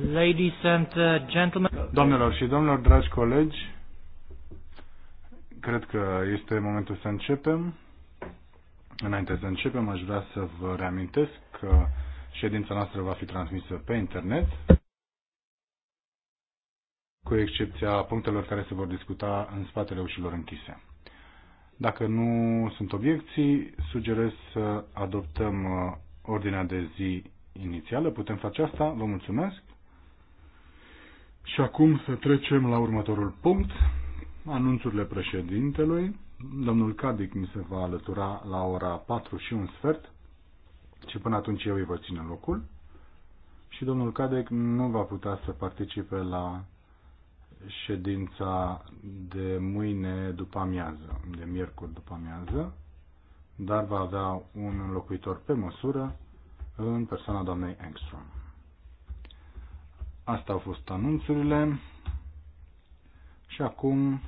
Ladies and uh, gentlemen. Doamnelor și domnilor, dragi colegi, cred că este momentul să începem. Înainte să începem, aș vrea să vă reamintesc că ședința noastră va fi transmisă pe internet, cu excepția punctelor care se vor discuta în spatele ușilor închise. Dacă nu sunt obiecții, sugerez să adoptăm uh, ordinea de zi inițială. Putem face asta. Vă mulțumesc. Și acum să trecem la următorul punct, anunțurile președintelui. Domnul Cadic mi se va alătura la ora 4 și un sfert și până atunci eu îi vă ține locul. Și domnul Cadec nu va putea să participe la ședința de mâine după amiază, de miercuri după amiază dar va avea un înlocuitor pe măsură în persoana doamnei Engstrom. Asta au fost anunțurile și acum,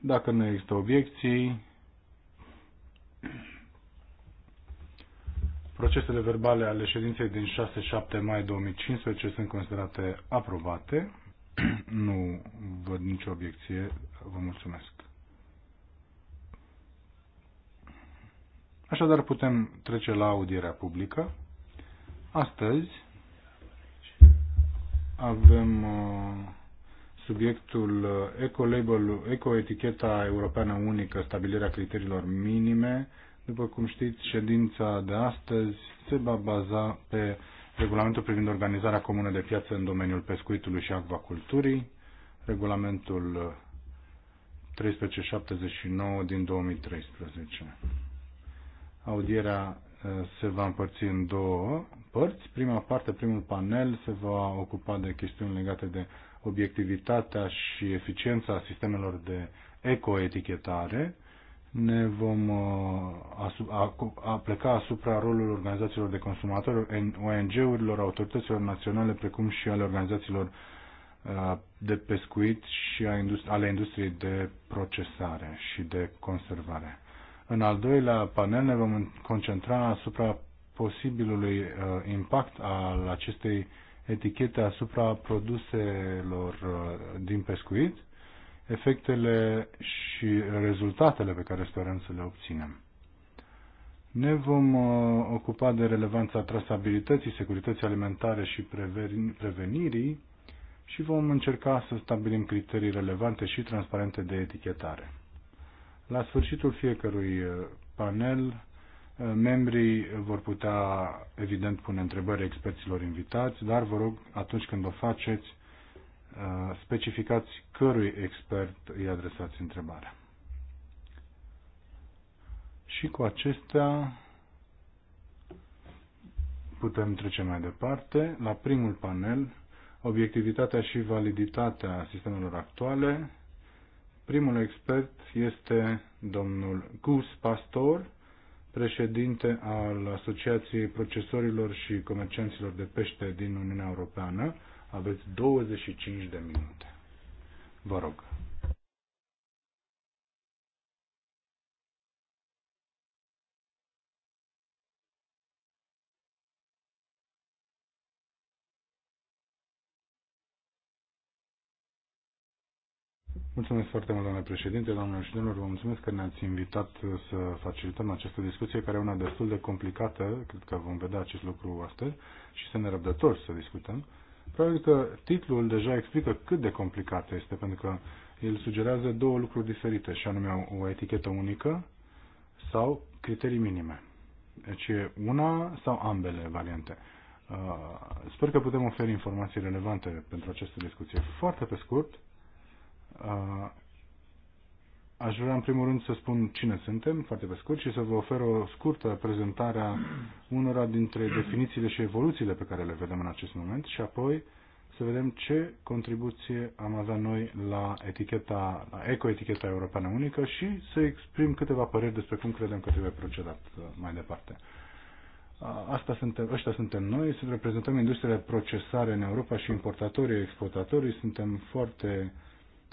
dacă nu există obiecții, procesele verbale ale ședinței din 6-7 mai 2015 sunt considerate aprobate. Nu văd nicio obiecție. Vă mulțumesc. Așadar putem trece la audierea publică. Astăzi avem uh, subiectul uh, eco-label, eco-eticheta europeană unică, stabilirea criteriilor minime. După cum știți, ședința de astăzi se va baza pe regulamentul privind organizarea comună de piață în domeniul pescuitului și acvaculturii, regulamentul 1379 uh, din 2013. Audierea eh, se va împărți în două părți. Prima parte, primul panel, se va ocupa de chestiuni legate de obiectivitatea și eficiența sistemelor de ecoetichetare. Ne vom eh, pleca asupra rolului organizațiilor de consumatori, ONG-urilor, autorităților naționale, precum și ale organizațiilor eh, de pescuit și ale industriei de procesare și de conservare. În al doilea panel ne vom concentra asupra posibilului uh, impact al acestei etichete asupra produselor uh, din pescuit, efectele și rezultatele pe care sperăm să le obținem. Ne vom uh, ocupa de relevanța trasabilității, securității alimentare și prevenirii și vom încerca să stabilim criterii relevante și transparente de etichetare. La sfârșitul fiecărui uh, panel, uh, membrii vor putea, evident, pune întrebări experților invitați, dar vă rog, atunci când o faceți, uh, specificați cărui expert îi adresați întrebarea. Și cu acestea putem trece mai departe la primul panel, obiectivitatea și validitatea sistemelor actuale, Primul expert este domnul Gus Pastor, președinte al Asociației Procesorilor și Comercianților de Pește din Uniunea Europeană. Aveți 25 de minute. Vă rog. Mulțumesc foarte mult, domnule președinte, doamnelor și domnilor. Vă mulțumesc că ne-ați invitat să facilităm această discuție, care e una destul de complicată. Cred că vom vedea acest lucru astăzi și ne răbdători să discutăm. Probabil că titlul deja explică cât de complicată este, pentru că el sugerează două lucruri diferite, și anume o etichetă unică sau criterii minime. Deci una sau ambele variante. Uh, sper că putem oferi informații relevante pentru această discuție. Foarte pe scurt, Aș vrea în primul rând să spun cine suntem, foarte pe scurt, și să vă ofer o scurtă prezentare a unora dintre definițiile și evoluțiile pe care le vedem în acest moment și apoi să vedem ce contribuție am avea noi la eticheta, la ecoeticheta europeană unică și să exprim câteva păreri despre cum credem că trebuie procedat uh, mai departe. Asta suntem, ăștia suntem noi, reprezentăm industria de procesare în Europa și importatorii, exportatorii, suntem foarte uh,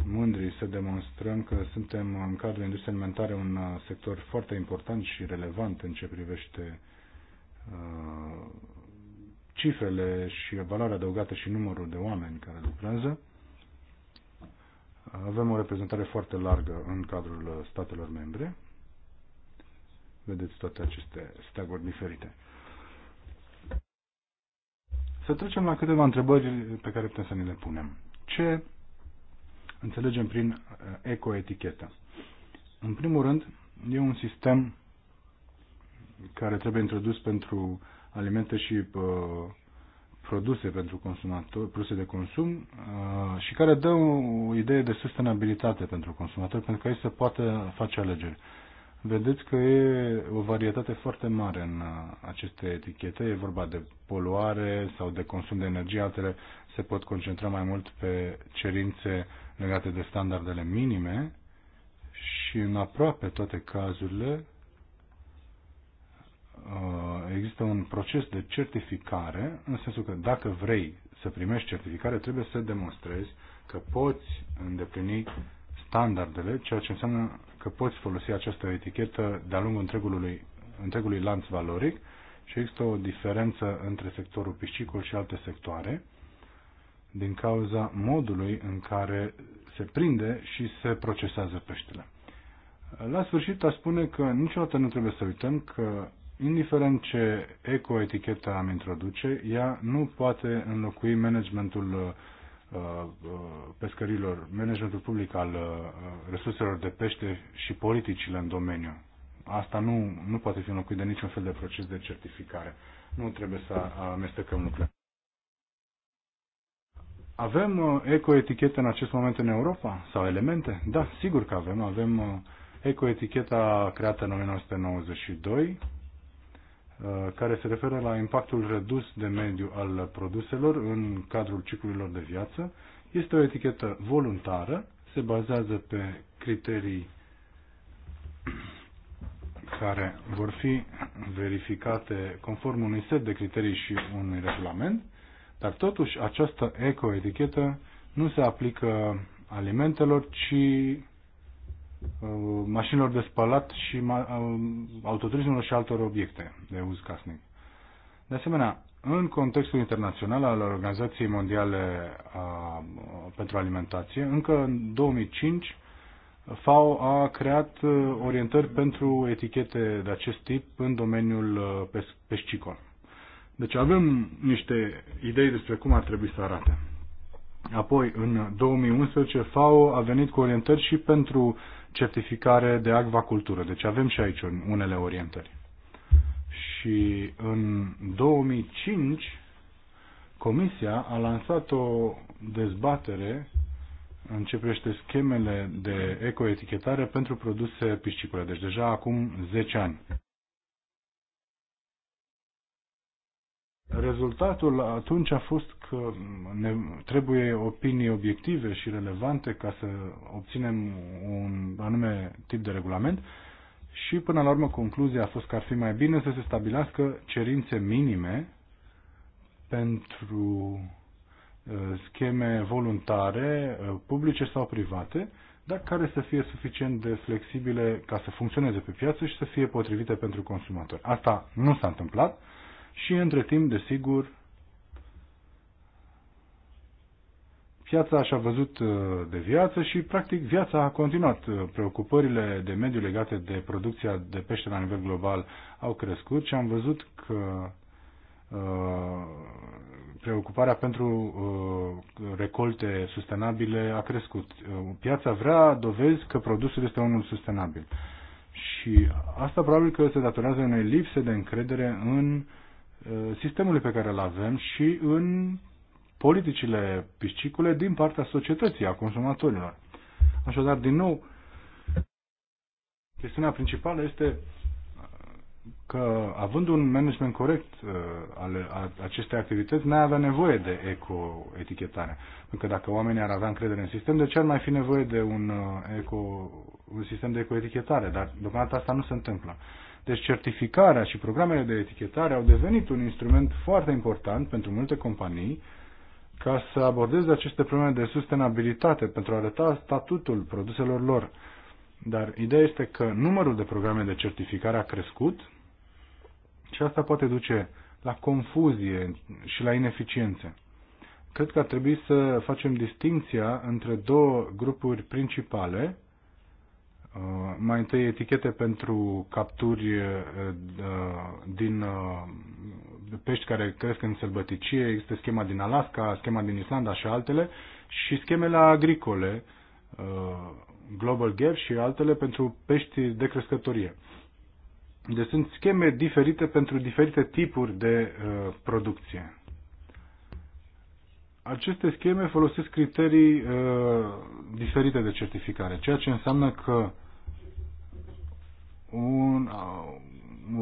mândri să demonstrăm că suntem în cadrul industriei alimentare un uh, sector foarte important și relevant în ce privește uh, cifrele și valoarea adăugată și numărul de oameni care lucrează. Avem o reprezentare foarte largă în cadrul uh, statelor membre. Vedeți toate aceste steaguri diferite. Să trecem la câteva întrebări pe care putem să ni le punem. Ce înțelegem prin uh, ecoetichetă. În primul rând, e un sistem care trebuie introdus pentru alimente și uh, produse pentru consumatori, produse de consum uh, și care dă o, idee de sustenabilitate pentru consumatori, pentru că ei se poate face alegeri. Vedeți că e o varietate foarte mare în aceste etichete. E vorba de poluare sau de consum de energie. Altele se pot concentra mai mult pe cerințe legate de standardele minime și în aproape toate cazurile uh, există un proces de certificare, în sensul că dacă vrei să primești certificare, trebuie să demonstrezi că poți îndeplini standardele, ceea ce înseamnă că poți folosi această etichetă de-a lungul întregului, întregului lanț valoric și există o diferență între sectorul piscicol și alte sectoare din cauza modului în care se prinde și se procesează peștele. La sfârșit, a spune că niciodată nu trebuie să uităm că, indiferent ce ecoeticheta am introduce, ea nu poate înlocui managementul uh, uh, pescărilor, managementul public al uh, resurselor de pește și politicile în domeniu. Asta nu, nu poate fi înlocuit de niciun fel de proces de certificare. Nu trebuie să amestecăm lucrurile. Avem uh, ecoetichete în acest moment în Europa? Sau elemente? Da, sigur că avem. Avem uh, ecoeticheta creată în 1992, uh, care se referă la impactul redus de mediu al produselor în cadrul ciclurilor de viață. Este o etichetă voluntară, se bazează pe criterii care vor fi verificate conform unui set de criterii și unui regulament dar totuși această ecoetichetă nu se aplică alimentelor, ci uh, mașinilor de spălat și uh, autoturismelor și altor obiecte de uz casnic. De asemenea, în contextul internațional al Organizației Mondiale a, uh, pentru Alimentație, încă în 2005, FAO a creat orientări pentru etichete de acest tip în domeniul pescicol. Deci avem niște idei despre cum ar trebui să arate. Apoi, în 2011, FAO a venit cu orientări și pentru certificare de acvacultură. Deci avem și aici unele orientări. Și în 2005, Comisia a lansat o dezbatere în ce privește schemele de ecoetichetare pentru produse piscicole. Deci deja acum 10 ani. Rezultatul atunci a fost că ne trebuie opinii obiective și relevante ca să obținem un anume tip de regulament și până la urmă concluzia a fost că ar fi mai bine să se stabilească cerințe minime pentru uh, scheme voluntare, uh, publice sau private, dar care să fie suficient de flexibile ca să funcționeze pe piață și să fie potrivite pentru consumatori. Asta nu s-a întâmplat și între timp, desigur, piața și-a văzut uh, de viață și, practic, viața a continuat. Uh, preocupările de mediu legate de producția de pește la nivel global au crescut și am văzut că uh, preocuparea pentru recolte sustenabile a crescut. Piața vrea dovezi că produsul este unul sustenabil. Și asta probabil că se datorează unei lipse de încredere în uh, sistemului pe care îl avem și în politicile piscicule din partea societății, a consumatorilor. Așadar, din nou, chestiunea principală este că având un management corect uh, al a, acestei activități, n-ai avea nevoie de eco-etichetare. Pentru că dacă oamenii ar avea încredere în sistem, de ce ar mai fi nevoie de un uh, eco un sistem de ecoetichetare, dar deocamdată asta nu se întâmplă. Deci certificarea și programele de etichetare au devenit un instrument foarte important pentru multe companii ca să abordeze aceste probleme de sustenabilitate pentru a arăta statutul produselor lor. Dar ideea este că numărul de programe de certificare a crescut și asta poate duce la confuzie și la ineficiențe. Cred că ar trebui să facem distinția între două grupuri principale Uh, mai întâi etichete pentru capturi uh, uh, din pești care cresc în sălbăticie, există schema din Alaska, schema din Islanda și altele, și schemele agricole, Global Gap și altele pentru pești de crescătorie. Deci sunt scheme diferite pentru diferite tipuri de producție. Aceste scheme folosesc criterii uh, diferite de certificare, ceea ce înseamnă că un,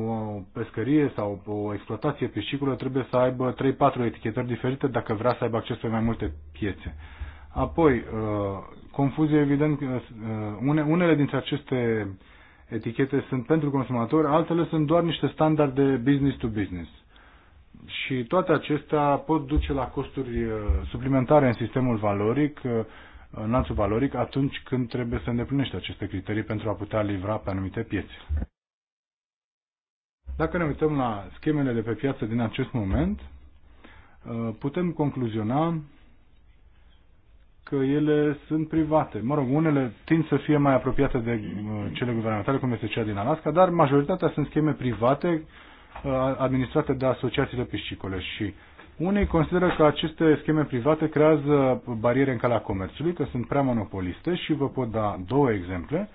o pescărie sau o exploatație piscicolă trebuie să aibă 3-4 etichetări diferite dacă vrea să aibă acces pe mai multe piețe. Apoi, uh, confuzie evident, uh, unele dintre aceste etichete sunt pentru consumatori, altele sunt doar niște standarde business to business. Și toate acestea pot duce la costuri uh, suplimentare în sistemul valoric lanțul valoric atunci când trebuie să îndeplinește aceste criterii pentru a putea livra pe anumite piețe. Dacă ne uităm la schemele de pe piață din acest moment, uh, putem concluziona că ele sunt private. Mă rog, unele tind să fie mai apropiate de uh, cele guvernamentale, cum este cea din Alaska, dar majoritatea sunt scheme private uh, administrate de asociațiile piscicole și unii consideră că aceste scheme private creează bariere în calea comerțului, că sunt prea monopoliste și vă pot da două exemple.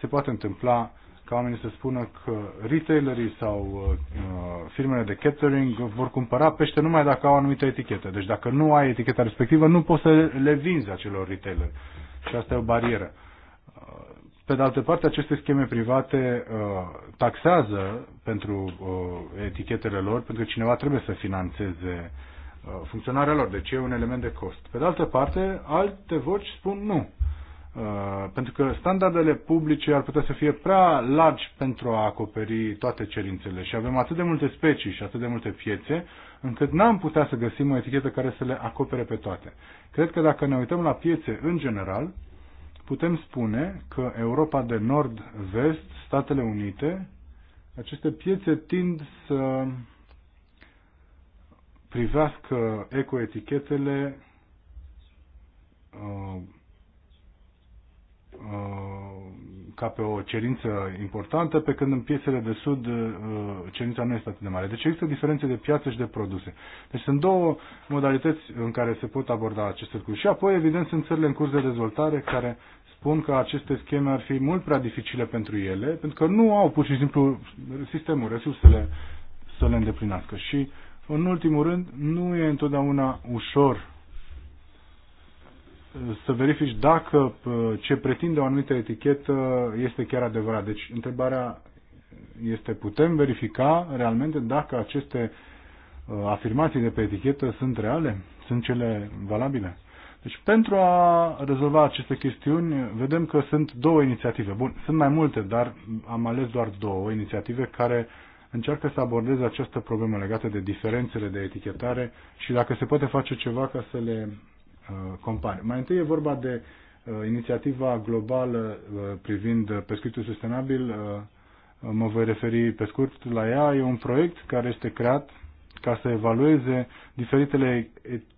Se poate întâmpla ca oamenii să spună că retailerii sau uh, firmele de catering vor cumpăra pește numai dacă au anumită etichetă. Deci dacă nu ai eticheta respectivă, nu poți să le vinzi acelor retaileri. Și asta e o barieră. Pe de altă parte, aceste scheme private uh, taxează pentru uh, etichetele lor, pentru că cineva trebuie să financeze uh, funcționarea lor, deci e un element de cost. Pe de altă parte, alte voci spun nu, uh, pentru că standardele publice ar putea să fie prea largi pentru a acoperi toate cerințele și avem atât de multe specii și atât de multe piețe, încât n-am putea să găsim o etichetă care să le acopere pe toate. Cred că dacă ne uităm la piețe în general, putem spune că Europa de Nord-Vest, Statele Unite, aceste piețe tind să privească ecoetichetele uh, uh, ca pe o cerință importantă, pe când în piesele de sud uh, cerința nu este atât de mare. Deci există diferențe de piață și de produse. Deci sunt două modalități în care se pot aborda aceste lucruri. Și apoi, evident, sunt țările în curs de dezvoltare care spun că aceste scheme ar fi mult prea dificile pentru ele, pentru că nu au pur și simplu sistemul, resursele să le îndeplinească. Și, în ultimul rând, nu e întotdeauna ușor să verifici dacă uh, ce pretinde o anumită etichetă este chiar adevărat. Deci întrebarea este putem verifica realmente dacă aceste uh, afirmații de pe etichetă sunt reale, sunt cele valabile. Deci pentru a rezolva aceste chestiuni, vedem că sunt două inițiative. Bun, sunt mai multe, dar am ales doar două inițiative care încearcă să abordeze această problemă legată de diferențele de etichetare și dacă se poate face ceva ca să le Uh, compare. Mai întâi e vorba de uh, inițiativa globală uh, privind pescuitul sustenabil. Mă voi referi pe scurt la ea. E un proiect care este creat ca să evalueze diferitele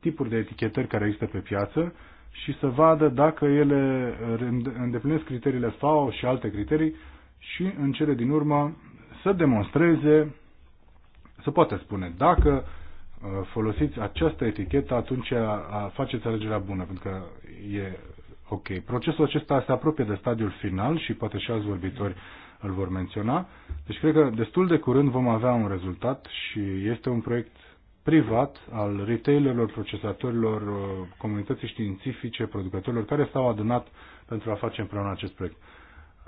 tipuri de etichetări care există pe piață și să vadă dacă ele îndeplinesc criteriile FAO și alte criterii și în cele din urmă să demonstreze, să poate spune dacă Uh, folosiți această etichetă, atunci uh, faceți alegerea bună, pentru că e ok. Procesul acesta se apropie de stadiul final și poate și alți vorbitori îl vor menționa. Deci cred că destul de curând vom avea un rezultat și este un proiect privat al retailerilor, procesatorilor, uh, comunității științifice, producătorilor care s-au adunat pentru a face împreună acest proiect.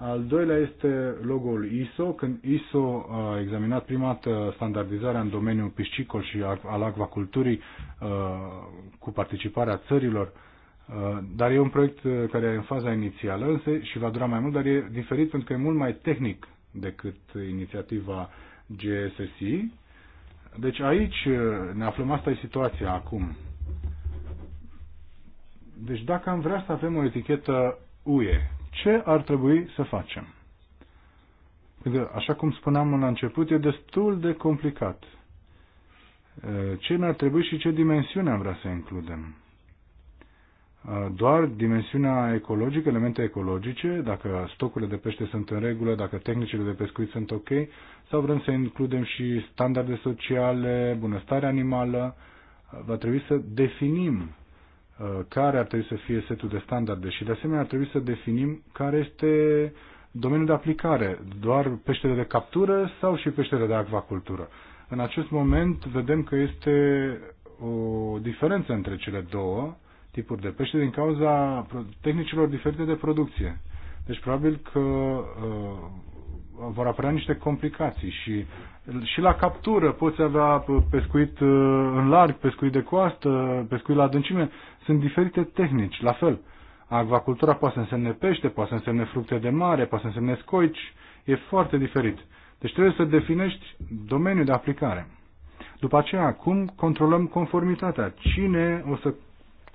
Al doilea este logo-ul ISO. Când ISO a examinat prima dată standardizarea în domeniul piscicol și al acvaculturii uh, cu participarea țărilor, uh, dar e un proiect uh, care e în faza inițială însă și va dura mai mult, dar e diferit pentru că e mult mai tehnic decât inițiativa GSSI. Deci aici ne aflăm, asta e situația acum. Deci dacă am vrea să avem o etichetă UE ce ar trebui să facem. Așa cum spuneam la început, e destul de complicat. Ce ne-ar trebui și ce dimensiune am vrea să includem? Doar dimensiunea ecologică, elemente ecologice, dacă stocurile de pește sunt în regulă, dacă tehnicile de pescuit sunt ok, sau vrem să includem și standarde sociale, bunăstare animală, va trebui să definim Uh, care ar trebui să fie setul de standarde și de asemenea ar trebui să definim care este domeniul de aplicare, doar peștele de captură sau și peștele de acvacultură. În acest moment vedem că este o diferență între cele două tipuri de pește din cauza tehnicilor diferite de producție. Deci probabil că uh, vor apărea niște complicații și și la captură poți avea pescuit uh, în larg, pescuit de coastă, pescuit la adâncime. Sunt diferite tehnici, la fel. Acvacultura poate să însemne pește, poate să însemne fructe de mare, poate să însemne scoici, e foarte diferit. Deci trebuie să definești domeniul de aplicare. După aceea, cum controlăm conformitatea? Cine o să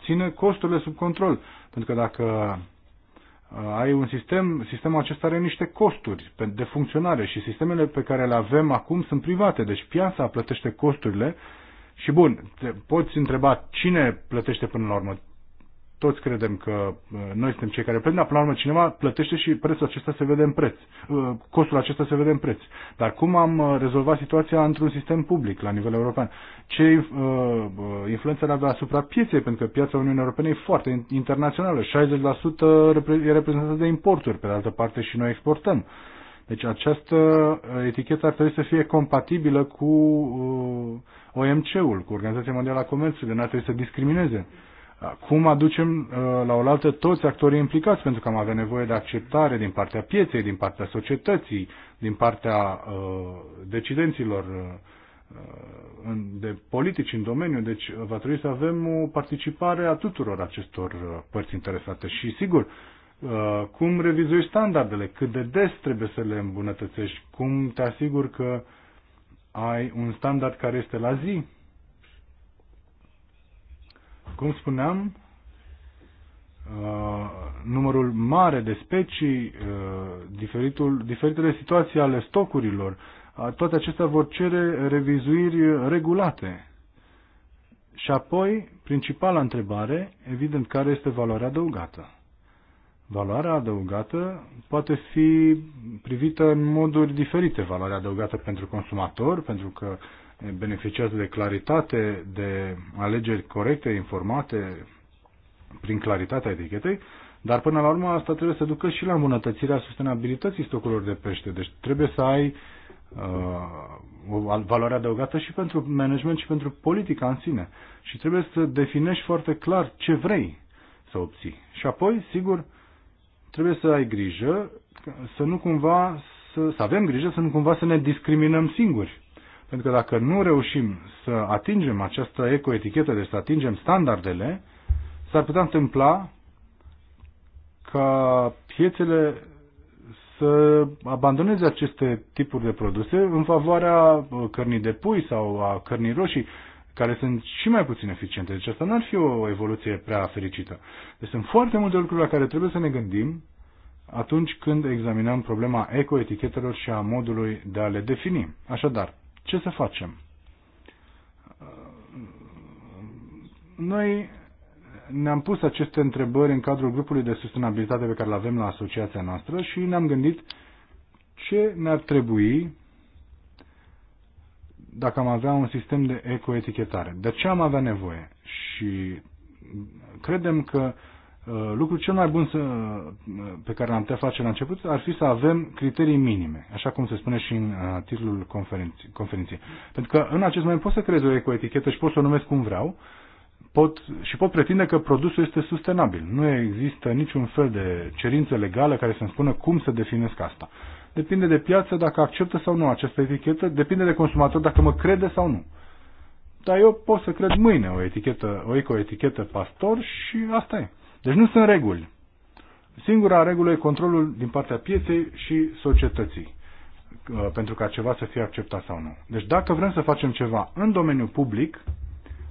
țină costurile sub control? Pentru că dacă uh, ai un sistem, sistemul acesta are niște costuri de funcționare și sistemele pe care le avem acum sunt private, deci piața plătește costurile și bun, te poți întreba cine plătește până la urmă. Toți credem că uh, noi suntem cei care plătim, dar până la urmă cineva plătește și prețul acesta se vede în preț. Uh, costul acesta se vede în preț. Dar cum am uh, rezolvat situația într-un sistem public la nivel european? Ce influență avea asupra pieței? Pentru că piața Uniunii Europene e foarte internațională. 60% e reprezentată de importuri, pe de altă parte și noi exportăm. Deci această etichetă ar trebui să fie compatibilă cu OMC-ul, cu Organizația Mondială a Comerțului, n-ar trebui să discrimineze. Cum aducem uh, la oaltă toți actorii implicați, pentru că am avea nevoie de acceptare din partea pieței, din partea societății, din partea uh, decidenților uh, uh de politici în domeniu, deci uh, va trebui să avem o participare a tuturor acestor părți interesate și sigur, uh, cum revizui standardele, cât de des trebuie să le îmbunătățești, cum te asiguri că uh, ai un standard care este la zi. Cum spuneam, uh, numărul mare de specii, uh, diferitul, diferitele situații ale stocurilor, uh, toate acestea vor cere revizuiri regulate. Și apoi, principala întrebare, evident, care este valoarea adăugată. Valoarea adăugată poate fi privită în moduri diferite. Valoarea adăugată pentru consumator, pentru că beneficiază de claritate, de alegeri corecte, informate, prin claritatea etichetei, dar până la urmă asta trebuie să ducă și la îmbunătățirea sustenabilității stocurilor de pește. Deci trebuie să ai uh, o valoare adăugată și pentru management și pentru politica în sine. Și trebuie să definești foarte clar ce vrei să obții. Și apoi, sigur, trebuie să ai grijă să nu cumva să, să avem grijă să nu cumva să ne discriminăm singuri. Pentru că dacă nu reușim să atingem această ecoetichetă, deci să atingem standardele, s-ar putea întâmpla ca piețele să abandoneze aceste tipuri de produse în favoarea uh, cărnii de pui sau a cărnii roșii, care sunt și mai puțin eficiente. Deci asta n-ar fi o evoluție prea fericită. Deci sunt foarte multe lucruri la care trebuie să ne gândim atunci când examinăm problema ecoetichetelor și a modului de a le defini. Așadar, ce să facem? Noi ne-am pus aceste întrebări în cadrul grupului de sustenabilitate pe care îl avem la asociația noastră și ne-am gândit ce ne-ar trebui dacă am avea un sistem de ecoetichetare. De ce am avea nevoie? Și credem că uh, lucrul cel mai bun să, uh, pe care l-am putea face la început ar fi să avem criterii minime, așa cum se spune și în uh, titlul conferinței. conferinței. Pentru că în acest moment pot să creez o ecoetichetă și pot să o numesc cum vreau pot, și pot pretinde că produsul este sustenabil. Nu există niciun fel de cerință legală care să-mi spună cum să definesc asta depinde de piață dacă acceptă sau nu această etichetă, depinde de consumator dacă mă crede sau nu. Dar eu pot să cred mâine o etichetă, o etichetă pastor și asta e. Deci nu sunt reguli. Singura regulă e controlul din partea pieței și societății uh, pentru ca ceva să fie acceptat sau nu. Deci dacă vrem să facem ceva în domeniul public,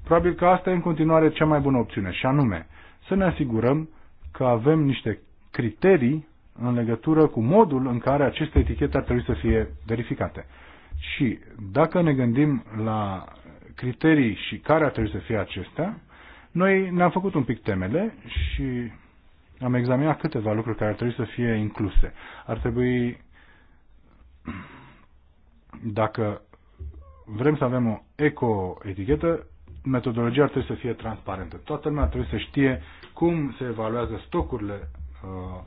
probabil că asta e în continuare cea mai bună opțiune și anume să ne asigurăm că avem niște criterii în legătură cu modul în care aceste etichete ar trebui să fie verificate. Și dacă ne gândim la criterii și care ar trebui să fie acestea, noi ne-am făcut un pic temele și am examinat câteva lucruri care ar trebui să fie incluse. Ar trebui, dacă vrem să avem o eco-etichetă, metodologia ar trebui să fie transparentă. Toată lumea trebuie să știe cum se evaluează stocurile uh,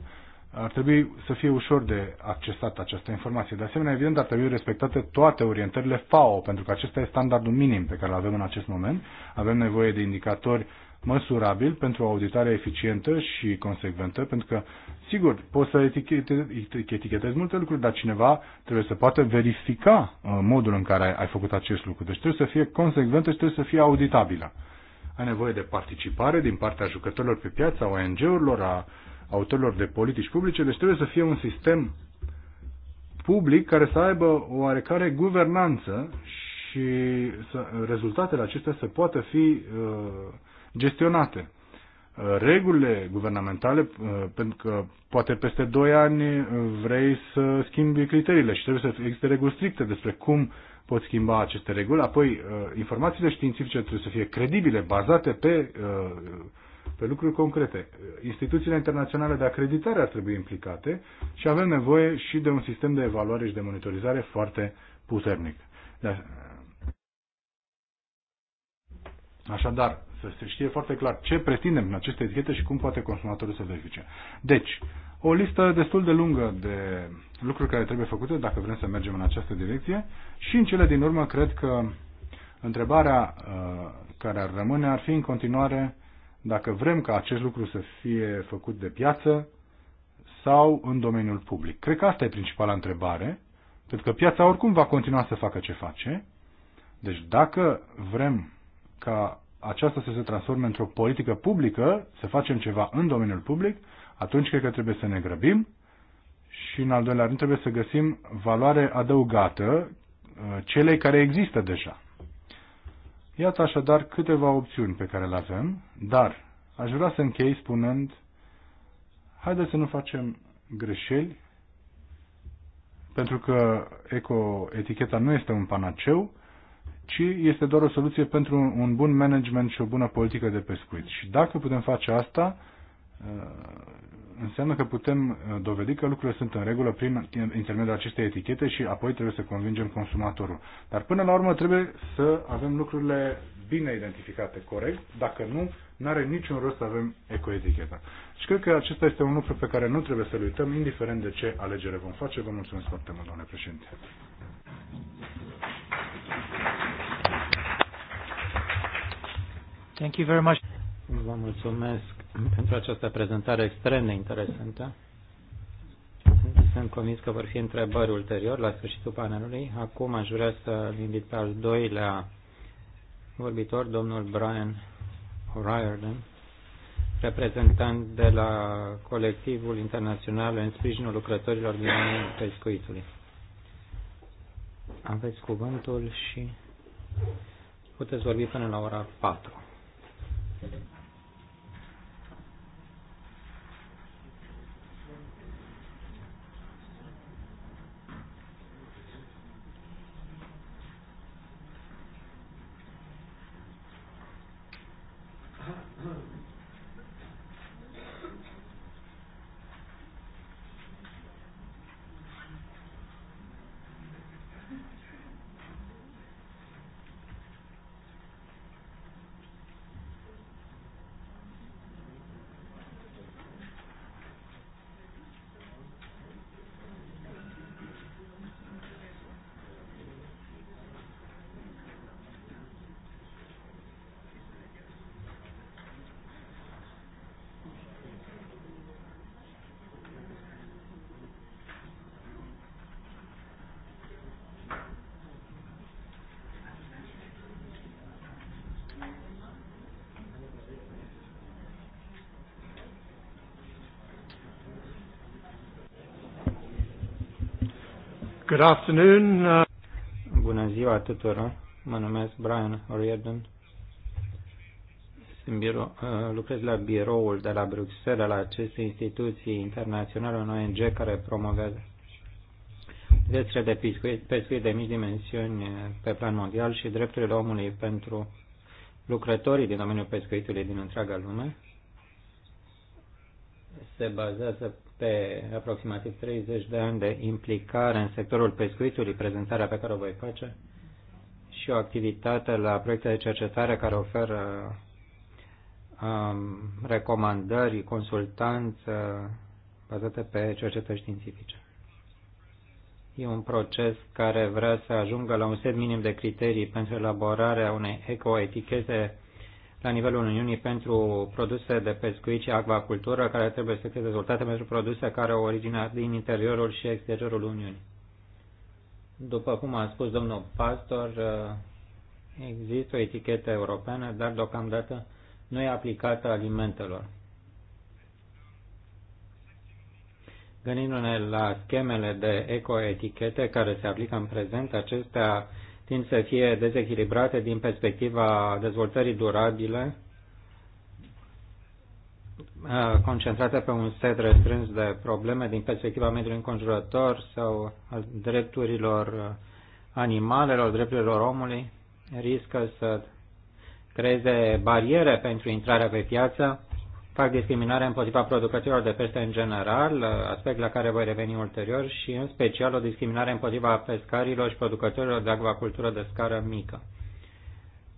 ar trebui să fie ușor de accesat această informație. De asemenea, evident, ar trebui respectate toate orientările FAO, pentru că acesta este standardul minim pe care îl avem în acest moment. Avem nevoie de indicatori măsurabili pentru o auditare eficientă și consecventă, pentru că, sigur, poți să etichetezi multe lucruri, dar cineva trebuie să poată verifica uh, modul în care ai făcut acest lucru. Deci trebuie să fie consecventă și trebuie să fie auditabilă. Ai nevoie de participare din partea jucătorilor pe piață, a ONG-urilor, a autorilor de politici publice, deci trebuie să fie un sistem public care să aibă oarecare guvernanță și să, rezultatele acestea să poată fi uh, gestionate. Uh, regulile guvernamentale, uh, pentru că poate peste 2 ani uh, vrei să schimbi criteriile și trebuie să existe reguli stricte despre cum poți schimba aceste reguli, apoi informațiile științifice trebuie să fie credibile, bazate pe pe lucruri concrete. Instituțiile internaționale de acreditare ar trebui implicate și avem nevoie și de un sistem de evaluare și de monitorizare foarte puternic. Așadar, să se știe foarte clar ce pretindem în aceste etichete și cum poate consumatorul să verifice. Deci, o listă destul de lungă de lucruri care trebuie făcute dacă vrem să mergem în această direcție și în cele din urmă cred că întrebarea uh, care ar rămâne ar fi în continuare uh, dacă vrem ca acest lucru să fie făcut de piață sau în domeniul public. Cred că asta e principala întrebare, pentru că piața oricum va continua să facă ce face. Deci dacă vrem ca aceasta să se transforme într-o politică publică, să facem ceva în domeniul public, atunci cred că trebuie să ne grăbim și în al doilea rând trebuie să găsim valoare adăugată uh, celei care există deja. Iată așadar câteva opțiuni pe care le avem, dar aș vrea să închei spunând, haideți să nu facem greșeli, pentru că eco-eticheta nu este un panaceu, ci este doar o soluție pentru un bun management și o bună politică de pescuit. Și dacă putem face asta, înseamnă că putem uh, dovedi că lucrurile sunt în regulă prin intermediul acestei etichete și apoi trebuie să convingem consumatorul. Dar până la urmă trebuie să avem lucrurile bine identificate, corect. Dacă nu, nu are niciun rost să avem ecoeticheta. Și cred că acesta este un lucru pe care nu trebuie să-l uităm, indiferent de ce alegere vom face. Vă mulțumesc foarte mult, domnule președinte. Thank you very much. Vă mulțumesc pentru această prezentare extrem de interesantă. Sunt convins că vor fi întrebări ulterior la sfârșitul panelului. Acum aș vrea să invit pe al doilea vorbitor, domnul Brian Riordan, reprezentant de la colectivul internațional în sprijinul lucrătorilor din pescuitului. Aveți cuvântul și puteți vorbi până la ora 4. Good afternoon. Uh, Bună ziua tuturor. Mă numesc Brian O'Riordan. uh, lucrez la biroul de la Bruxelles, la aceste instituții internaționale, un ONG care promovează viețile de pescuit, pescuit de mici dimensiuni uh, pe plan mondial și drepturile omului pentru lucrătorii din domeniul pescuitului din întreaga lume se bazează pe aproximativ 30 de ani de implicare în sectorul pescuitului, prezentarea pe care o voi face, și o activitate la proiecte de cercetare care oferă um, recomandări, consultanță bazate pe cercetări științifice. E un proces care vrea să ajungă la un set minim de criterii pentru elaborarea unei ecoetichete la nivelul Uniunii pentru produse de pescuit și acvacultură care trebuie să fie dezvoltate pentru produse care au originea din interiorul și exteriorul Uniunii. După cum a spus domnul pastor, uh, există o etichetă europeană, dar deocamdată nu e aplicată alimentelor. Gândindu-ne la schemele de ecoetichete care se aplică în prezent, acestea tind să fie dezechilibrate din perspectiva dezvoltării durabile, uh, concentrate pe un set restrâns de probleme din perspectiva mediului înconjurător sau a drepturilor uh, animalelor, drepturilor omului, riscă să creeze bariere pentru intrarea pe piață fac discriminare împotriva producătorilor de peste în general, aspect la care voi reveni ulterior, și în special o discriminare împotriva pescarilor și producătorilor de acvacultură de scară mică.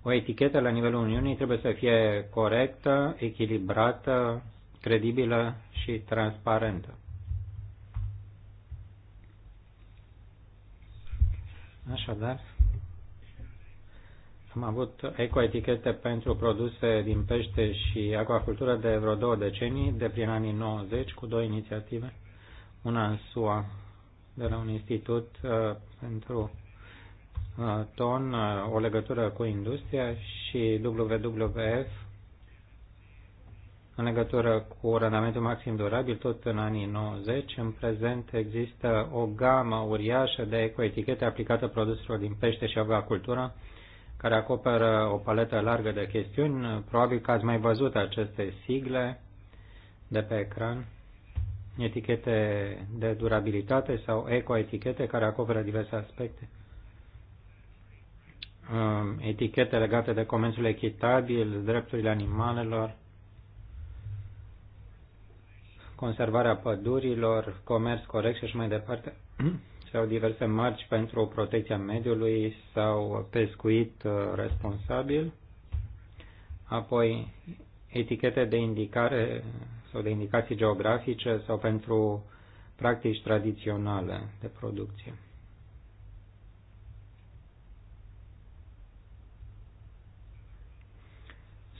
O etichetă la nivelul Uniunii trebuie să fie corectă, echilibrată, credibilă și transparentă. Așadar, am avut ecoetichete pentru produse din pește și aquacultură de vreo două decenii, de prin anii 90, cu două inițiative. Una în SUA, de la un institut uh, pentru uh, ton, uh, o legătură cu industria și WWF în legătură cu randamentul maxim durabil, tot în anii 90. În prezent există o gamă uriașă de ecoetichete aplicată produselor din pește și acvacultură care acoperă o paletă largă de chestiuni. Probabil că ați mai văzut aceste sigle de pe ecran, etichete de durabilitate sau ecoetichete care acoperă diverse aspecte um, etichete legate de comerțul echitabil, drepturile animalelor, conservarea pădurilor, comerț corect și așa mai departe. sau deci diverse marci pentru protecția mediului sau pescuit uh, responsabil, apoi etichete de indicare sau de indicații geografice sau pentru practici tradiționale de producție.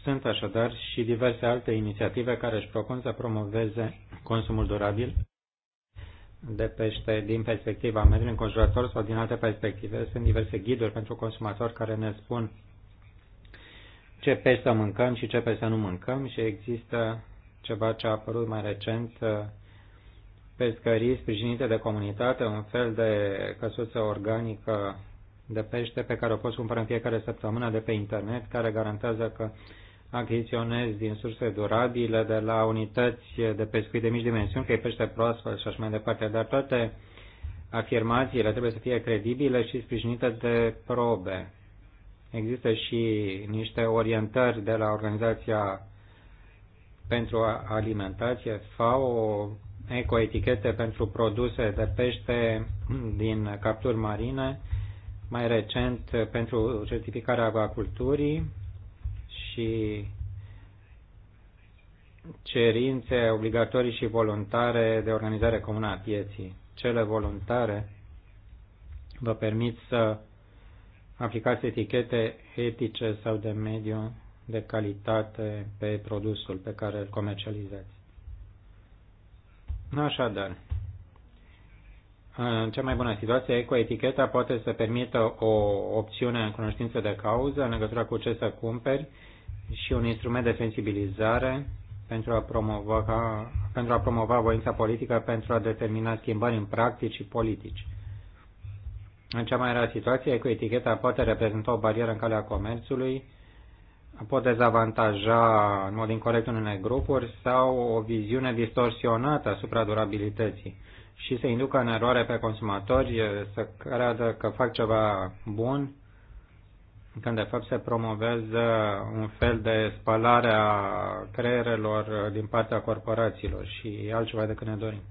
Sunt așadar și diverse alte inițiative care își propun să promoveze consumul durabil de pește din perspectiva mediului înconjurător sau din alte perspective. Sunt diverse ghiduri pentru consumatori care ne spun ce pește să mâncăm și ce pește să nu mâncăm și există ceva ce a apărut mai recent, pescării sprijinite de comunitate, un fel de căsuță organică de pește pe care o poți cumpăra în fiecare săptămână de pe internet, care garantează că achiziționezi din surse durabile, de la unități de pescuit de mici dimensiuni, că e pește proaspăt și așa mai departe, dar toate afirmațiile trebuie să fie credibile și sprijinite de probe. Există și niște orientări de la Organizația pentru Alimentație, FAO, ecoetichete pentru produse de pește din capturi marine, mai recent pentru certificarea acvaculturii, și cerințe obligatorii și voluntare de organizare comună a pieții. Cele voluntare vă permit să aplicați etichete etice sau de mediu de calitate pe produsul pe care îl comercializați. Așadar, în cea mai bună situație, ecoeticheta poate să permită o opțiune în cunoștință de cauză în legătură cu ce să cumperi și un instrument de sensibilizare pentru a promova, pentru a promova voința politică, pentru a determina schimbări în practici și politici. În cea mai rea situație, cu eticheta poate reprezenta o barieră în calea comerțului, pot dezavantaja în mod incorrect unele grupuri sau o viziune distorsionată asupra durabilității și se inducă în eroare pe consumatori să creadă că fac ceva bun când de fapt se promovează un fel de spălare a creierelor din partea corporațiilor și altceva decât ne dorim.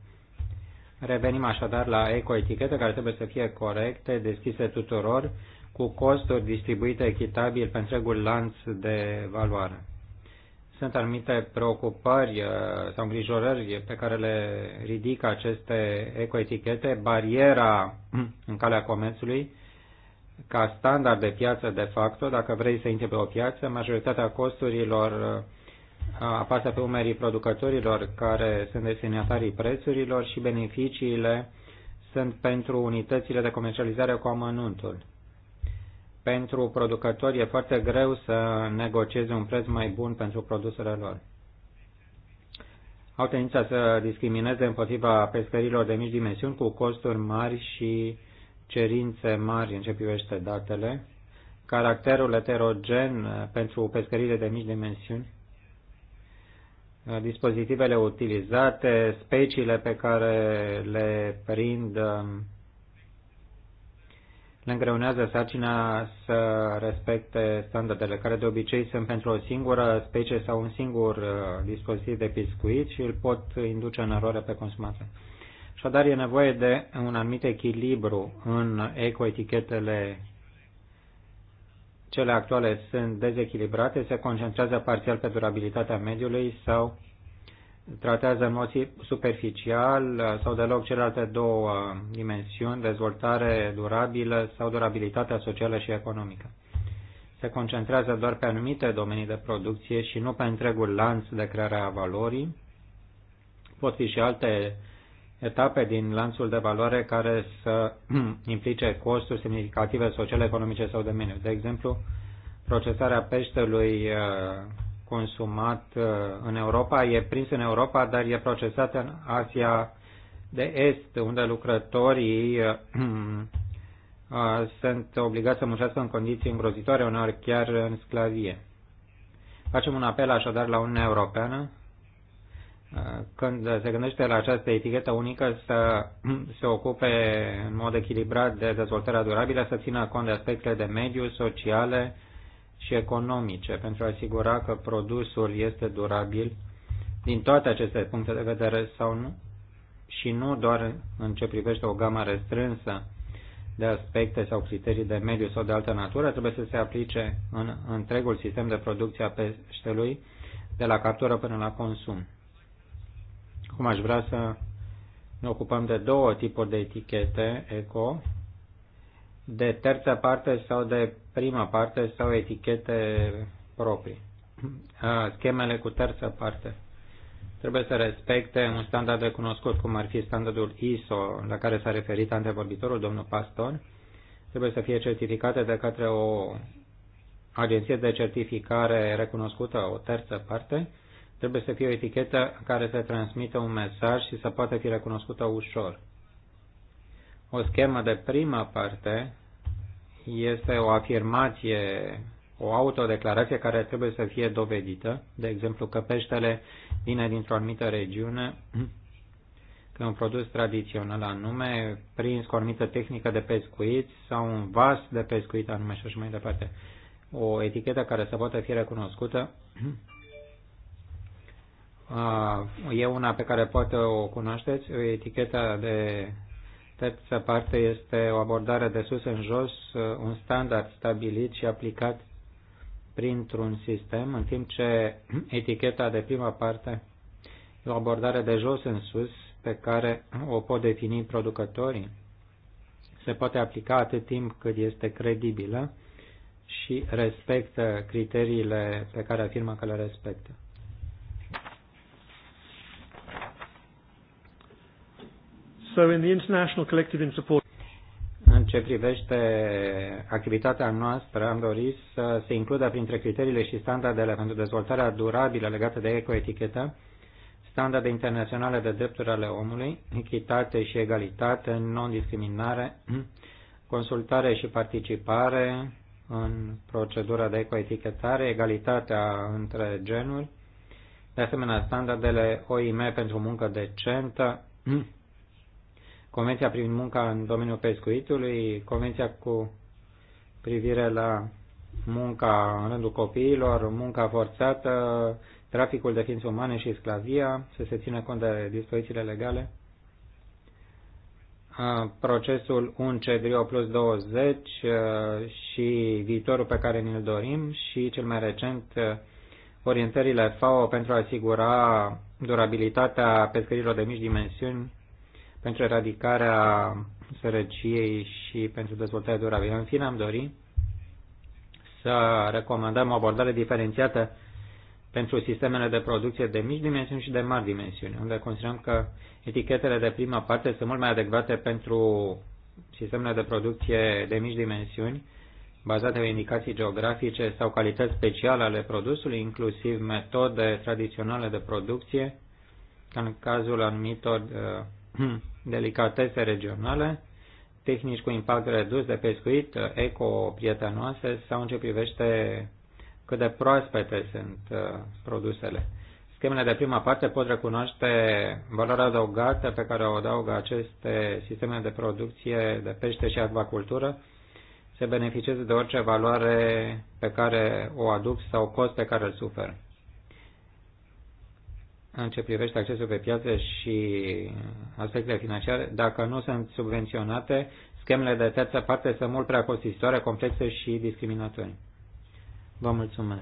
Revenim așadar la ecoetichete care trebuie să fie corecte, deschise tuturor, cu costuri distribuite echitabil pe întregul lanț de valoare. Sunt anumite preocupări uh, sau îngrijorări pe care le ridică aceste ecoetichete, bariera în calea comerțului, ca standard de piață de facto, dacă vrei să intri pe o piață, majoritatea costurilor uh, apasă pe umerii producătorilor care sunt destinatarii prețurilor și beneficiile sunt pentru unitățile de comercializare cu amănuntul. Pentru producători e foarte greu să negocieze un preț mai bun pentru produsele lor. Au tendința să discrimineze împotriva pescărilor de mici dimensiuni cu costuri mari și cerințe mari în ce privește datele, caracterul heterogen eh, pentru pescările de mici dimensiuni, eh, dispozitivele utilizate, speciile pe care le prind, eh, le îngreunează sarcina să respecte standardele, care de obicei sunt pentru o singură specie sau un singur dispozitiv de pescuit și îl pot induce în eroare pe consumator. Așadar, e nevoie de un anumit echilibru în ecoetichetele cele actuale sunt dezechilibrate, se concentrează parțial pe durabilitatea mediului sau tratează în mod superficial sau deloc celelalte două dimensiuni, dezvoltare durabilă sau durabilitatea socială și economică. Se concentrează doar pe anumite domenii de producție și nu pe întregul lanț de creare a valorii. Pot fi și alte etape din lanțul de valoare care să implice costuri semnificative sociale, economice sau de mediu. De exemplu, procesarea peștelui uh, consumat uh, în Europa e prins în Europa, dar e procesat în Asia de Est, unde lucrătorii uh, sunt obligați să muncească în condiții îngrozitoare, uneori chiar în sclavie. Facem un apel așadar la Uniunea Europeană când se gândește la această etichetă unică să se ocupe în mod echilibrat de dezvoltarea durabilă, să țină cont de aspectele de mediu, sociale și economice, pentru a asigura că produsul este durabil din toate aceste puncte de vedere sau nu, și nu doar în ce privește o gamă restrânsă de aspecte sau criterii de mediu sau de altă natură, trebuie să se aplice în întregul sistem de producție a peștelui, de la captură până la consum. Acum aș vrea să ne ocupăm de două tipuri de etichete eco, de terță parte sau de prima parte sau etichete proprii. Schemele cu terță parte trebuie să respecte un standard recunoscut, cum ar fi standardul ISO la care s-a referit antevorbitorul, domnul Pastor, trebuie să fie certificate de către o agenție de certificare recunoscută, o terță parte, Trebuie să fie o etichetă care să transmită un mesaj și să poată fi recunoscută ușor. O schemă de prima parte este o afirmație, o autodeclarație care trebuie să fie dovedită, de exemplu că peștele vine dintr-o anumită regiune, că un produs tradițional anume, prins cu o anumită tehnică de pescuit sau un vas de pescuit anume și așa mai departe. O etichetă care să poată fi recunoscută e una pe care poate o cunoașteți. Eticheta de terță parte este o abordare de sus în jos, uh, un standard stabilit și aplicat printr-un sistem, în timp ce eticheta de prima parte e o abordare de jos în sus pe care o pot defini producătorii. Se poate aplica atât timp cât este credibilă și respectă criteriile pe care afirmă că le respectă. So in the international collective in support în ce privește activitatea noastră, am dorit să se includă printre criteriile și standardele pentru dezvoltarea durabilă legată de ecoetichetă, standarde internaționale de drepturi ale omului, echitate și egalitate, non-discriminare, consultare și participare în procedura de ecoetichetare, egalitatea între genuri, de asemenea standardele OIM pentru muncă decentă, Convenția privind munca în domeniul pescuitului, Convenția cu privire la munca în rândul copiilor, munca forțată, traficul de ființe umane și sclavia, să se țină cont de dispozițiile legale, procesul UNCEDRIO plus 20 și viitorul pe care ne-l dorim și cel mai recent orientările FAO pentru a asigura durabilitatea pescărilor de mici dimensiuni pentru eradicarea sărăciei și pentru dezvoltarea durabilă. În fine, am dorit să recomandăm o abordare diferențiată pentru sistemele de producție de mici dimensiuni și de mari dimensiuni, unde considerăm că etichetele de prima parte sunt mult mai adecvate pentru sistemele de producție de mici dimensiuni, bazate pe indicații geografice sau calități speciale ale produsului, inclusiv metode tradiționale de producție, ca în cazul anumitor uh, Hmm. delicatese regionale, tehnici cu impact redus de pescuit, eco-prietenoase sau în ce privește cât de proaspete sunt uh, produsele. Schemele de prima parte pot recunoaște valoarea adăugată pe care o adaugă aceste sisteme de producție de pește și acvacultură, se beneficieze de orice valoare pe care o aduc sau cost pe care îl suferă în ce privește accesul pe piață și aspectele financiare, dacă nu sunt subvenționate, schemele de terță parte sunt mult prea costisitoare, complexe și discriminatorii. Vă mulțumesc!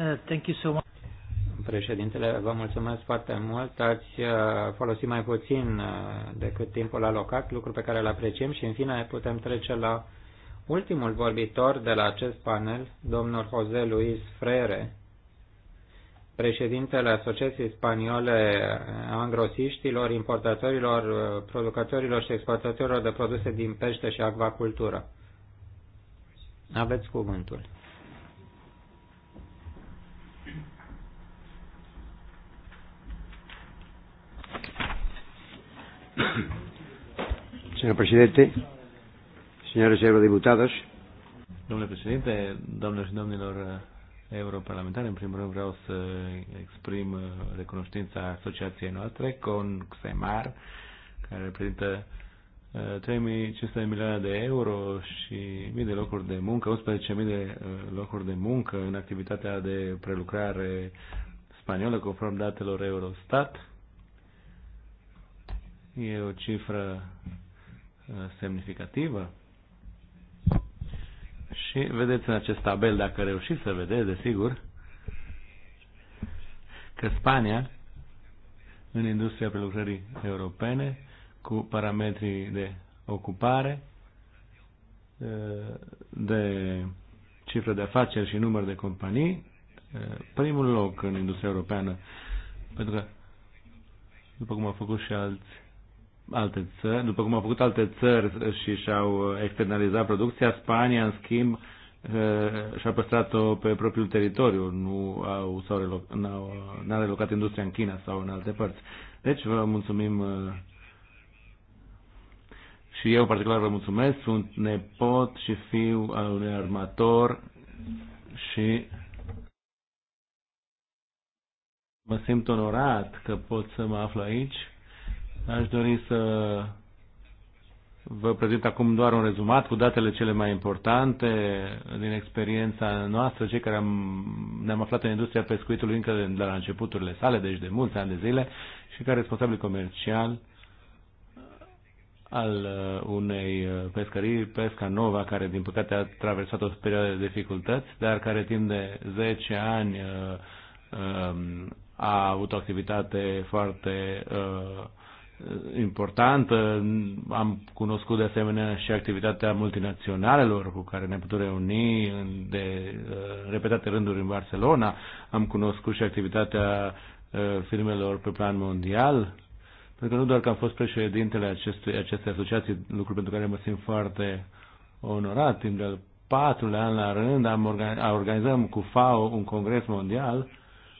Uh, thank you so much. Președintele, vă mulțumesc foarte mult. Ați uh, folosit mai puțin uh, decât timpul alocat, lucru pe care îl apreciem și, în fine, putem trece la Ultimul vorbitor de la acest panel, domnul José Luis Frere, președintele Asociației Spaniole a Îngrosiștilor, Importatorilor, Producătorilor și Exportatorilor de Produse din Pește și Acvacultură. Aveți cuvântul. Señor presidente, señores eurodiputados. Domnule președinte, domnilor și domnilor eh, europarlamentari, în primul rând vreau să exprim eh, recunoștința asociației noastre, CONXEMAR, care reprezintă 3500 eh, de milioane de euro și mii de locuri de muncă, 11.000 de locuri de muncă în activitatea de prelucrare spaniolă conform datelor Eurostat. E o cifră semnificativă și vedeți în acest tabel, dacă reușiți să vedeți, desigur, că Spania, în industria prelucrării europene, cu parametrii de ocupare, de cifră de afaceri și număr de companii, primul loc în industria europeană. Pentru că, după cum au făcut și alți alte țări, după cum au făcut alte țări și și-au externalizat producția, Spania, în schimb, eh, și-a păstrat-o pe propriul teritoriu, nu au, s-au reloc, n-au, n-a relocat industria în China sau în alte părți. Deci vă mulțumim eh, și eu particular vă mulțumesc, sunt nepot și fiu al unui armator și mă simt onorat că pot să mă aflu aici Aș dori să vă prezint acum doar un rezumat cu datele cele mai importante din experiența noastră, cei care am, ne-am aflat în industria pescuitului încă de, de la începuturile sale, deci de mulți ani de zile, și ca responsabil comercial al uh, unei uh, pescării, Pesca Nova, care din păcate a traversat o perioadă de dificultăți, dar care timp de 10 ani uh, um, a avut o activitate foarte uh, importantă. Am cunoscut de asemenea și activitatea multinaționalelor cu care ne putem reuni de uh, repetate rânduri în Barcelona. Am cunoscut și activitatea uh, firmelor pe plan mondial. Pentru că nu doar că am fost președintele acestui, acestei asociații, lucru pentru care mă simt foarte onorat, timp de patrulea an la rând am organiz, organizăm cu FAO un congres mondial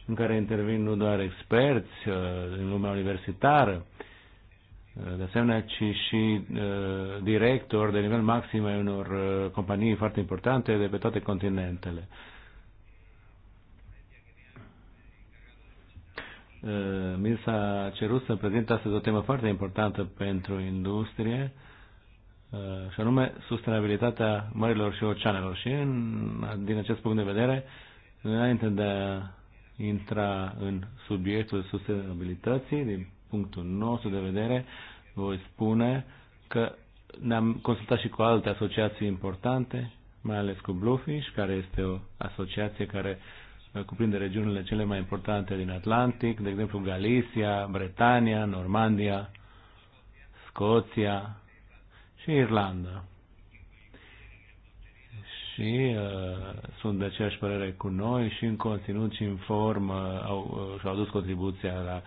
în care intervin nu doar experți uh, din lumea universitară, de asemenea, ci și director de nivel maxim ai unor companii foarte importante de pe toate continentele. Mi s-a cerut să prezint astăzi o temă foarte importantă pentru industrie, și anume sustenabilitatea mărilor și oceanelor. Și în, din acest punct de vedere, înainte de a intra în subiectul sustenabilității, din punctul nostru de vedere, voi spune că ne-am consultat și cu alte asociații importante, mai ales cu Bluefish, care este o asociație care uh, cuprinde regiunile cele mai importante din Atlantic, de exemplu Galicia, Bretania, Normandia, Scoția și Irlanda. Și uh, sunt de aceeași părere cu noi și în conținut și în formă uh, au, uh, și-au adus contribuția la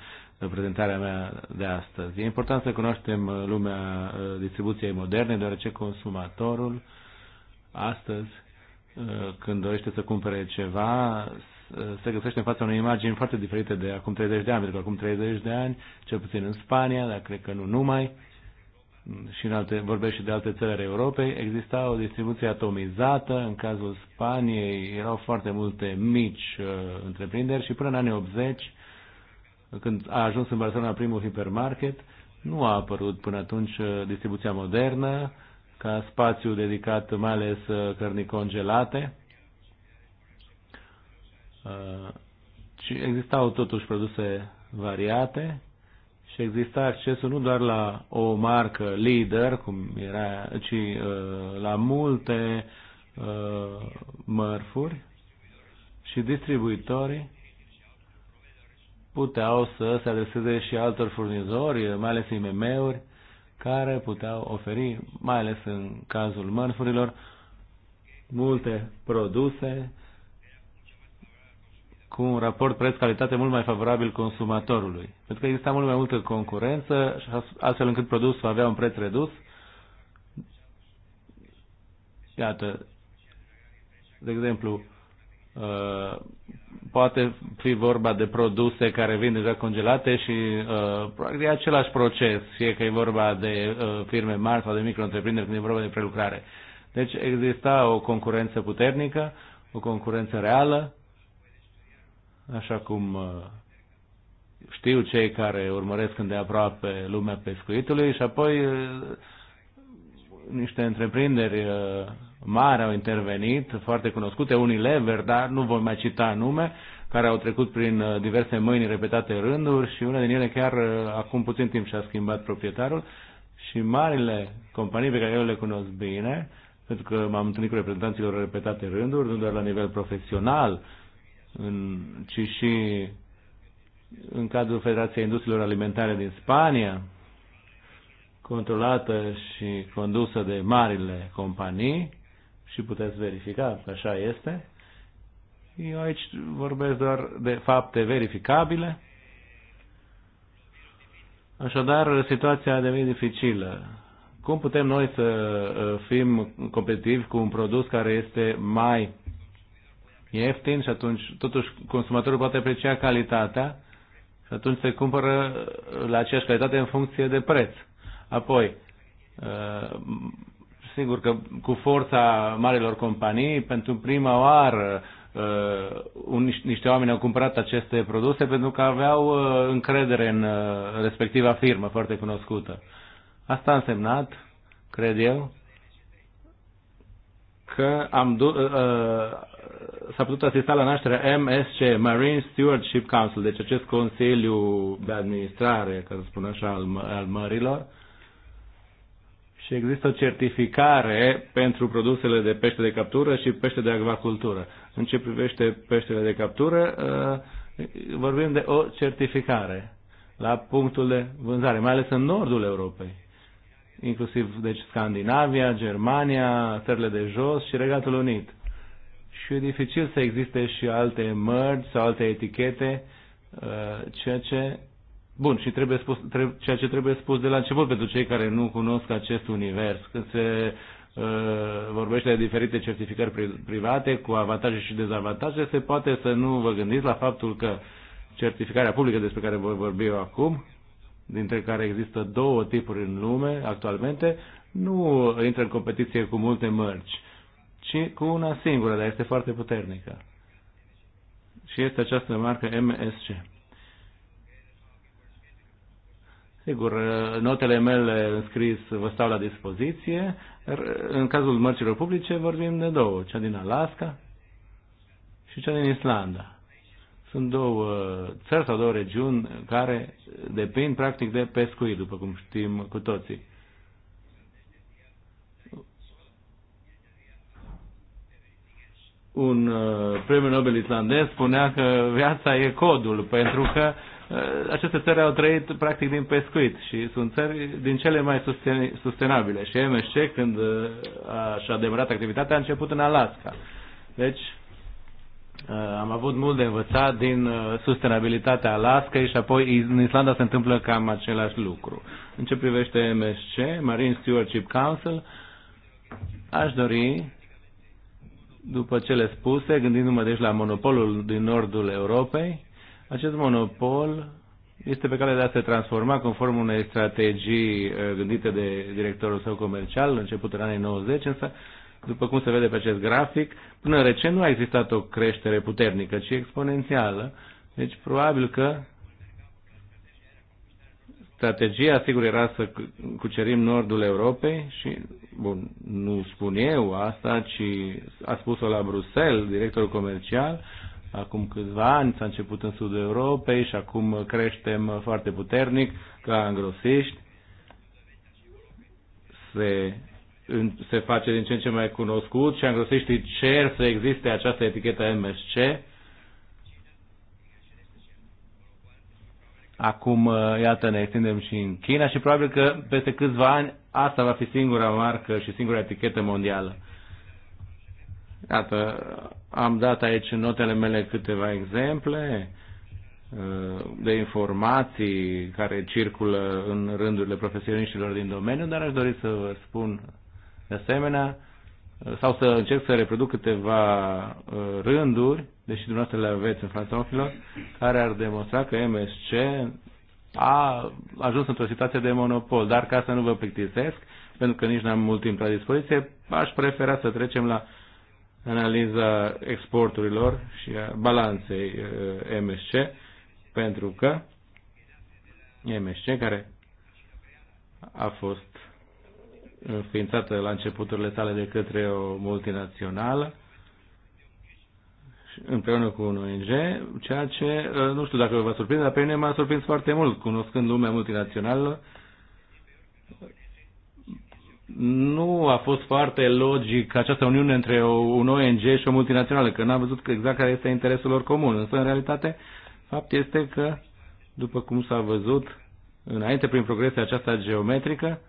prezentarea mea de astăzi. E important să cunoaștem uh, lumea uh, distribuției moderne, deoarece consumatorul astăzi, uh, când dorește să cumpere ceva, se găsește în fața unei imagini foarte diferite de acum 30 de ani, pentru că acum 30 de ani, cel puțin în Spania, dar cred că nu numai, mm, și în alte, vorbesc și de alte țări ale Europei, exista o distribuție atomizată, în cazul Spaniei erau foarte multe mici uh, întreprinderi și până în anii 80 când a ajuns în Barcelona primul hipermarket, nu a apărut până atunci uh, distribuția modernă ca spațiu dedicat mai ales uh, cărnii congelate, ci uh, existau totuși produse variate și exista accesul nu doar la o marcă lider, cum era, ci la multe mărfuri și distribuitorii puteau să se adreseze și altor furnizori, mai ales IMM-uri, care puteau oferi, mai ales în cazul mărfurilor, multe produse cu un raport preț-calitate mult mai favorabil consumatorului. Pentru că exista mult mai multă concurență, astfel încât produsul avea un preț redus. Iată, de exemplu, uh, poate fi vorba de produse care vin deja congelate și uh, e același proces, fie că e vorba de uh, firme mari sau de micro când e vorba de prelucrare. Deci exista o concurență puternică, o concurență reală, așa cum uh, știu cei care urmăresc îndeaproape lumea pescuitului și apoi uh, niște întreprinderi uh, mari au intervenit, foarte cunoscute, Unilever, dar nu voi mai cita nume, care au trecut prin uh, diverse mâini repetate rânduri și una din ele chiar uh, acum puțin timp și-a schimbat proprietarul și marile companii pe care eu le cunosc bine, pentru că m-am întâlnit cu reprezentanților repetate rânduri, nu doar la nivel profesional, în, ci și în cadrul Federației Industriilor Alimentare din Spania, controlată și condusă de marile companii, și puteți verifica că așa este. Eu aici vorbesc doar de fapte verificabile. Așadar, situația a devenit dificilă. Cum putem noi să uh, fim competitivi cu un produs care este mai ieftin și atunci totuși consumatorul poate aprecia calitatea și atunci se cumpără uh, la aceeași calitate în funcție de preț. Apoi, uh, sigur că cu forța marilor companii, pentru prima oară uh, un, niște oameni au cumpărat aceste produse pentru că aveau uh, încredere în uh, respectiva firmă foarte cunoscută. Asta a însemnat, cred eu, că am du- uh, uh s-a putut asista la nașterea MSC, Marine Stewardship Council, deci acest Consiliu de Administrare, ca să spun așa, al, al mărilor, uh, și există o certificare pentru produsele de pește de captură și pește de acvacultură. În ce privește peștele de captură, uh, vorbim de o certificare la punctul de vânzare, mai ales în nordul Europei, inclusiv deci Scandinavia, Germania, țările de jos și Regatul Unit. Și e dificil să existe și alte mărți sau alte etichete, uh, ceea ce Bun, și trebuie spus, trebuie, ceea ce trebuie spus de la început pentru cei care nu cunosc acest univers, când se uh, vorbește de diferite certificări private cu avantaje și dezavantaje, se poate să nu vă gândiți la faptul că certificarea publică despre care voi vorbi eu acum, dintre care există două tipuri în lume actualmente, nu intră în competiție cu multe mărci, ci cu una singură, dar este foarte puternică. Și este această marcă MSC. Sigur, notele mele scris vă stau la dispoziție. În cazul mărcilor publice vorbim de două, cea din Alaska și cea din Islanda. Sunt două țări sau două regiuni care depind practic de pescuit, după cum știm cu toții. Un uh, premiu Nobel islandez spunea că viața e codul, pentru că uh, Eh, aceste țări au trăit practic din pescuit și sunt țări din cele mai sustenabile. Și MSC, când eh, a, și-a demarat activitatea, a început în Alaska. Deci, eh, am avut mult de învățat din sustenabilitatea Alaska și apoi în Islanda se întâmplă cam același lucru. În ce privește MSC, Marine Stewardship Council, aș dori, după cele spuse, gândindu-mă deci la monopolul din nordul Europei, acest monopol este pe care de a se transforma conform unei strategii eh, gândite de directorul său comercial, început în anii 90, însă, după cum se vede pe acest grafic, până recent nu a existat o creștere puternică, ci exponențială. Deci, probabil că strategia, sigur, era să cucerim nordul Europei și, bun, nu spun eu asta, ci a spus-o la Bruxelles, directorul comercial, Acum câțiva ani s-a început în sudul Europei și acum creștem foarte puternic ca îngrosiști. Se, se face din ce în ce mai cunoscut și angrosiștii cer să existe această etichetă MSC. Acum, uh, iată, ne extindem și în China și probabil că peste câțiva ani asta va fi singura marcă și singura etichetă mondială. Iată, am dat aici în notele mele câteva exemple uh, de informații care circulă în rândurile profesioniștilor din domeniu, dar aș dori să vă spun de asemenea uh, sau să încerc să reproduc câteva uh, rânduri, deși dumneavoastră le aveți în fața ochilor, care ar demonstra că MSC a ajuns într-o situație de monopol. Dar ca să nu vă plictisesc, pentru că nici n-am mult timp la dispoziție, aș prefera să trecem la analiza exporturilor și a balanței eh, MSC, pentru că MSC, care a fost înființată la începuturile sale de către o multinațională, împreună cu un ONG, ceea ce eh, nu știu dacă vă surprinde, dar pe mine m-a surprins foarte mult, cunoscând lumea multinațională, nu a fost foarte logic această uniune între un ONG și o multinațională, că n-am văzut exact care este interesul lor comun. Însă, în realitate, fapt este că, după cum s-a văzut înainte prin progresia aceasta geometrică,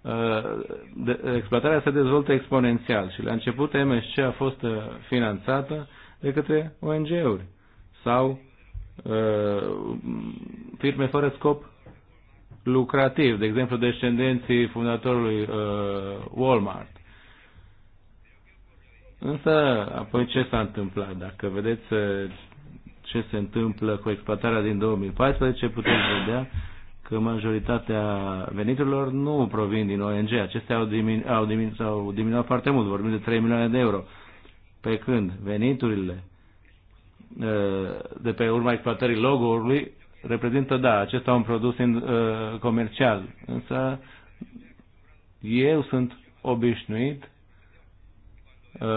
uh, exploatarea se dezvoltă exponențial și la început MSC a fost uh, finanțată de către ONG-uri sau uh, firme fără scop lucrativ, de exemplu descendenții fundatorului uh, Walmart. Însă, apoi ce s-a întâmplat? Dacă vedeți uh, ce se întâmplă cu exploatarea din 2014, puteți vedea că majoritatea veniturilor nu provin din ONG. Acestea au, dimin, au, dimin, au diminuat foarte mult, vorbim de 3 milioane de euro. Pe când veniturile uh, de pe urma exploatării logo-ului reprezintă, da, acesta un produs in, uh, comercial, însă eu sunt obișnuit uh,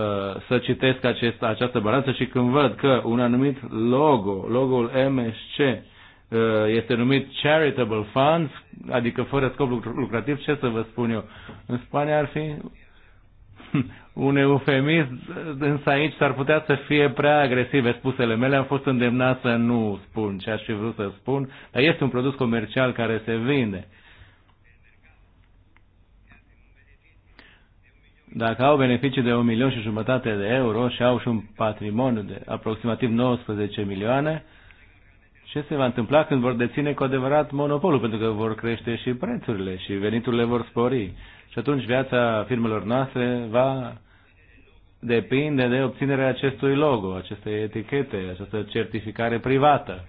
să citesc acest, această balanță și când văd că un anumit logo, logo-ul MSC, uh, este numit charitable funds, adică fără scop lucrativ, ce să vă spun eu? În Spania ar fi un eufemism, însă aici s-ar putea să fie prea agresive spusele mele. Am fost îndemnat să nu spun ce aș fi vrut să spun, dar este un produs comercial care se vinde. Dacă au beneficii de un milion și jumătate de euro și au și un patrimoniu de aproximativ 19 milioane, ce se va întâmpla când vor deține cu adevărat monopolul? Pentru că vor crește și prețurile și veniturile vor spori. Și atunci viața firmelor noastre va depinde de obținerea acestui logo, acestei etichete, această certificare privată,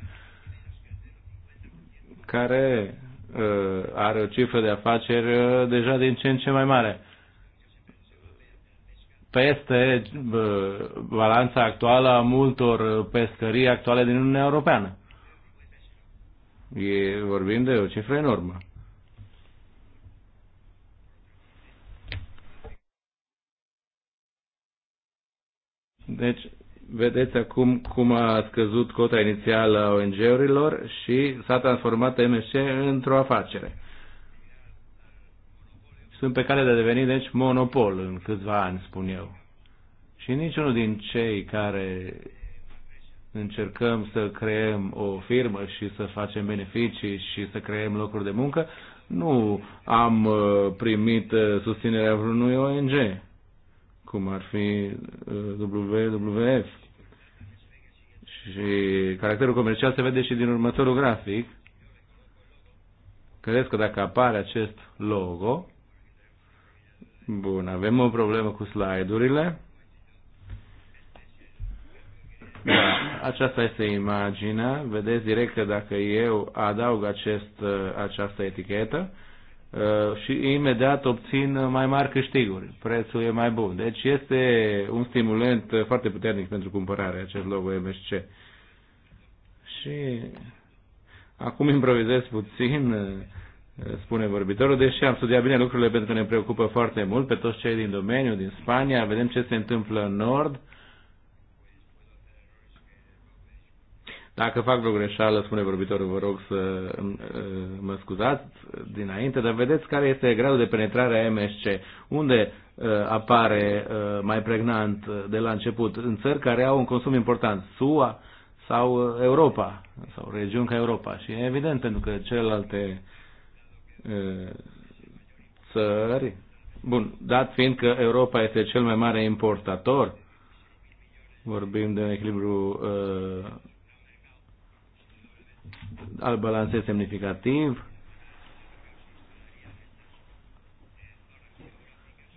care uh, are o cifră de afaceri uh, deja din ce în ce mai mare. Peste uh, balanța actuală a multor uh, pescării actuale din Uniunea Europeană. E, vorbim de o cifră enormă. Deci, vedeți acum cum a scăzut cota inițială a ONG-urilor și s-a transformat MSC într-o afacere. Sunt pe cale de a deveni, deci, monopol în câțiva ani, spun eu. Și niciunul din cei care încercăm să creăm o firmă și să facem beneficii și să creăm locuri de muncă, nu am uh, primit uh, susținerea vreunui ONG cum ar fi uh, WWF. Și caracterul comercial se vede și din următorul grafic. Credeți că dacă apare acest logo, bun, avem o problemă cu slide-urile. Da, aceasta este imaginea. Vedeți direct că dacă eu adaug acest, uh, această etichetă, Uh, și imediat obțin mai mari câștiguri. Prețul e mai bun. Deci este un stimulant foarte puternic pentru cumpărare acest logo MSC. Și acum improvizez puțin, uh, spune vorbitorul, deși am studiat bine lucrurile pentru că ne preocupă foarte mult pe toți cei din domeniu, din Spania, vedem ce se întâmplă în Nord, Dacă fac vreo greșeală, spune vorbitorul, vă rog să uh, mă scuzați dinainte, dar vedeți care este gradul de penetrare a MSC. Unde uh, apare uh, mai pregnant de la început? În țări care au un consum important, SUA sau Europa, sau regiuni ca Europa. Și e evident, pentru că celelalte țări, bun, dat fiind că Europa este cel mai mare importator, vorbim de un echilibru uh, al balansei semnificativ.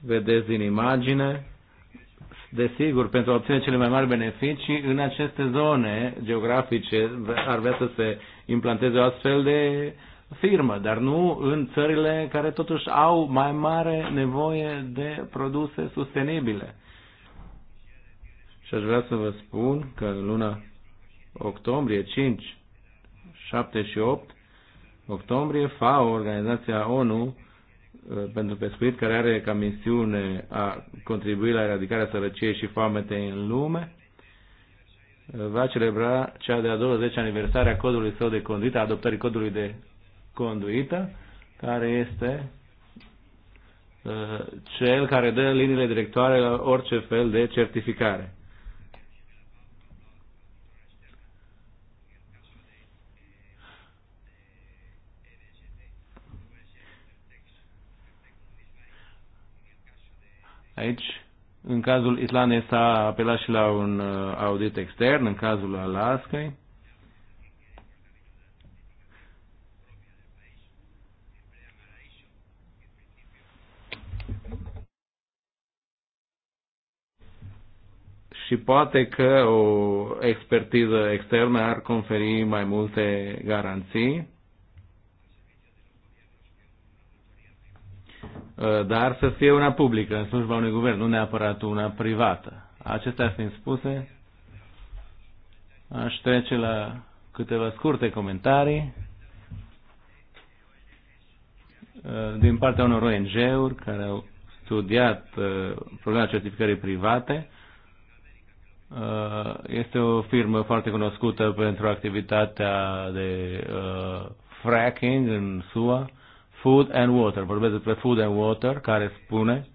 Vedeți din imagine. Desigur, pentru a obține cele mai mari beneficii, în aceste zone geografice ar vrea să se implanteze o astfel de firmă, dar nu în țările care totuși au mai mare nevoie de produse sustenibile. Și aș vrea să vă spun că în luna octombrie 5 7 și 8 octombrie, FAO, Organizația ONU uh, pentru pescuit, care are ca misiune a contribui la eradicarea sărăciei și foametei în lume, uh, va celebra cea de-a 20 aniversare a codului său de conduită, a adoptării codului de conduită, care este uh, cel care dă liniile directoare la orice fel de certificare. Aici, în cazul Islandei s-a apelat și la un uh, audit extern, în cazul Alaskai, și poate că o expertiză externă ar conferi mai multe garanții. Eh, dar să fie una publică, în slujba unui guvern, nu neapărat una privată. Acestea fiind spuse, aș trece la câteva scurte comentarii eh, din partea unor ONG-uri care au studiat eh, problema certificării private. Este o firmă foarte cunoscută pentru activitatea de fracking în SUA Food and Water. Vorbesc despre Food and Water, care spune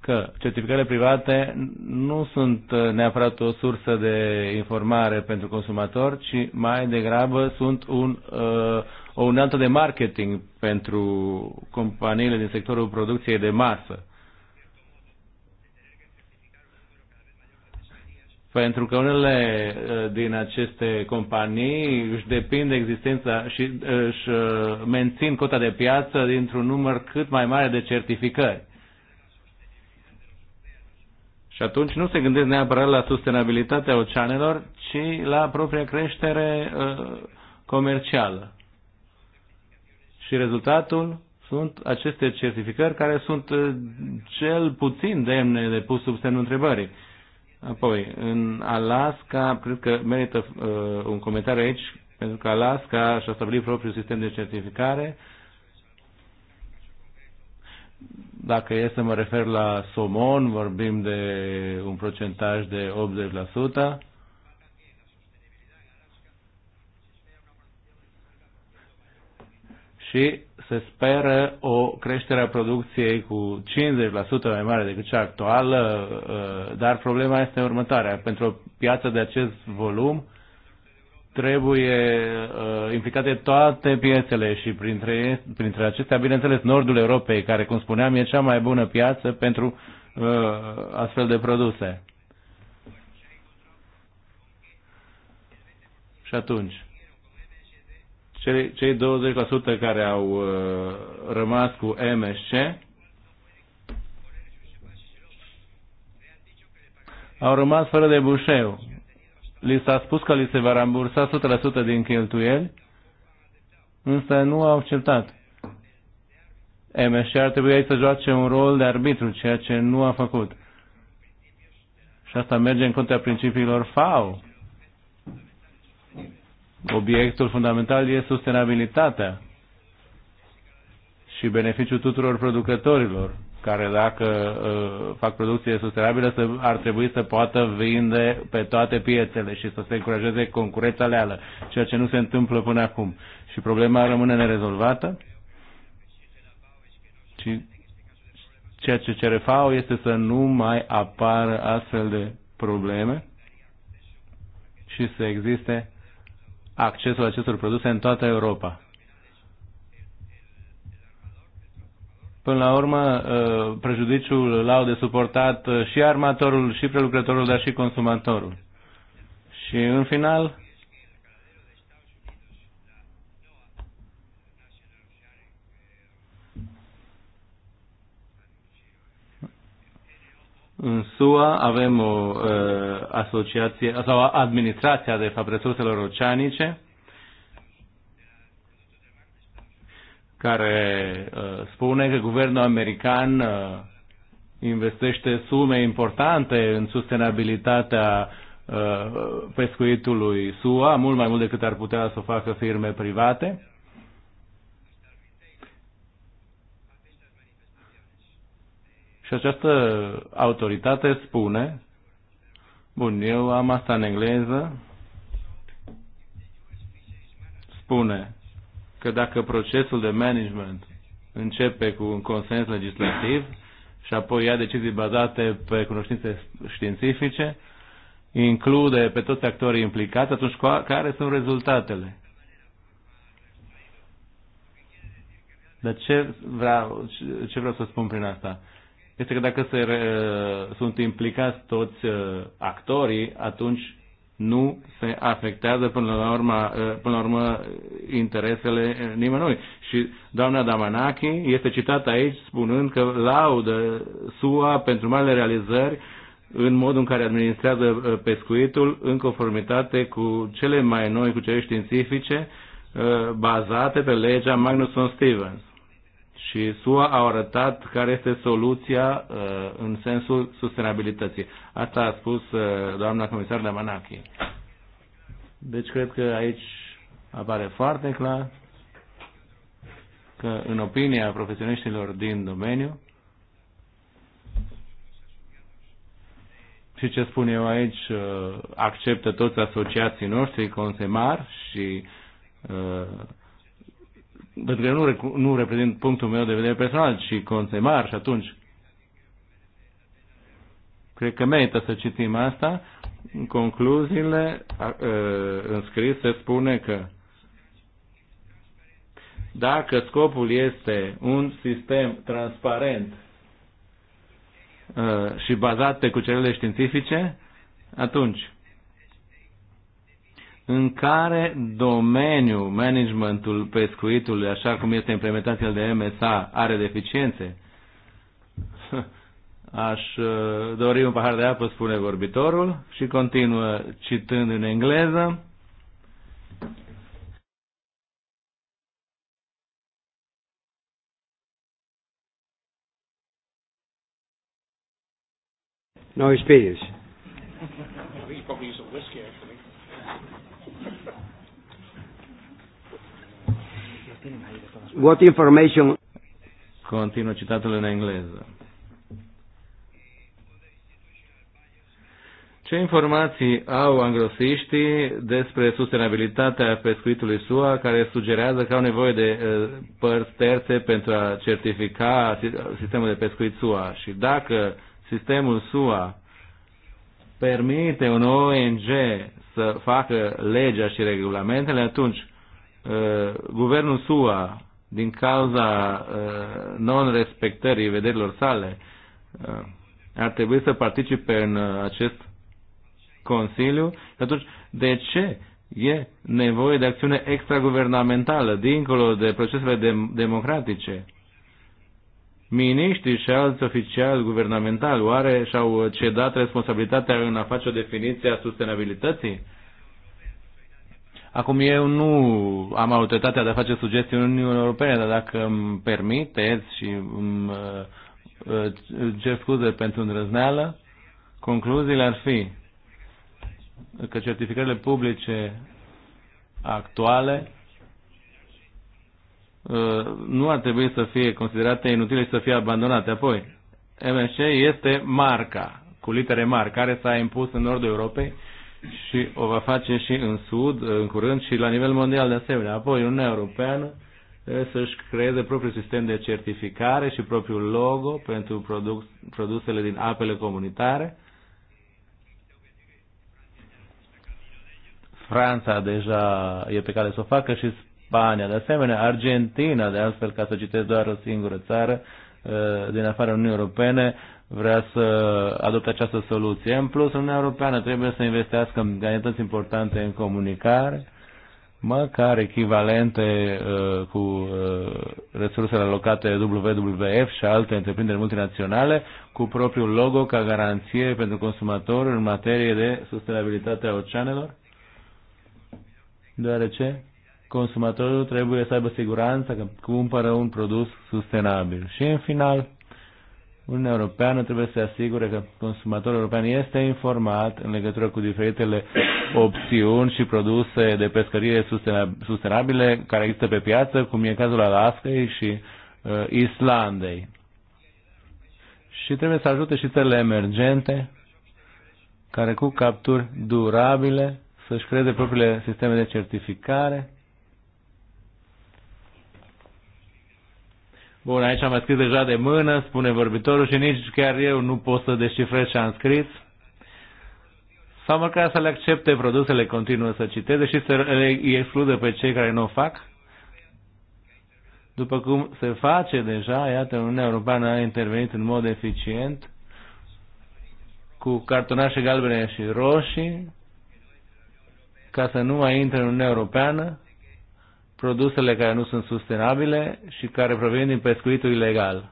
că certificările private nu sunt neapărat o sursă de informare pentru consumator, ci mai degrabă sunt un, uh, o unealtă de marketing pentru companiile din sectorul producției de masă. Pentru că unele uh, din aceste companii își depind existența și uh, își uh, mențin cota de piață dintr-un număr cât mai mare de certificări. Și atunci nu se gândesc neapărat la sustenabilitatea oceanelor, ci la propria creștere comercială. Și rezultatul sunt aceste certificări care sunt cel puțin demne de pus sub semnul întrebării. Apoi, în Alaska, cred că merită uh, un comentariu aici, pentru că Alaska și-a stabilit propriul sistem de certificare. Dacă e să mă refer la somon, vorbim de un procentaj de 80%. Și se speră o creștere a producției cu 50% mai mare decât cea actuală, uh, dar problema este următoarea. Pentru o piață de acest volum trebuie uh, implicate toate piețele și printre, printre acestea, bineînțeles, nordul Europei, care, cum spuneam, e cea mai bună piață pentru uh, astfel de produse. Și atunci, cei, 20% care au uh, rămas cu MSC au rămas fără de bușeu. Li s-a spus că li se va rambursa 100% din cheltuieli, însă nu au acceptat. MSC ar trebui aici să joace un rol de arbitru, ceea ce nu a făcut. Și asta merge în contra principiilor FAO obiectul fundamental e sustenabilitatea și beneficiul tuturor producătorilor care dacă uh, fac producție sustenabilă să, ar trebui să poată vinde pe toate piețele și să se încurajeze concurența leală, ceea ce nu se întâmplă până acum. Și problema rămâne nerezolvată și ceea ce cere FAO este să nu mai apară astfel de probleme și să existe accesul acestor produse în toată Europa. Până la urmă, uh, prejudiciul l-au de suportat uh, și armatorul, și prelucrătorul, dar și consumatorul. Și în final, În SUA avem o uh, asociație sau administrația de fapt resurselor oceanice care uh, spune că guvernul american uh, investește sume importante în sustenabilitatea uh, pescuitului SUA, mult mai mult decât ar putea să o facă firme private. Și această autoritate spune, bun, eu am asta în engleză, spune că dacă procesul de management începe cu un consens legislativ și apoi ia decizii bazate pe cunoștințe științifice, include pe toți actorii implicați, atunci care sunt rezultatele? Dar ce vreau, ce vreau să spun prin asta? este că dacă se, uh, sunt implicați toți uh, actorii, atunci nu se afectează până la uh, până la urmă interesele uh, nimănui. Și doamna Damanaki este citată aici spunând că laudă SUA pentru marile realizări în modul în care administrează pescuitul în conformitate cu cele mai noi cele științifice bazate pe legea magnuson stevens și SUA au arătat care este soluția uh, în sensul sustenabilității. Asta a spus uh, doamna comisar de Manachi. Deci cred că aici apare foarte clar că în opinia profesioniștilor din domeniu și ce spun eu aici uh, acceptă toți asociații noștri, Consemar și uh, pentru că eu nu, nu reprezint punctul meu de vedere personal, ci conțe mari și atunci cred că merită să citim asta. În concluziile înscris se spune că dacă scopul este un sistem transparent și bazat pe cucerele științifice, atunci în care domeniul, managementul pescuitului, așa cum este implementat el de MSA, are deficiențe? Aș uh, dori un pahar de apă, spune vorbitorul, și continuă citând în engleză. No experience. I probably use a whiskey, What information? Continuă citatul în engleză. Ce informații au anglosiștii despre sustenabilitatea pescuitului SUA care sugerează că au nevoie de eh, părți terțe pentru a certifica sistemul de pescuit SUA? Și dacă sistemul SUA permite un ONG să facă legea și regulamentele, atunci eh, guvernul SUA din cauza uh, non-respectării vederilor sale, uh, ar trebui să participe în uh, acest Consiliu. Atunci, de ce e nevoie de acțiune extraguvernamentală, dincolo de procesele dem- democratice? Miniștrii și alți oficiali guvernamentali, oare și-au cedat responsabilitatea în a face o definiție a sustenabilității? Acum eu nu am autoritatea de a face sugestii în Uniunea Europeană, dar dacă îmi permiteți și îmi uh, uh, cer scuze pentru îndrăzneală, concluziile ar fi că certificările publice actuale uh, nu ar trebui să fie considerate inutile și să fie abandonate. Apoi, MSC este marca, cu litere mari, care s-a impus în nordul Europei și o va face și în Sud, în curând, și la nivel mondial de asemenea. Apoi, Uniunea Europeană să-și creeze propriul sistem de certificare și propriul logo pentru produsele din apele comunitare. Franța deja e pe cale să o facă și Spania, de asemenea, Argentina, de altfel, ca să citesc doar o singură țară din afara Uniunii Europene, vrea să adopte această soluție. În plus, Uniunea Europeană trebuie să investească în unități importante în comunicare, măcar echivalente uh, cu uh, resursele alocate WWF și alte întreprinderi multinaționale, cu propriul logo ca garanție pentru consumatori în materie de sustenabilitate a oceanelor, deoarece consumatorul trebuie să aibă siguranța că cumpără un produs sustenabil. Și în final, Uniunea Europeană trebuie să se asigure că consumatorul european este informat în legătură cu diferitele opțiuni și produse de pescărie sustenabile care există pe piață, cum e cazul Alaskei și uh, Islandei. Și trebuie să ajute și țările emergente care cu capturi durabile să-și creeze propriile sisteme de certificare Bun, aici am scris deja de mână, spune vorbitorul, și nici chiar eu nu pot să descifrez ce am scris. Sau măcar să le accepte produsele, continuă să citeze și să le excludă pe cei care nu o fac. După cum se face deja, iată, Uniunea Europeană a intervenit în mod eficient cu cartonașe galbene și roșii ca să nu mai intre în Uniunea Europeană produsele care nu sunt sustenabile și care provin din pescuitul ilegal.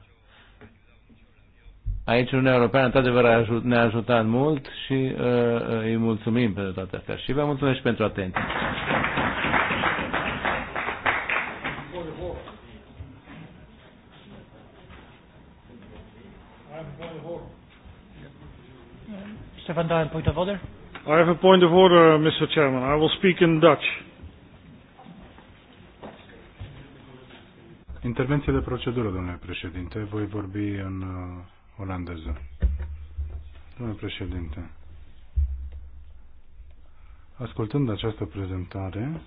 Aici Uniunea Europeană, într-adevăr, ne-a ajutat mult și uh, uh, îi mulțumim pentru toate astea. Și vă mulțumesc și pentru atenție. Stefan Dyer, point of order. I have a point of order, uh, Mr. Chairman. I will speak in Dutch. Intervenție de procedură, domnule președinte. Voi vorbi în uh, olandeză. Domnule președinte, ascultând această prezentare,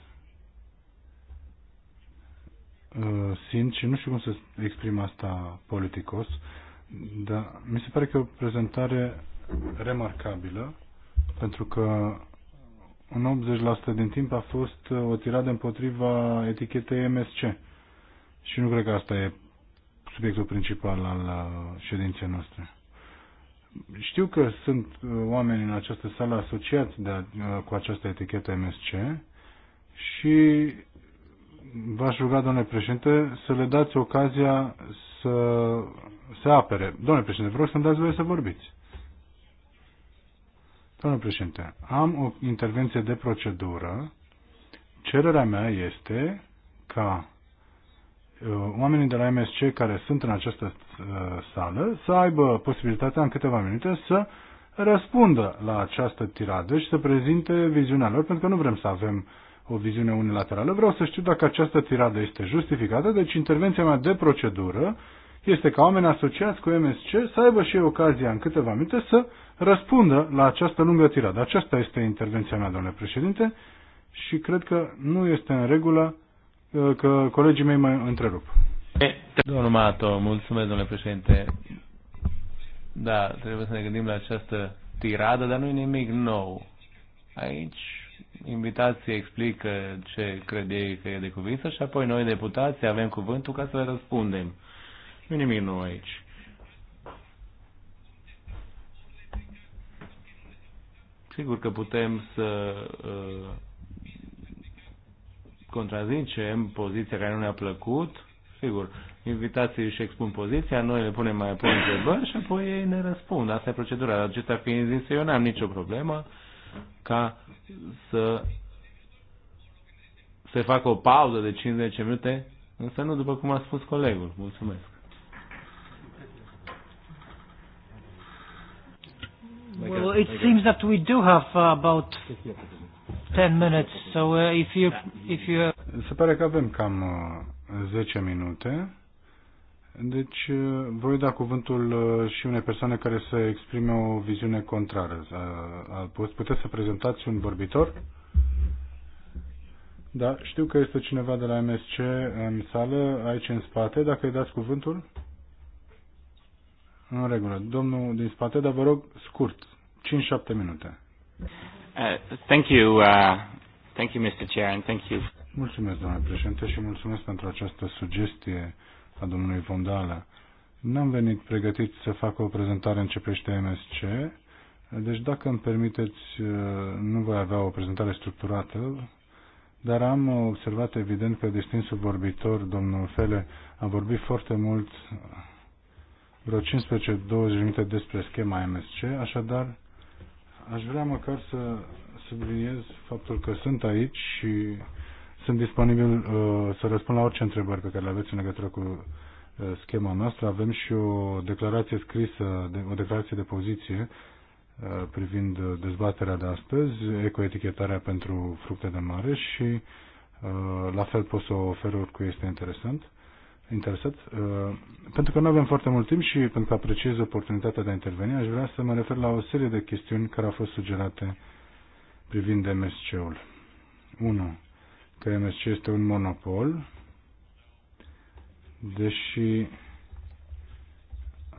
uh, simt și nu știu cum să exprim asta politicos, dar mi se pare că e o prezentare remarcabilă, pentru că în 80% din timp a fost uh, o tiradă împotriva etichetei MSC. Și nu cred că asta e subiectul principal al uh, ședinței noastre. Știu că sunt uh, oameni în această sală asociați de, uh, cu această etichetă MSC și v-aș ruga, domnule președinte, să le dați ocazia să se apere. Domnule președinte, vreau să-mi dați voie să vorbiți. Domnule președinte, am o intervenție de procedură. Cererea mea este ca Uh, oamenii de la MSC care sunt în această uh, sală să aibă posibilitatea în câteva minute să răspundă la această tiradă și să prezinte viziunea lor, pentru că nu vrem să avem o viziune unilaterală. Vreau să știu dacă această tiradă este justificată, deci intervenția mea de procedură este ca oameni asociați cu MSC să aibă și ei ocazia în câteva minute să răspundă la această lungă tiradă. Aceasta este intervenția mea, domnule președinte, și cred că nu este în regulă că colegii mei mă întrerup. Domnul Mato, mulțumesc, domnule președinte. Da, trebuie să ne gândim la această tiradă, dar nu e nimic nou. Aici invitații explică ce crede ei că e de cuvință și apoi noi deputații avem cuvântul ca să le răspundem. Nu nimic nou aici. Sigur că putem să uh, contrazicem poziția care nu ne-a plăcut, sigur, invitații își expun poziția, noi le punem mai apoi întrebări și apoi ei ne răspund. Asta e procedura. Acesta fiind zis, eu n-am nicio problemă ca să se facă o pauză de 50 minute, însă nu după cum a spus colegul. Mulțumesc. Well, it seems that we do have about 10 minutes, so uh, if you, if you... Se pare că avem cam uh, 10 minute. Deci uh, voi da cuvântul uh, și unei persoane care să exprime o viziune contrară. Uh, puteți să prezentați un vorbitor? Da, știu că este cineva de la MSC în sală, aici în spate, dacă îi dați cuvântul. În regulă. Domnul din spate, dar vă rog scurt, 5-7 minute. Uh, thank you, uh, thank you, Mr. Chair, and thank you. Mulțumesc, domnule președinte, și mulțumesc pentru această sugestie a domnului Vondala. N-am venit pregătit să fac o prezentare în ce privește MSC, deci dacă îmi permiteți, uh, nu voi avea o prezentare structurată, dar am observat evident că distinsul vorbitor, domnul Fele, a vorbit foarte mult, vreo 15-20 minute despre schema MSC, așadar aș vrea măcar să subliniez faptul că sunt aici și sunt disponibil uh, să răspund la orice întrebări pe care le aveți în legătură cu uh, schema noastră. Avem și o declarație scrisă, de, o declarație de poziție uh, privind uh, dezbaterea de astăzi, ecoetichetarea pentru fructe de mare și uh, la fel pot să o ofer oricui este interesant interesat. Uh, pentru că nu avem foarte mult timp și pentru că apreciez oportunitatea de a interveni, aș vrea să mă refer la o serie de chestiuni care au fost sugerate privind MSC-ul. 1. Că MSC este un monopol, deși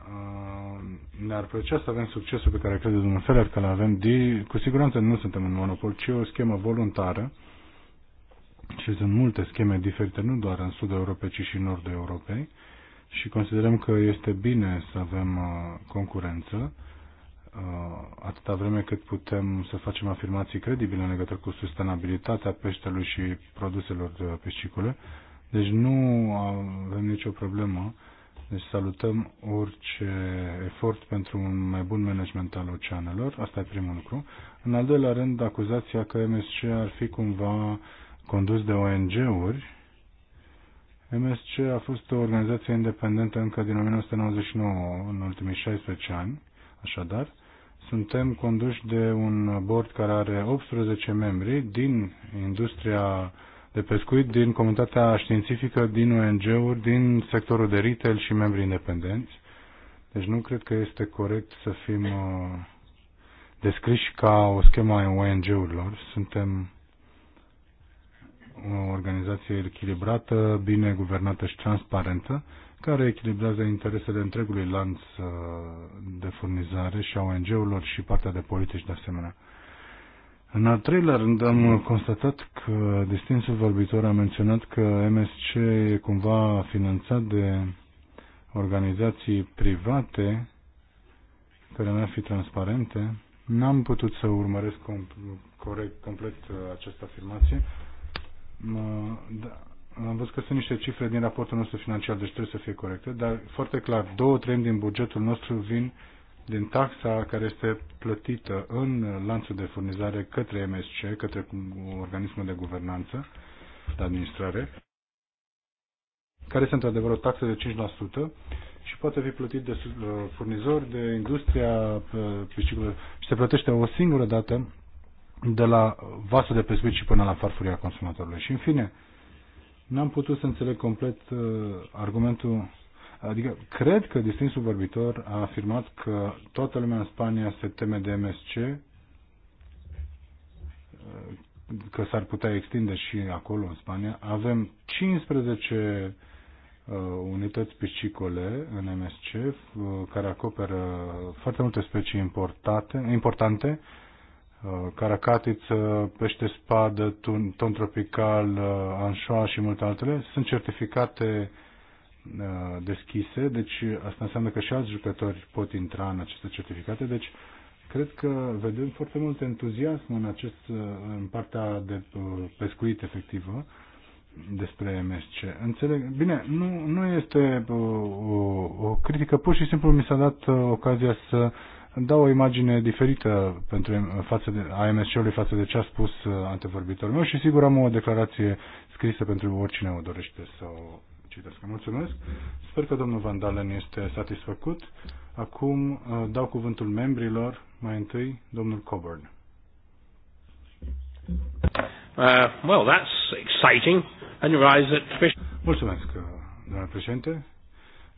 uh, ne-ar plăcea să avem succesul pe care crede Dumnezeu că l avem, de, cu siguranță nu suntem un monopol, ci o schemă voluntară și sunt multe scheme diferite, nu doar în sudul Europei, ci și în nordul Europei și considerăm că este bine să avem uh, concurență uh, atâta vreme cât putem să facem afirmații credibile în legătură cu sustenabilitatea peștelui și produselor uh, pescicole. Deci nu avem nicio problemă. Deci salutăm orice efort pentru un mai bun management al oceanelor. Asta e primul lucru. În al doilea rând, acuzația că MSC ar fi cumva condus de ONG-uri, MSC a fost o organizație independentă încă din 1999, în ultimii 16 ani, așadar. Suntem conduși de un board care are 18 membri din industria de pescuit, din comunitatea științifică, din ONG-uri, din sectorul de retail și membri independenți. Deci nu cred că este corect să fim uh, descriși ca o schemă a ONG-urilor. Suntem o organizație echilibrată, bine guvernată și transparentă, care echilibrează interesele întregului lanț uh, de furnizare și a ONG-urilor și partea de politici de asemenea. În al treilea rând am constatat că distinsul vorbitor a menționat că MSC e cumva finanțat de organizații private care n-ar fi transparente. N-am putut să urmăresc com corect, complet uh, această afirmație, da, am văzut că sunt niște cifre din raportul nostru financiar, deci trebuie să fie corecte, dar foarte clar, două treimi din bugetul nostru vin din taxa care este plătită în lanțul de furnizare către MSC, către organismul de guvernanță, de administrare, care este într-adevăr o taxă de 5% și poate fi plătit de uh, furnizori, de industria uh, și se plătește o singură dată de la vasul de pescuit și până la farfuria consumatorului. Și în fine, n-am putut să înțeleg complet uh, argumentul, adică cred că distinsul vorbitor a afirmat că toată lumea în Spania se teme de MSC, uh, că s-ar putea extinde și acolo în Spania. Avem 15 uh, unități piscicole în MSC uh, care acoperă foarte multe specii importate, importante, caracatiță, pește spadă, tun, ton tropical, uh, anșoa și multe altele, sunt certificate uh, deschise, deci asta înseamnă că și alți jucători pot intra în aceste certificate, deci cred că vedem foarte mult entuziasm în, acest, uh, în partea de pescuit efectivă despre MSC. Înțeleg? Bine, nu, nu este o, o critică, pur și simplu mi s-a dat ocazia să dau o imagine diferită pentru, față de, a MSC-ului față de ce a spus uh, antevorbitorul meu și sigur am o declarație scrisă pentru oricine o dorește să o citească. Mulțumesc. Sper că domnul Van Dalen este satisfăcut. Acum uh, dau cuvântul membrilor. Mai întâi, domnul Coburn. Uh, well, that's exciting. And you realize that... Mulțumesc, uh, domnule președinte.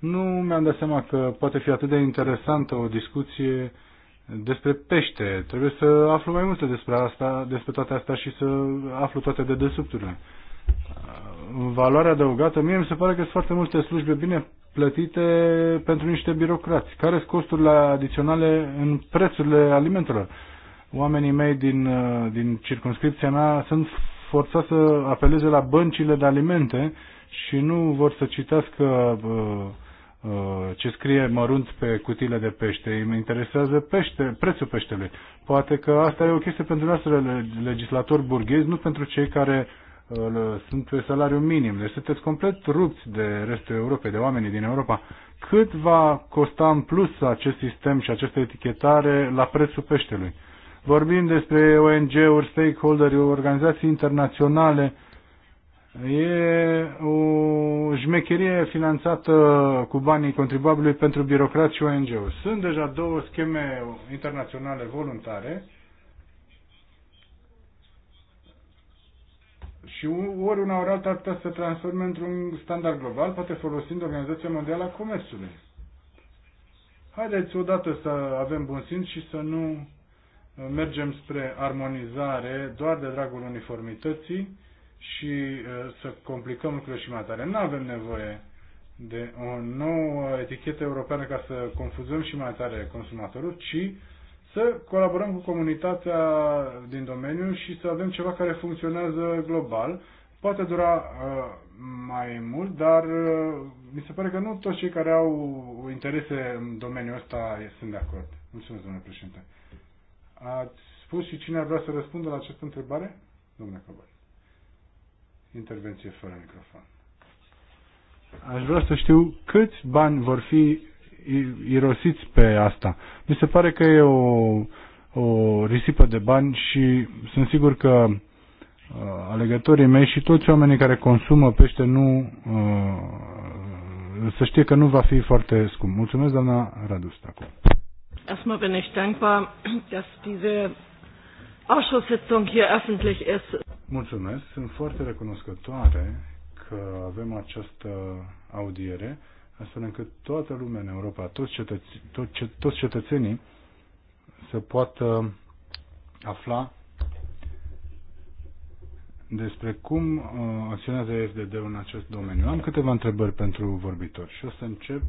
Nu mi-am dat seama că poate fi atât de interesantă o discuție despre pește. Trebuie să aflu mai multe despre asta, despre toate astea și să aflu toate de dedesubturile. Uh, valoarea adăugată, mie mi se pare că sunt foarte multe slujbe bine plătite pentru niște birocrați. Care sunt costurile adiționale în prețurile alimentelor? Oamenii mei din, uh, din circunscripția mea sunt forțați să apeleze la băncile de alimente și nu vor să citească uh, Uh, ce scrie mărunt pe cutiile de pește. Îi interesează pește, prețul peștelui. Poate că asta e o chestie pentru noastră legislator burghezi, nu pentru cei care uh, sunt pe salariu minim. Deci sunteți complet rupți de restul Europei, de oamenii din Europa. Cât va costa în plus acest sistem și această etichetare la prețul peștelui? Vorbim despre ONG-uri, stakeholderi, organizații internaționale E o șmecherie finanțată cu banii contribuabilului pentru birocrați și ONG-uri. Sunt deja două scheme internaționale voluntare și ori una ori alta ar putea să se transforme într-un standard global, poate folosind Organizația Mondială a Comerțului. Haideți odată să avem bun simț și să nu mergem spre armonizare doar de dragul uniformității, și uh, să complicăm lucrurile și mai tare. Nu avem nevoie de o nouă etichetă europeană ca să confuzăm și mai tare consumatorul, ci să colaborăm cu comunitatea din domeniu și să avem ceva care funcționează global. Poate dura uh, mai mult, dar uh, mi se pare că nu toți cei care au interese în domeniul ăsta sunt de acord. Mulțumesc, domnule președinte. Ați spus și cine ar vrea să răspundă la această întrebare? Domnule Căbăr. Intervenție fără microfon. Aș vrea să știu câți bani vor fi irosiți pe asta. Mi se pare că e o, o risipă de bani și sunt sigur că uh, alegătorii mei și toți oamenii care consumă pește nu uh, să știe că nu va fi foarte scump. Mulțumesc, doamna Radu Stacu. Erstmal bin ich dankbar, dass diese Ausschusssitzung hier öffentlich ist. Mulțumesc, sunt foarte recunoscătoare că avem această audiere, astfel încât toată lumea în Europa, toți, cetăți, tot, ce, toți cetățenii, să poată afla despre cum uh, acționează FDD-ul în acest domeniu. Am câteva întrebări pentru vorbitori și o să încep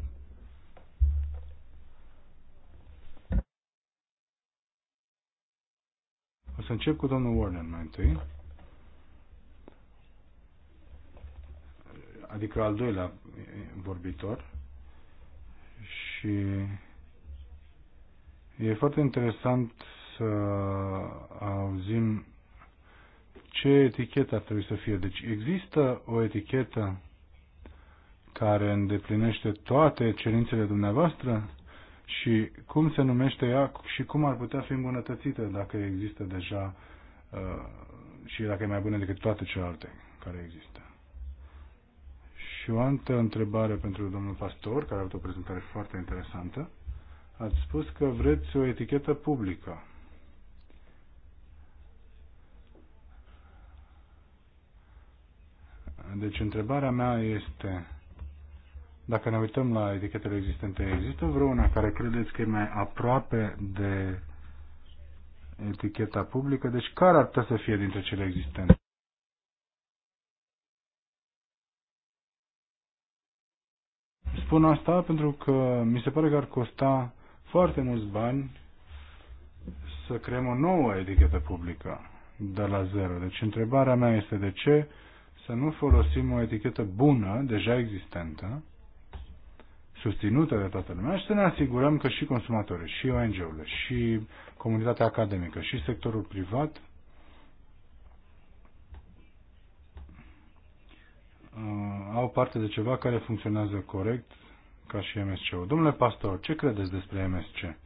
O să încep cu domnul Warner mai întâi. adică al doilea vorbitor și e foarte interesant să auzim ce etichetă ar trebui să fie. Deci există o etichetă care îndeplinește toate cerințele dumneavoastră și cum se numește ea și cum ar putea fi îmbunătățită dacă există deja uh, și dacă e mai bună decât toate celelalte care există. Și o altă întrebare pentru domnul pastor, care a avut o prezentare foarte interesantă. Ați spus că vreți o etichetă publică. Deci întrebarea mea este, dacă ne uităm la etichetele existente, există vreuna care credeți că e mai aproape de eticheta publică? Deci care ar putea să fie dintre cele existente? spun asta pentru că mi se pare că ar costa foarte mulți bani să creăm o nouă etichetă publică de la zero. Deci întrebarea mea este de ce să nu folosim o etichetă bună, deja existentă, susținută de toată lumea și să ne asigurăm că și consumatorii, și ONG-urile, și comunitatea academică, și sectorul privat Uh, au parte de ceva care funcționează corect ca și MSC-ul. Domnule pastor, ce credeți despre MSC?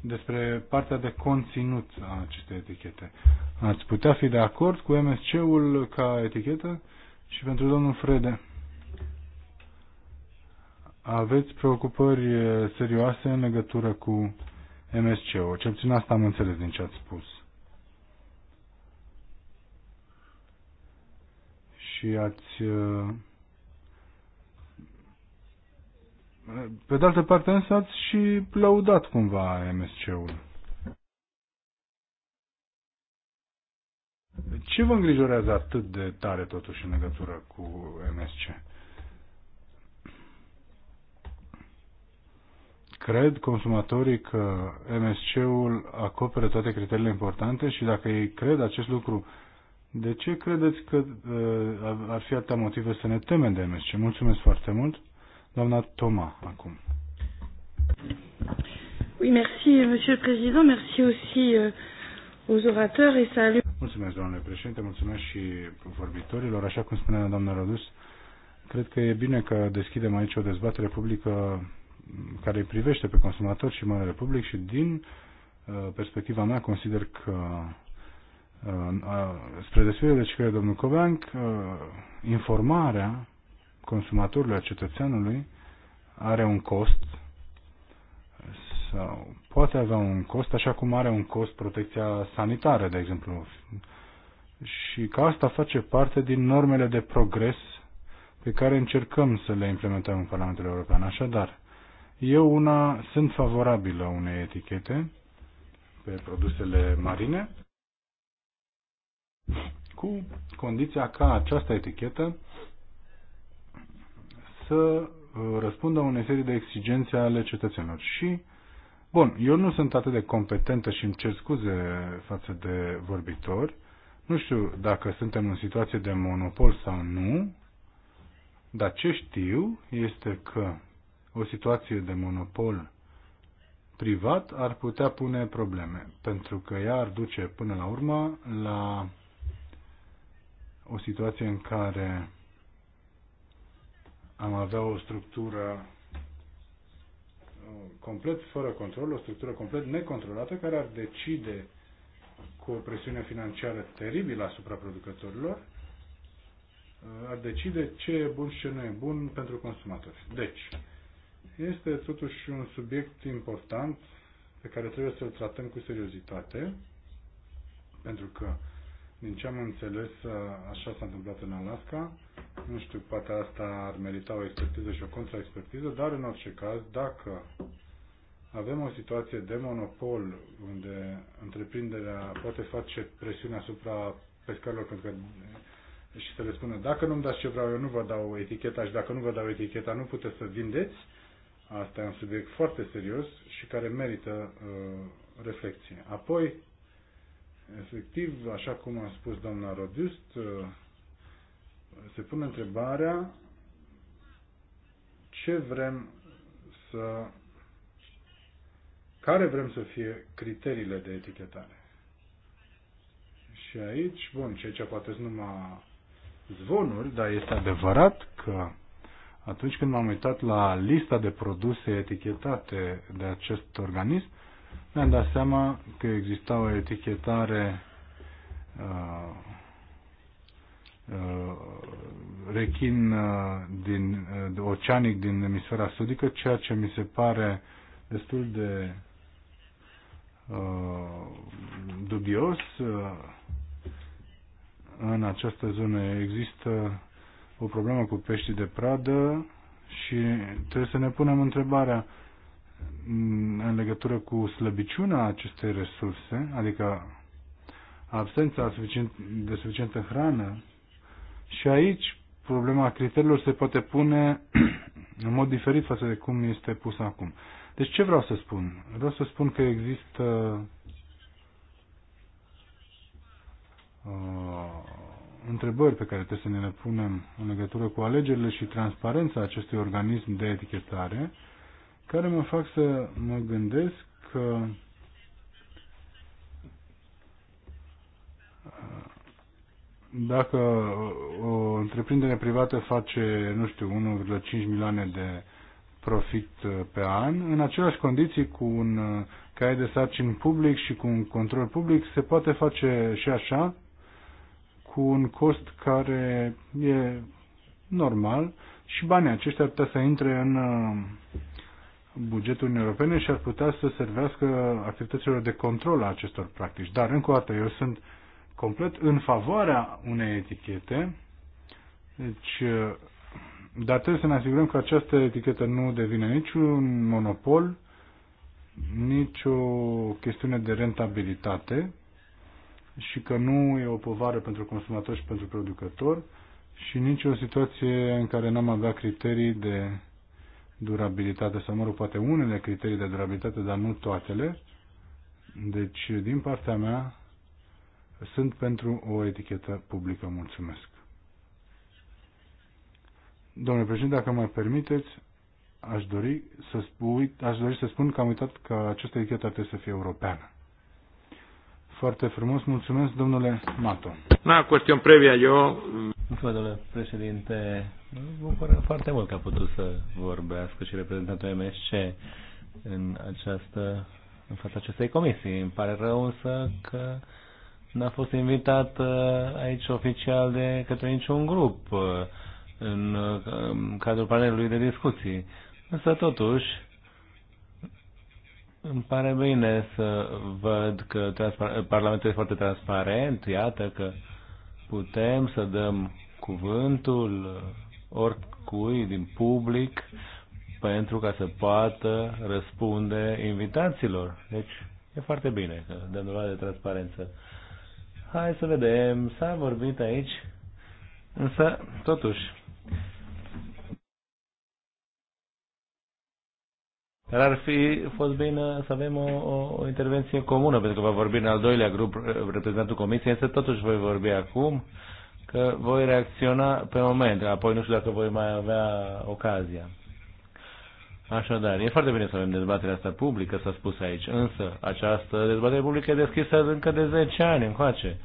Despre partea de conținut a acestei etichete. Ați putea fi de acord cu MSC-ul ca etichetă? Și pentru domnul Frede, aveți preocupări serioase în legătură cu MSC-ul. Cel puțin asta am înțeles din ce ați spus. și ați... Uh, pe de altă parte însă ați și lăudat cumva MSC-ul. Ce vă îngrijorează atât de tare totuși în legătură cu MSC? Cred consumatorii că MSC-ul acoperă toate criteriile importante și dacă ei cred acest lucru, de ce credeți că uh, ar fi atâtea motive să ne temem de MSC? Mulțumesc foarte mult. Doamna Toma, acum. Oui, merci, Monsieur le Président. Merci aussi euh, aux orateurs et salut. Mulțumesc, domnule președinte, mulțumesc și vorbitorilor. Așa cum spunea doamna Rodus, cred că e bine că deschidem aici o dezbatere publică care îi privește pe consumatori și mare public și din uh, perspectiva mea consider că Uh, uh, spre deosebire de ce crede domnul Cobanc, uh, informarea consumatorului, a cetățeanului, are un cost sau poate avea un cost, așa cum are un cost protecția sanitară, de exemplu. Și că asta face parte din normele de progres pe care încercăm să le implementăm în Parlamentul European. Așadar, eu una sunt favorabilă unei etichete pe produsele marine, cu condiția ca această etichetă să uh, răspundă unei serii de exigențe ale cetățenilor. Și, bun, eu nu sunt atât de competentă și îmi cer scuze față de vorbitori. Nu știu dacă suntem în situație de monopol sau nu, dar ce știu este că o situație de monopol privat ar putea pune probleme, pentru că ea ar duce până la urmă la o situație în care am avea o structură uh, complet fără control, o structură complet necontrolată care ar decide cu o presiune financiară teribilă asupra producătorilor, uh, ar decide ce e bun și ce nu e bun pentru consumatori. Deci, este totuși un subiect important pe care trebuie să-l tratăm cu seriozitate, pentru că din ce am înțeles, așa s-a întâmplat în Alaska. Nu știu, poate asta ar merita o expertiză și o contraexpertiză, dar în orice caz, dacă avem o situație de monopol unde întreprinderea poate face presiune asupra pescarilor pentru că și să le spună dacă nu-mi dați ce vreau, eu nu vă dau eticheta și dacă nu vă dau eticheta, nu puteți să vindeți. Asta e un subiect foarte serios și care merită uh, reflexie. Apoi, Efectiv, așa cum a spus doamna Rodist, uh, se pune întrebarea ce vrem să care vrem să fie criteriile de etichetare. Și aici, bun, ceea ce poate sunt numai zvonuri, dar este adevărat că atunci când m-am uitat la lista de produse etichetate de acest organism, ne-am dat seama că exista o etichetare uh, uh, rechin uh, din uh, oceanic din emisfera sudică, ceea ce mi se pare destul de uh, dubios. Uh, în această zonă există o problemă cu peștii de pradă și trebuie să ne punem întrebarea uh, Mm, în legătură cu slăbiciunea acestei resurse, adică absența suficient, de suficientă hrană. Și aici problema criteriilor se poate pune în mod diferit față de cum este pus acum. Deci ce vreau să spun? Vreau să spun că există uh, întrebări pe care trebuie să ne le punem în legătură cu alegerile și transparența acestui organism de etichetare uh, care mă fac să mă gândesc că dacă o întreprindere privată face, nu știu, 1,5 milioane de profit uh, pe an, în aceleași condiții cu un uh, cai de sarcini public și cu un control public, se poate face și așa, cu un cost care e normal și banii aceștia ar putea să intre în uh, bugetul Uniunii Europene și ar putea să servească activităților de control a acestor practici. Dar, încă o dată, eu sunt complet în favoarea unei etichete, deci, dar trebuie să ne asigurăm că această etichetă nu devine niciun monopol, nici o chestiune de rentabilitate și că nu e o povară pentru consumator și pentru producător și nici o situație în care n-am avea criterii de durabilitate sau, mă rog, poate unele criterii de durabilitate, dar nu toatele. Deci, din partea mea, sunt pentru o etichetă publică. Mulțumesc. Domnule președinte, dacă mă permiteți, aș dori să, spui, aș dori să spun că am uitat că această etichetă trebuie să fie europeană. Foarte frumos, mulțumesc, domnule Mato. Na, chestiune previa, eu... Mulțumesc, domnule președinte. Mă bucur foarte mult că a putut să vorbească și reprezentantul MSC în, această, în fața acestei comisii. Îmi pare rău însă că n-a fost invitat uh, aici oficial de către niciun grup uh, uh, în, cadrul panelului de discuții. Însă totuși, îmi pare bine să văd că Parlamentul este foarte transparent, iată că putem să dăm cuvântul oricui din public pentru ca să poată răspunde invitațiilor. Deci e foarte bine că dăm dovadă de transparență. Hai să vedem, s-a vorbit aici, însă totuși Dar ar fi fost bine să avem o, o, o intervenție comună, pentru că va vorbi în al doilea grup reprezentantul Comisiei, însă totuși voi vorbi acum că voi reacționa pe moment, apoi nu știu dacă voi mai avea ocazia. Așadar, e foarte bine să avem dezbaterea asta publică, s-a spus aici, însă această dezbatere publică e deschisă încă de 10 ani încoace.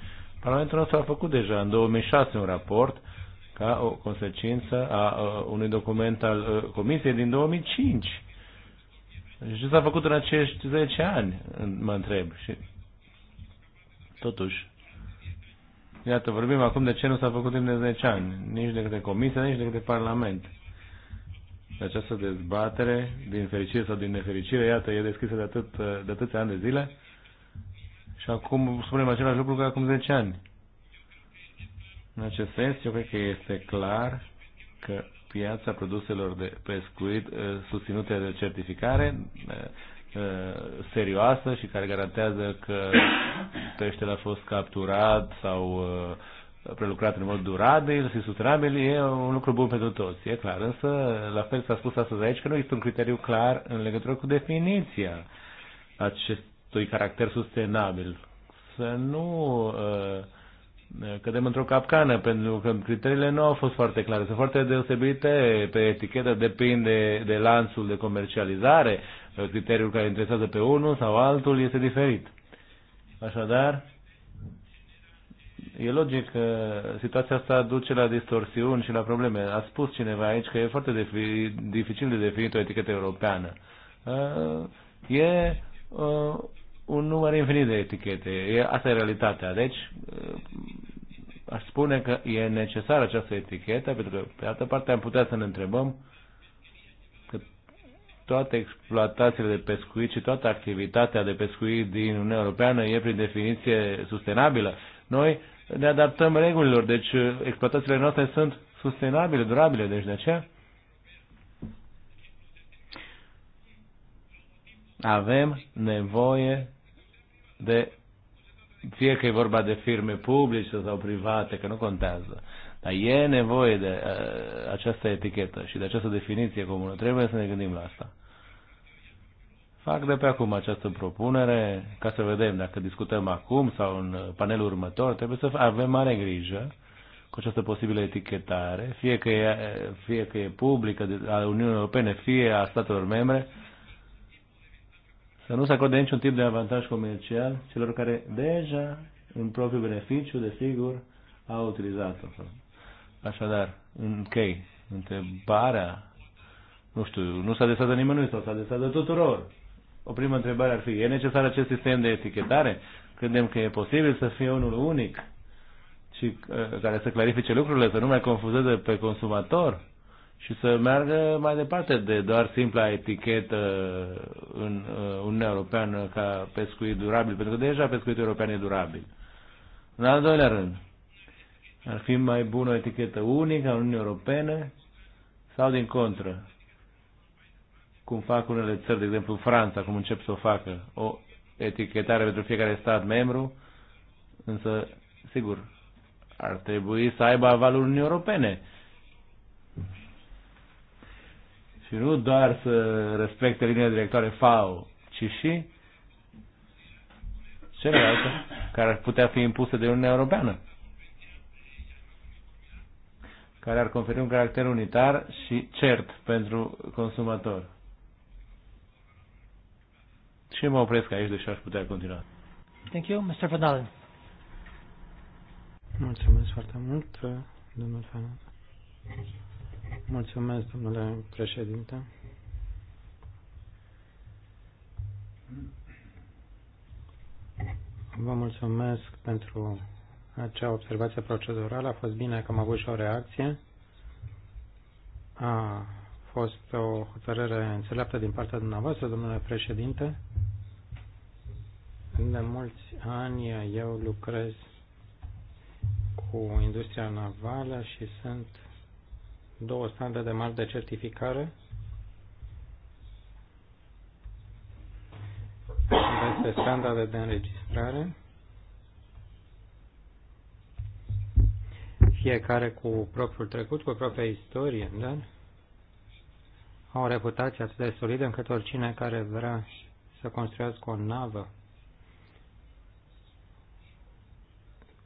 Parlamentul nostru a făcut deja în 2006 un raport ca o consecință a unui document al Comisiei din 2005. Și ce s-a făcut în acești 10 ani, mă întreb. Și totuși, Iată, vorbim acum de ce nu s-a făcut timp de 10 ani, nici de către Comisie, nici de către Parlament. Această dezbatere, din fericire sau din nefericire, iată, e deschisă de, atât, de atâția ani de zile și acum spunem același lucru ca acum 10 ani. În acest sens, eu cred că este clar că piața produselor de pescuit eh, susținute de certificare eh, Uh, serioasă și care garantează că peștele a fost capturat sau uh, prelucrat în mod durabil și sustenabil, e un lucru bun pentru toți, e clar. Însă, la fel s-a spus astăzi aici că nu există un criteriu clar în legătură cu definiția acestui caracter sustenabil. Să nu uh, cădem într-o capcană, pentru că criteriile nu au fost foarte clare. Sunt foarte deosebite pe etichetă, depinde de lanțul de comercializare, criteriul care interesează pe unul sau altul este diferit. Așadar, e logic că situația asta duce la distorsiuni și la probleme. A spus cineva aici că e foarte dificil de definit o etichetă europeană. E un număr infinit de etichete. E, asta e realitatea. Deci, aș spune că e necesară această etichetă, pentru că, pe altă parte, am putea să ne întrebăm toate exploatațiile de pescuit și toată activitatea de pescuit din Uniunea Europeană e prin definiție sustenabilă. Noi ne adaptăm regulilor, deci uh, exploatațiile noastre sunt sustenabile, durabile, deci de aceea avem nevoie de fie că e vorba de firme publice sau private, că nu contează. Dar e nevoie de uh, această etichetă și de această definiție comună. Trebuie să ne gândim la asta. Fac de pe acum această propunere ca să vedem dacă discutăm acum sau în panelul următor. Trebuie să avem mare grijă cu această posibilă etichetare, fie că e, fie că e publică a Uniunii Europene, fie a statelor membre, să nu se acorde niciun tip de avantaj comercial celor care deja, în propriul beneficiu, desigur, au utilizat-o. Așadar, închei întrebarea, nu știu, nu s-a adresat de nimănui sau s-a adresat de tuturor o primă întrebare ar fi, e necesar acest sistem de etichetare? Credem că e posibil să fie unul unic și uh, care să clarifice lucrurile, să nu mai confuzeze pe consumator și să meargă mai departe de doar simpla etichetă în uh, Uniunea Europeană ca pescuit durabil, pentru că deja pescuitul european e durabil. În al doilea rând, ar fi mai bună o etichetă unică a Uniunii Europene sau din contră? cum fac unele țări, de exemplu Franța, cum încep să o facă, o etichetare pentru fiecare stat membru, însă, sigur, ar trebui să aibă avalul Uniunii Europene. Și nu doar să respecte linia directoare FAO, ci și celelalte care ar putea fi impuse de Uniunea Europeană, care ar conferi un caracter unitar și cert pentru consumator. Și mă opresc aici, deși aș putea continua. Thank you, Mr. Van Dalen. Mulțumesc foarte mult, domnul Fanon. Mulțumesc, domnule președinte. Vă mulțumesc pentru acea observație procedurală. A fost bine că am avut și o reacție. A fost o hotărâre înțeleaptă din partea dumneavoastră, domnule președinte. De mulți ani eu lucrez cu industria navală și sunt două standarde mari de certificare peste standarde de înregistrare, fiecare cu propriul trecut, cu propria istorie, da? au o reputație atât de solidă încât oricine care vrea să construiască o navă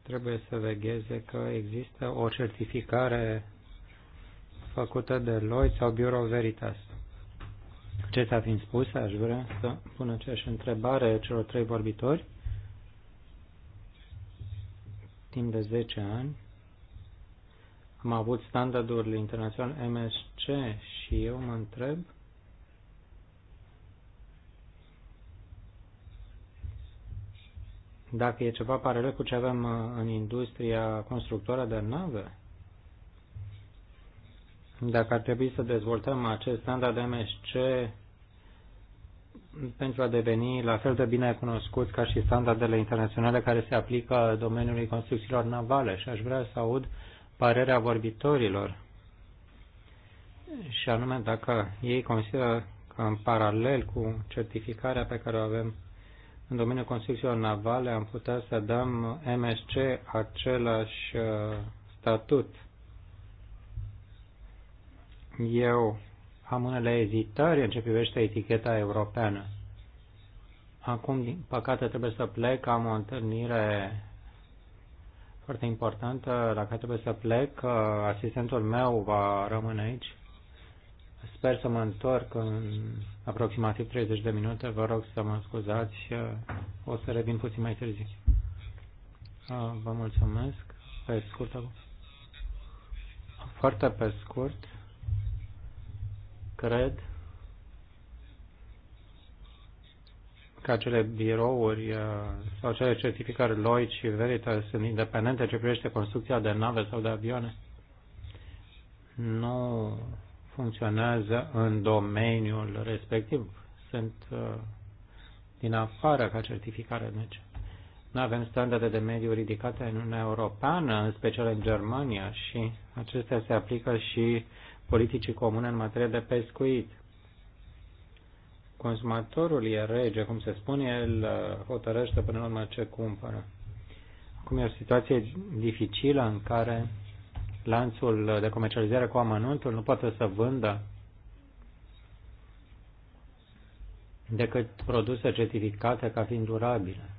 trebuie să vegheze că există o certificare făcută de Lloyd sau Bureau Veritas. a fiind spus aș vrea să pun aceeași întrebare celor trei vorbitori. Timp de 10 ani am avut standardurile internaționale MSC și eu mă întreb dacă e ceva paralel cu ce avem uh, în industria constructoare de nave, dacă ar trebui să dezvoltăm acest standard MSC pentru a deveni la fel de bine cunoscut ca și standardele internaționale care se aplică domeniului construcțiilor navale și aș vrea să aud parerea vorbitorilor și anume dacă ei consideră că în paralel cu certificarea pe care o avem în domeniul construcțiilor navale am putea să dăm MSC același uh, statut. Eu am unele ezitări în ce privește eticheta europeană. Acum, din păcate, trebuie să plec. Am o întâlnire foarte importantă la care trebuie să plec. Uh, asistentul meu va rămâne aici. Sper să mă întorc în aproximativ 30 de minute. Vă rog să mă scuzați. Uh, o să revin puțin mai târziu. Uh, vă mulțumesc. Pe scurt Foarte pe scurt. Cred că acele birouri uh, sau acele certificări Lloyd și Veritas sunt independente ce privește construcția de nave sau de avioane. Nu funcționează în domeniul respectiv. Sunt uh, din afară ca certificare. Deci, nu avem standarde de mediu ridicate în Uniunea Europeană, în special în Germania, și acestea se aplică și politicii comune în materie de pescuit. Consumatorul e rege, cum se spune, el uh, hotărăște până la urmă ce cumpără. Acum e o situație dificilă în care lanțul de comercializare cu amănuntul nu poate să vândă decât produse certificate ca fiind durabile.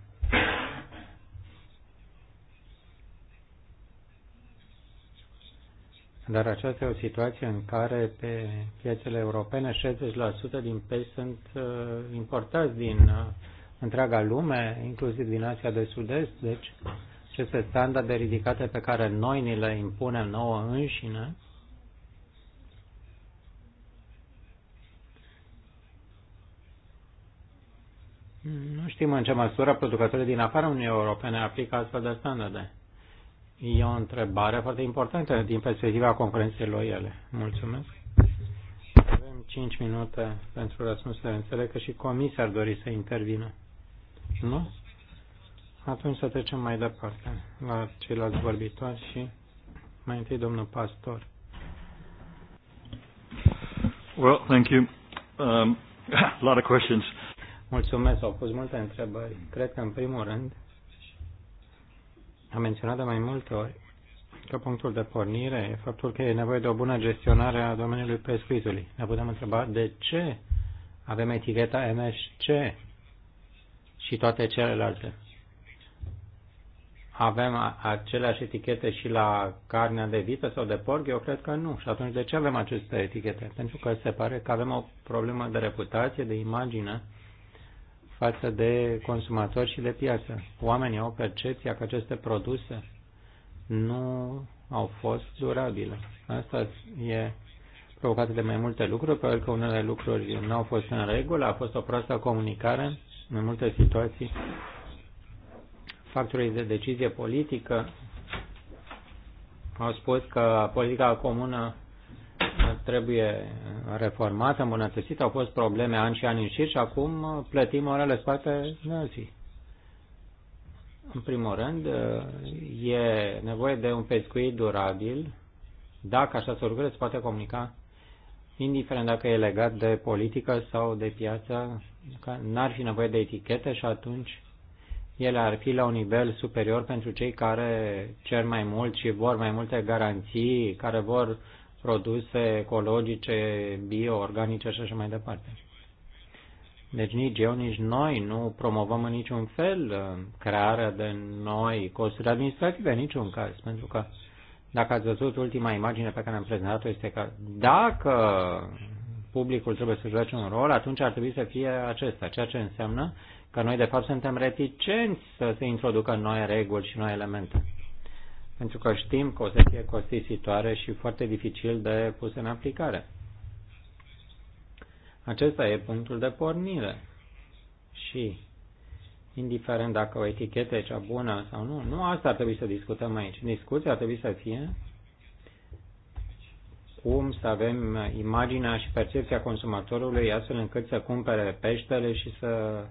Dar aceasta e o situație în care pe piețele europene 60% din pești sunt uh, importați din uh, întreaga lume, inclusiv din Asia de Sud-Est, deci aceste standarde ridicate pe care noi ni le impunem nouă înșine, Nu știm în ce măsură producătorii din afara Uniunii Europene aplică astfel de standarde. E o întrebare foarte importantă din perspectiva concurenței loiale. Mulțumesc. Avem 5 minute pentru răspunsurile. Înțeleg că și comisia ar dori să intervină. Nu? Atunci să trecem mai departe la ceilalți vorbitori și mai întâi domnul pastor. Well, thank you. Um, a lot of questions. Mulțumesc, au fost multe întrebări. Cred că, în primul rând, am menționat de mai multe ori că punctul de pornire e faptul că e nevoie de o bună gestionare a domeniului pescuitului. Ne putem întreba de ce avem eticheta MSC și toate celelalte avem aceleași etichete și la carnea de vită sau de porc? Eu cred că nu. Și atunci de ce avem aceste etichete? Pentru că se pare că avem o problemă de reputație, de imagine față de consumatori și de piață. Oamenii au percepția că aceste produse nu au fost durabile. Asta e provocat de mai multe lucruri, pentru că unele lucruri nu au fost în regulă, a fost o proastă comunicare în multe situații factorii de decizie politică au spus că politica comună trebuie reformată, îmbunătățită, au fost probleme ani și ani în șir și acum plătim orele spate nazii. În primul rând, e nevoie de un pescuit durabil, dacă așa se lucreze, se poate comunica, indiferent dacă e legat de politică sau de piață, n-ar fi nevoie de etichete și atunci ele ar fi la un nivel superior pentru cei care cer mai mult și vor mai multe garanții, care vor produse ecologice, bioorganice și așa mai departe. Deci nici eu, nici noi nu promovăm în niciun fel uh, crearea de noi costuri administrative, în niciun caz, pentru că dacă ați văzut ultima imagine pe care am prezentat-o, este că dacă publicul trebuie să joace un rol, atunci ar trebui să fie acesta, ceea ce înseamnă că noi de fapt suntem reticenți să se introducă noi reguli și noi elemente. Pentru că știm că o să fie costisitoare și foarte dificil de pus în aplicare. Acesta e punctul de pornire. Și, indiferent dacă o etichetă e cea bună sau nu, nu asta ar trebui să discutăm aici. Discuția ar trebui să fie cum să avem imaginea și percepția consumatorului astfel încât să cumpere peștele și să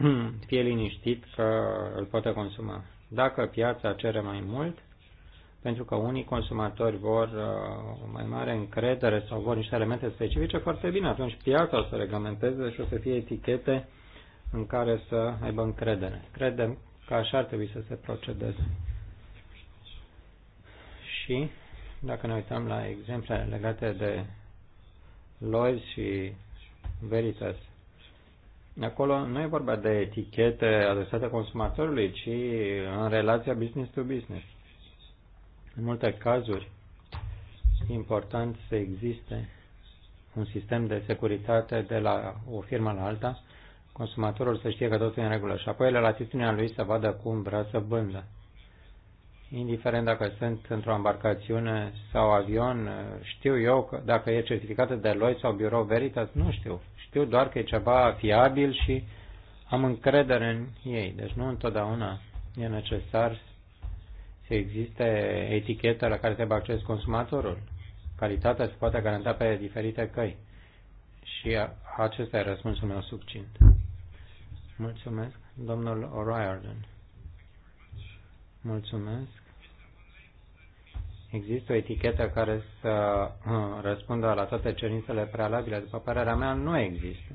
fie liniștit că îl poate consuma. Dacă piața cere mai mult, pentru că unii consumatori vor o uh, mai mare încredere sau vor niște elemente specifice, foarte bine, atunci piața o să reglementeze și o să fie etichete în care să aibă încredere. Credem că așa ar trebui să se procedeze. Și dacă ne uităm la exemple legate de Lois și Veritas, Acolo nu e vorba de etichete adresate consumatorului, ci în relația business to business. În multe cazuri, e important să existe un sistem de securitate de la o firmă la alta, consumatorul să știe că totul e în regulă și apoi la latitudinea lui să vadă cum vrea să vândă indiferent dacă sunt într-o embarcațiune sau avion, știu eu că dacă e certificată de Lloyd sau Bureau Veritas, nu știu. Știu doar că e ceva fiabil și am încredere în ei. Deci nu întotdeauna e necesar să existe eticheta la care trebuie acces consumatorul. Calitatea se poate garanta pe diferite căi. Și acesta e răspunsul meu succint. Mulțumesc, domnul O'Riordan. Mulțumesc există o etichetă care să uh, răspundă la toate cerințele prealabile, după părerea mea, nu există.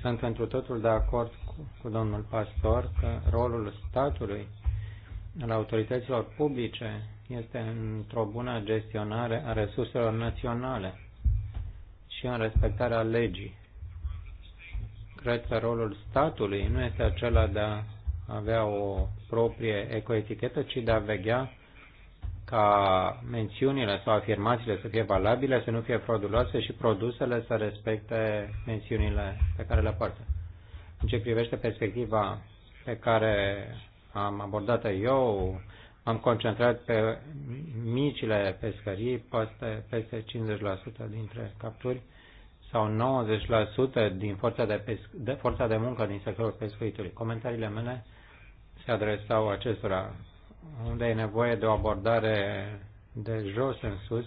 Sunt pentru totul de acord cu, cu domnul pastor că rolul statului al autorităților publice este într-o bună gestionare a resurselor naționale și în respectarea legii. Cred că rolul statului nu este acela de a avea o proprie ecoetichetă, ci de a veghea ca mențiunile sau afirmațiile să fie valabile, să nu fie frauduloase și produsele să respecte mențiunile pe care le poartă. În ce privește perspectiva pe care am abordat-o eu, am concentrat pe micile pescării, peste, peste 50% dintre capturi sau 90% din forța de, pesc- de, forța de muncă din sectorul pescuitului. Comentariile mele se adresau acestora unde e nevoie de o abordare de jos în sus,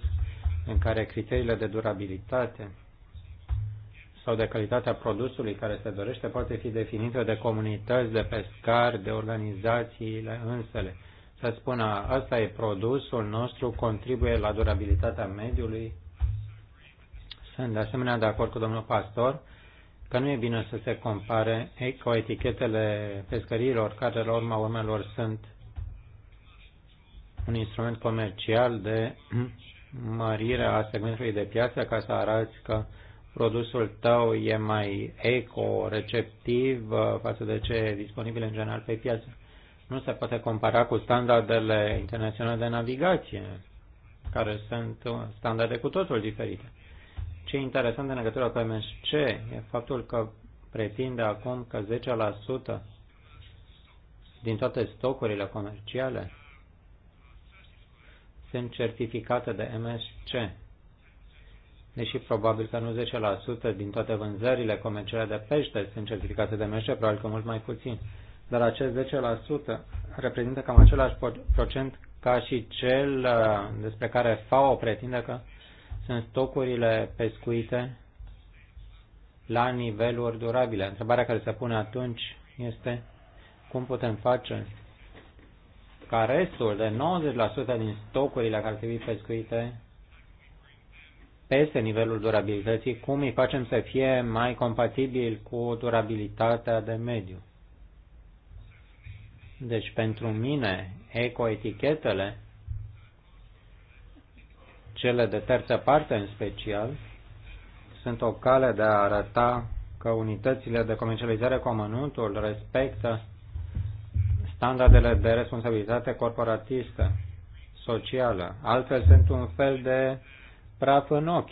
în care criteriile de durabilitate sau de calitatea produsului care se dorește poate fi definită de comunități, de pescari, de organizațiile însele. Să spună, asta e produsul nostru, contribuie la durabilitatea mediului. Sunt de asemenea de acord cu domnul pastor că nu e bine să se compare cu etichetele pescărilor, care la urma urmelor sunt un instrument comercial de mărire a segmentului de piață ca să arăți că produsul tău e mai eco-receptiv uh, față de ce e disponibil în general pe piață. Nu se poate compara cu standardele internaționale de navigație, care sunt uh, standarde cu totul diferite. Ce e interesant de legătură cu MSC e faptul că pretinde acum că 10% din toate stocurile comerciale sunt certificate de MSC. Deși probabil că nu 10% din toate vânzările comerciale de pește sunt certificate de MSC, probabil că mult mai puțin. Dar acest 10% reprezintă cam același procent ca și cel uh, despre care FAO pretinde că sunt stocurile pescuite la niveluri durabile. Întrebarea care se pune atunci este cum putem face ca restul de 90% din stocurile care trebui pescuite peste nivelul durabilității, cum îi facem să fie mai compatibil cu durabilitatea de mediu. Deci pentru mine, ecoetichetele, cele de terță parte în special, sunt o cale de a arăta că unitățile de comercializare cu amănuntul respectă standardele de responsabilitate corporatistă, socială. Altfel sunt un fel de praf în ochi.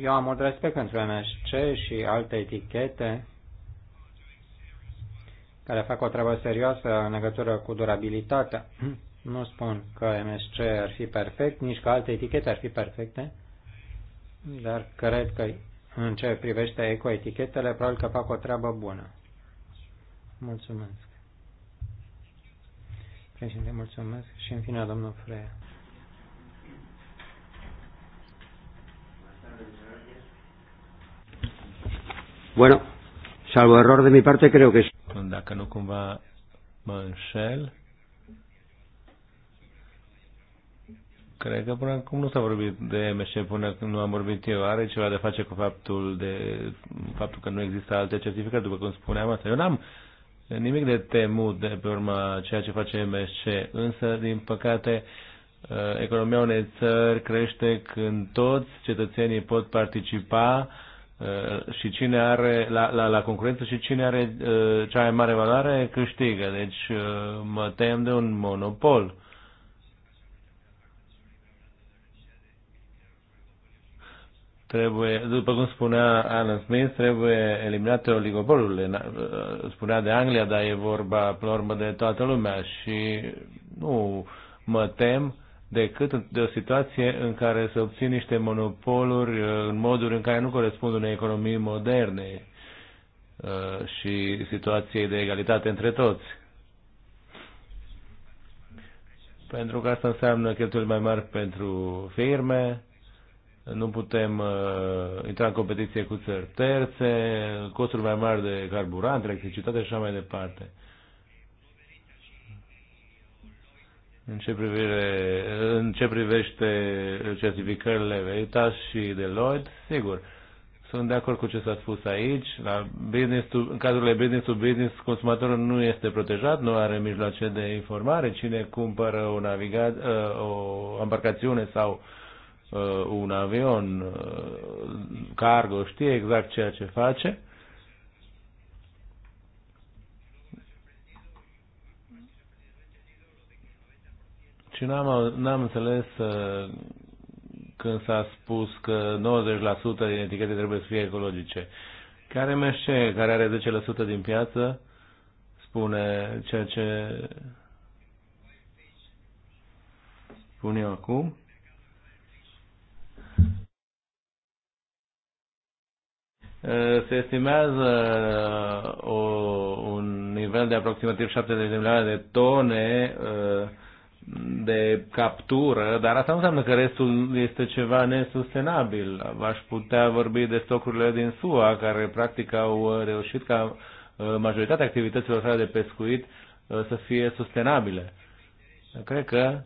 Eu am mult respect pentru MSC și alte etichete care fac o treabă serioasă în legătură cu durabilitatea. Nu spun că MSC ar fi perfect, nici că alte etichete ar fi perfecte, dar cred că în ce privește ecoetichetele, probabil că fac o treabă bună. Mulțumesc. Președinte, mulțumesc. Și în final, domnul Freia. Bueno, salvo error de mi parte, creo que... Păi, dacă nu cumva mă înșel, Cred că până acum nu s-a vorbit de MSC până nu am vorbit eu. Are ceva de face cu faptul, de, faptul că nu există alte certificate, după cum spuneam asta. Eu n-am nimic de temut de pe urma ceea ce face MSC, însă, din păcate, uh, economia unei țări crește când toți cetățenii pot participa uh, și cine are la, la, la concurență și cine are uh, cea mai mare valoare câștigă. Deci mă tem de un monopol. trebuie, după cum spunea Alan Smith, trebuie eliminate oligopolurile. Uh, spunea de Anglia, dar e vorba, până la urmă, de toată lumea și nu mă tem decât de o situație în care să obțin niște monopoluri uh, în moduri în care nu corespund unei economii moderne uh, și situației de egalitate între toți. Pentru că asta înseamnă cheltuieli mai mari pentru firme, nu putem uh, intra în competiție cu țări terțe, costuri mai mari de carburant, electricitate și așa mai departe. În ce, privire, în ce privește certificările Veritas și Deloitte, sigur, sunt de acord cu ce s-a spus aici. La business to, în de business to business, consumatorul nu este protejat, nu are mijloace de informare. Cine cumpără o, naviga, uh, o embarcațiune sau uh, uh, un avion uh, cargo știe exact ceea ce face. Și n-am, n-am înțeles uh, când s-a spus că 90% din etichete trebuie să fie ecologice. Care MSC, care are 10% din piață, spune ceea ce spun eu acum. se estimează o, un nivel de aproximativ 70 de milioane de tone de captură, dar asta nu înseamnă că restul este ceva nesustenabil. V-aș putea vorbi de stocurile din SUA, care practic au reușit ca majoritatea activităților sale de pescuit să fie sustenabile. Cred că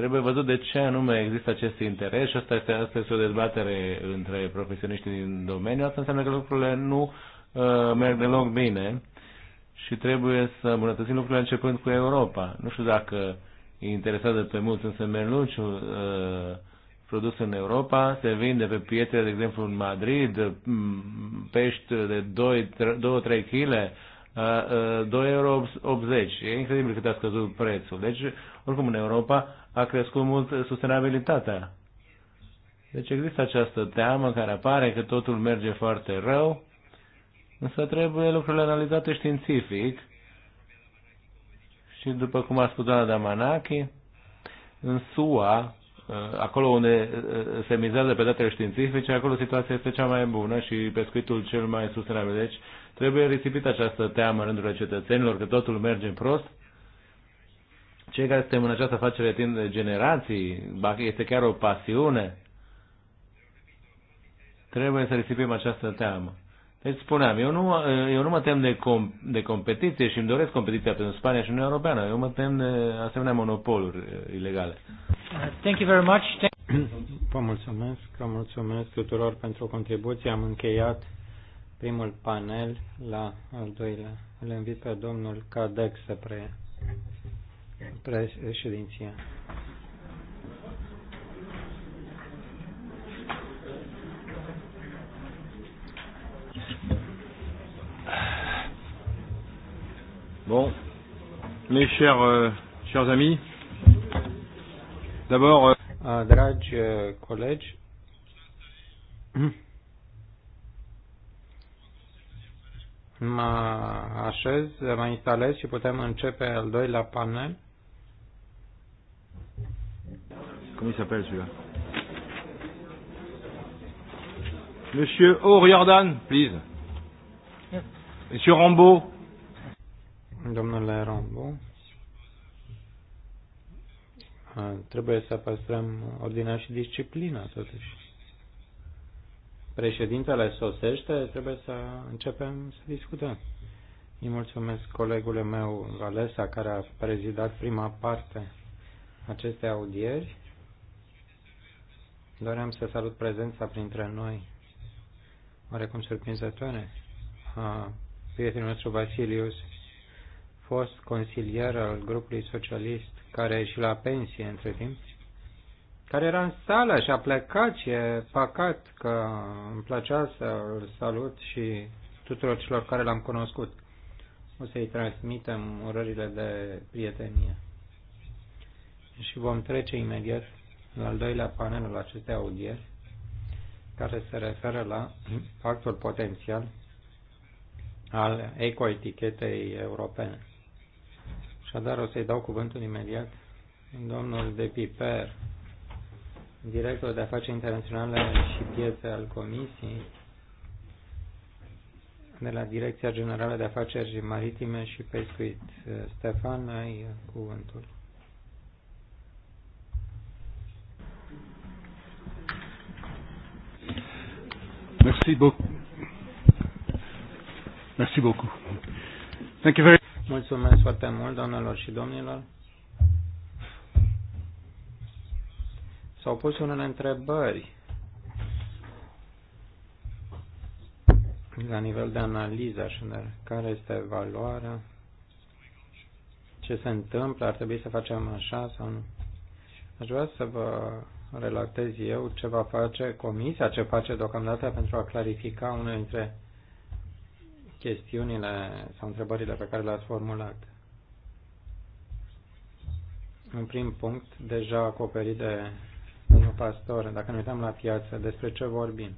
Trebuie văzut de ce anume există acest interes și asta este, asta este o dezbatere între profesioniștii din domeniu. Asta înseamnă că lucrurile nu uh, merg deloc bine și trebuie să îmbunătățim lucrurile începând cu Europa. Nu știu dacă e interesează pe mulți, însă merluci uh, produs în Europa se vinde pe pietre, de exemplu în Madrid, mm, pești de 2-3 kg, 2,80 euro. E incredibil cât a scăzut prețul. Deci, oricum, în Europa a crescut mult sustenabilitatea. Deci există această teamă care apare că totul merge foarte rău, însă trebuie lucrurile analizate științific. Și după cum a spus doamna Damanaki, în SUA Uh, acolo unde uh, uh, se mizează pe datele științifice, acolo situația este cea mai bună și pescuitul cel mai sus în Deci trebuie risipită această teamă în rândul cetățenilor că totul merge în prost. Cei care suntem în această afacere timp de generații, este chiar o pasiune, trebuie să risipim această teamă. Deci spuneam, eu nu, eu nu mă tem de, com, de competiție și îmi doresc competiția pentru Spania și Uniunea Europeană. Eu mă tem de asemenea monopoluri eh, ilegale. Thank you very much. Thank Vă mulțumesc, vă mulțumesc tuturor pentru contribuție. Am încheiat primul panel la al doilea. Îl invit pe domnul Cadec să preia președinția. Bon, mes chers, euh, chers amis, d'abord. Euh... Ah, dragi euh, colegi, mă așez, mă instalez și putem începe al doilea panel. Cum îi s'appelle celui-là? Monsieur O'Riordan, please. Monsieur Rambaud. Domnule Rombu, trebuie să păstrăm ordinea și disciplina, totuși. Președintele sosește, trebuie să începem să discutăm. Îi mulțumesc colegului meu, Valesa, care a prezidat prima parte acestei audieri. Doream să salut prezența printre noi, oarecum surprinzătoare, a prietenul nostru Vasilius fost consilier al grupului socialist, care e și la pensie între timp, care era în sală și a plecat și e păcat că îmi plăcea să-l salut și tuturor celor care l-am cunoscut. O să-i transmitem urările de prietenie. Și vom trece imediat la al doilea panel al acestei audieri, care se referă la factor potențial al ecoetichetei europene. Așadar, o să-i dau cuvântul imediat domnul De Piper, director de afaceri internaționale și piețe al Comisiei, de la Direcția Generală de Afaceri Maritime și Pescuit. Stefan, ai cuvântul. Merci beaucoup. Merci beaucoup. Thank you very Mulțumesc foarte mult, doamnelor și domnilor. S-au pus unele întrebări la nivel de analiză, așa, care este valoarea, ce se întâmplă, ar trebui să facem așa sau nu. Aș vrea să vă relatez eu ce va face comisia, ce face deocamdată pentru a clarifica unele dintre chestiunile sau întrebările pe care le-ați formulat. În prim punct, deja acoperit de domnul pastor, dacă ne uităm la piață, despre ce vorbim?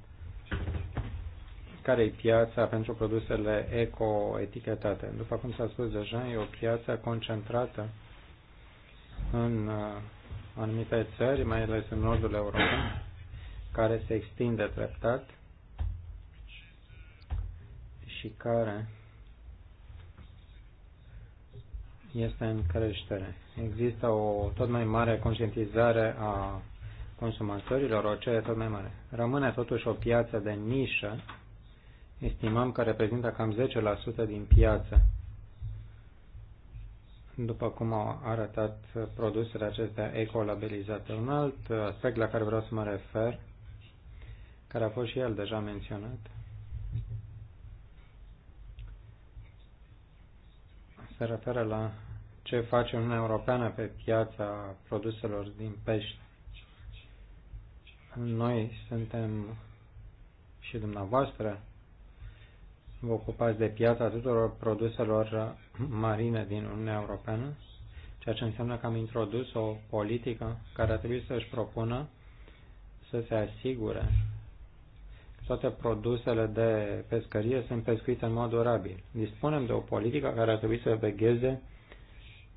Care e piața pentru produsele eco-etichetate? După cum s-a spus deja, e o piață concentrată în uh, anumite țări, mai ales în nordul european, care se extinde treptat și care este în creștere. Există o tot mai mare conștientizare a consumatorilor, o cerere tot mai mare. Rămâne totuși o piață de nișă, estimăm că reprezintă cam 10% din piață, după cum au arătat produsele acestea ecolabilizate. Un alt aspect la care vreau să mă refer, care a fost și el deja menționat, se referă la ce face Uniunea Europeană pe piața produselor din pește. Noi suntem și dumneavoastră vă ocupați de piața tuturor produselor marine din Uniunea Europeană, ceea ce înseamnă că am introdus o politică care a trebuit să-și propună să se asigure toate produsele de pescărie sunt pescuite în mod durabil. Dispunem de o politică care ar trebui să vegheze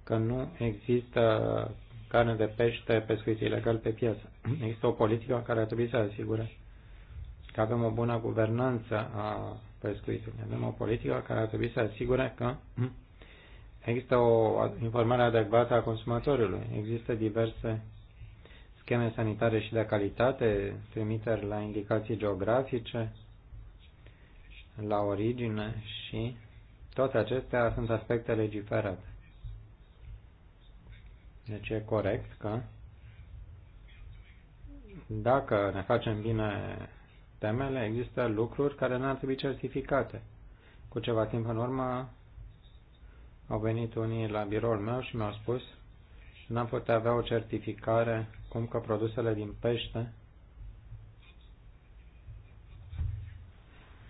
că nu există carne de pește pescuită ilegal pe piață. Există o politică care ar trebui să asigure că avem o bună guvernanță a pescuitului. Avem o politică care ar trebui să asigure că există o informare adecvată a consumatorului. Există diverse scheme sanitare și de calitate, trimiteri la indicații geografice, la origine și toate acestea sunt aspecte legiferate. Deci e corect că dacă ne facem bine temele, există lucruri care nu ar trebui certificate. Cu ceva timp în urmă au venit unii la biroul meu și mi-au spus n-am putea avea o certificare acum că produsele din pește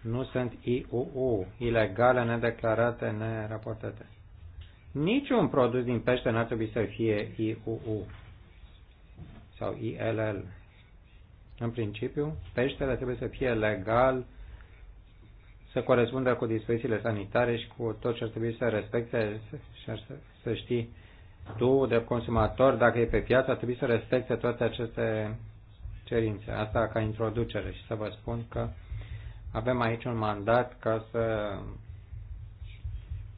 nu sunt IUU, ilegale, nedeclarate, neraportate. Niciun produs din pește n-ar trebui să fie IUU sau ILL. În principiu, peștele trebuie să fie legal, să corespundă cu dispozițiile sanitare și cu tot ce ar trebui să respecte și să, să știi tu, de consumator, dacă e pe piață, ar trebui să respecte toate aceste cerințe. Asta ca introducere și să vă spun că avem aici un mandat ca să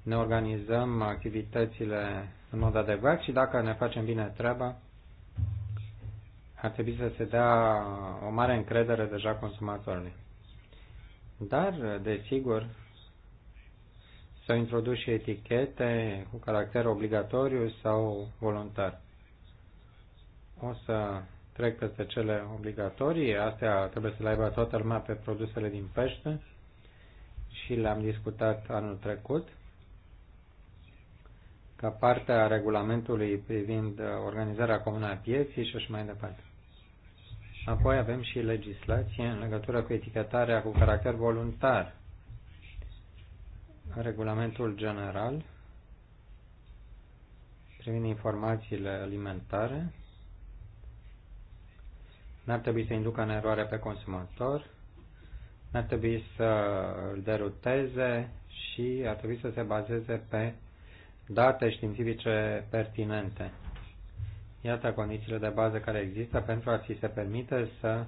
ne organizăm activitățile în mod adecvat și dacă ne facem bine treaba, ar trebui să se dea o mare încredere deja consumatorului. Dar, desigur, S-au introdus și etichete cu caracter obligatoriu sau voluntar. O să trec peste cele obligatorii. Astea trebuie să le aibă toată lumea pe produsele din pește și le-am discutat anul trecut ca parte a regulamentului privind uh, organizarea comună a pieții și așa mai departe. Apoi avem și legislație în legătură cu etichetarea cu caracter voluntar regulamentul general privind informațiile alimentare n-ar trebui să inducă în eroare pe consumator, n-ar trebui să îl deruteze și ar trebui să se bazeze pe date științifice pertinente. Iată condițiile de bază care există pentru a ți se permite să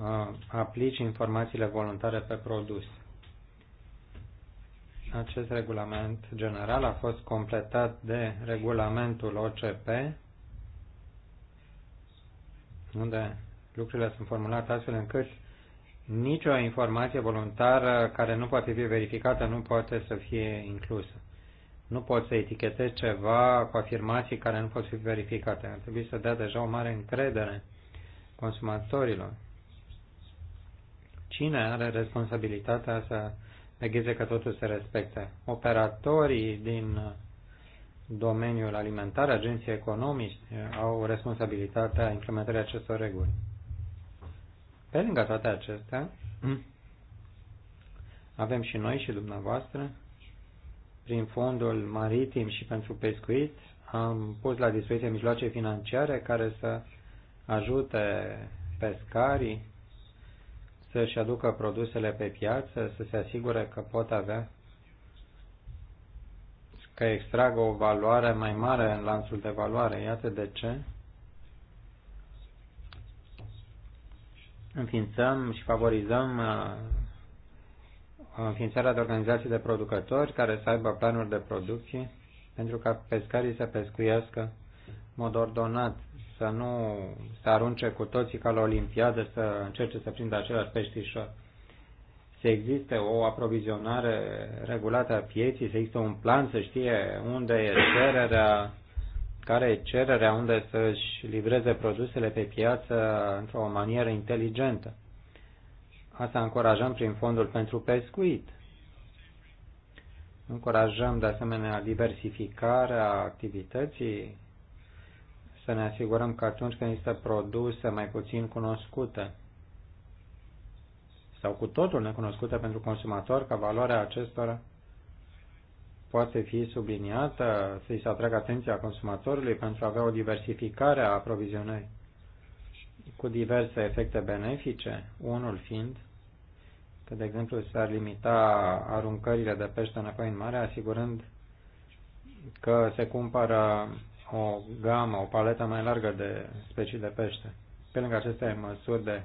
uh, aplici informațiile voluntare pe produs. Acest regulament general a fost completat de regulamentul OCP, unde lucrurile sunt formulate astfel încât nicio informație voluntară care nu poate fi verificată nu poate să fie inclusă. Nu poți să etichetezi ceva cu afirmații care nu pot fi verificate. Ar trebui să dea deja o mare încredere consumatorilor. Cine are responsabilitatea să vegheze că totul se respecte. Operatorii din domeniul alimentar, agenții economici, au responsabilitatea implementării acestor reguli. Pe lângă toate acestea, avem și noi și dumneavoastră, prin fondul maritim și pentru pescuit, am pus la dispoziție mijloace financiare care să ajute pescarii să-și aducă produsele pe piață, să se asigure că pot avea, că extragă o valoare mai mare în lanțul de valoare. Iată de ce înființăm și favorizăm uh, înființarea de organizații de producători care să aibă planuri de producție pentru ca pescarii să pescuiască în mod ordonat să nu să arunce cu toții ca la Olimpiadă să încerce să prindă același peștișor. Să existe o aprovizionare regulată a pieții, să existe un plan să știe unde e cererea, care e cererea, unde să-și livreze produsele pe piață într-o manieră inteligentă. Asta încurajăm prin fondul pentru pescuit. Încurajăm de asemenea diversificarea activității să ne asigurăm că atunci când există produsă mai puțin cunoscută sau cu totul necunoscută pentru consumator, că valoarea acestora poate fi subliniată, să-i se atragă atenția consumatorului pentru a avea o diversificare a aprovizionării cu diverse efecte benefice, unul fiind că, de exemplu, s-ar limita aruncările de pește înapoi în mare, asigurând că se cumpără o gamă, o paletă mai largă de specii de pește. Pe lângă aceste măsuri de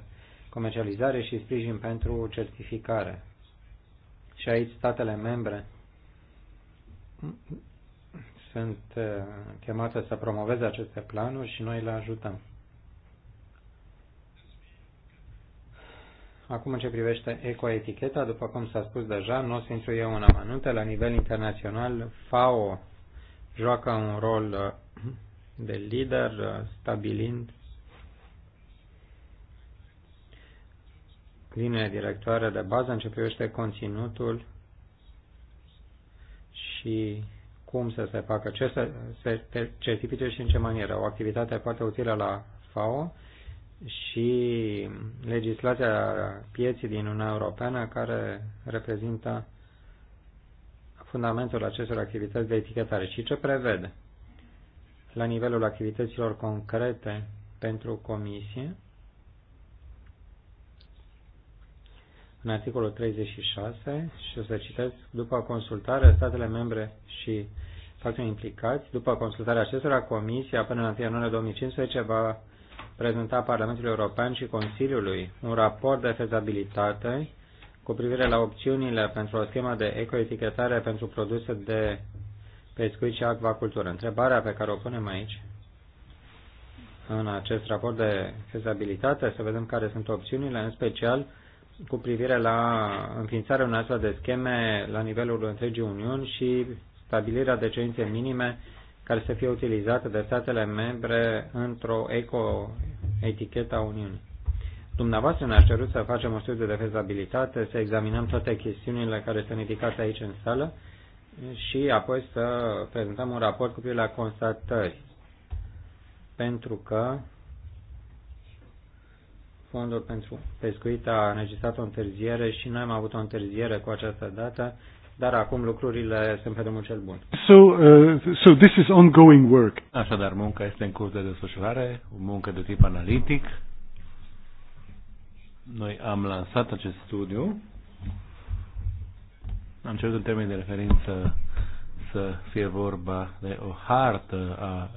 comercializare și sprijin pentru certificare. Și aici statele membre sunt uh, chemate să promoveze aceste planuri și noi le ajutăm. Acum, în ce privește ecoeticheta, după cum s-a spus deja, nu o să intru eu în amănunte, la nivel internațional, FAO joacă un rol uh, de lider, uh, stabilind linia directoare de bază în ce privește conținutul și cum să se facă, ce să se certifice și în ce manieră. O activitate foarte utilă la FAO și legislația pieții din Uniunea Europeană care reprezintă fundamentul acestor activități de etichetare și ce prevede la nivelul activităților concrete pentru comisie. În articolul 36, și o să citesc, după consultare, statele membre și factorii implicați, după consultarea acestora, Comisia, până în 1 ianuarie 2015, va prezenta Parlamentului European și Consiliului un raport de fezabilitate cu privire la opțiunile pentru o schemă de ecoetichetare pentru produse de pescuit și acvacultură. Întrebarea pe care o punem aici, în acest raport de fezabilitate, să vedem care sunt opțiunile, în special cu privire la înființarea unei astfel de scheme la nivelul întregii Uniuni și stabilirea de cerințe minime care să fie utilizate de statele membre într-o eco-etichetă a Uniunii. Dumneavoastră ne-a cerut să facem o studiu de fezabilitate, să examinăm toate chestiunile care sunt ridicate aici în sală și apoi să prezentăm un raport cu privire la constatări. Pentru că Fondul pentru Pescuit a înregistrat o întârziere și noi am avut o întârziere cu această dată, dar acum lucrurile sunt pe drumul cel bun. So, uh, so this is ongoing work. Așadar, munca este în curs de desfășurare, o muncă de tip analitic. Noi am lansat acest studiu am cerut în termen de referință să fie vorba de o hartă a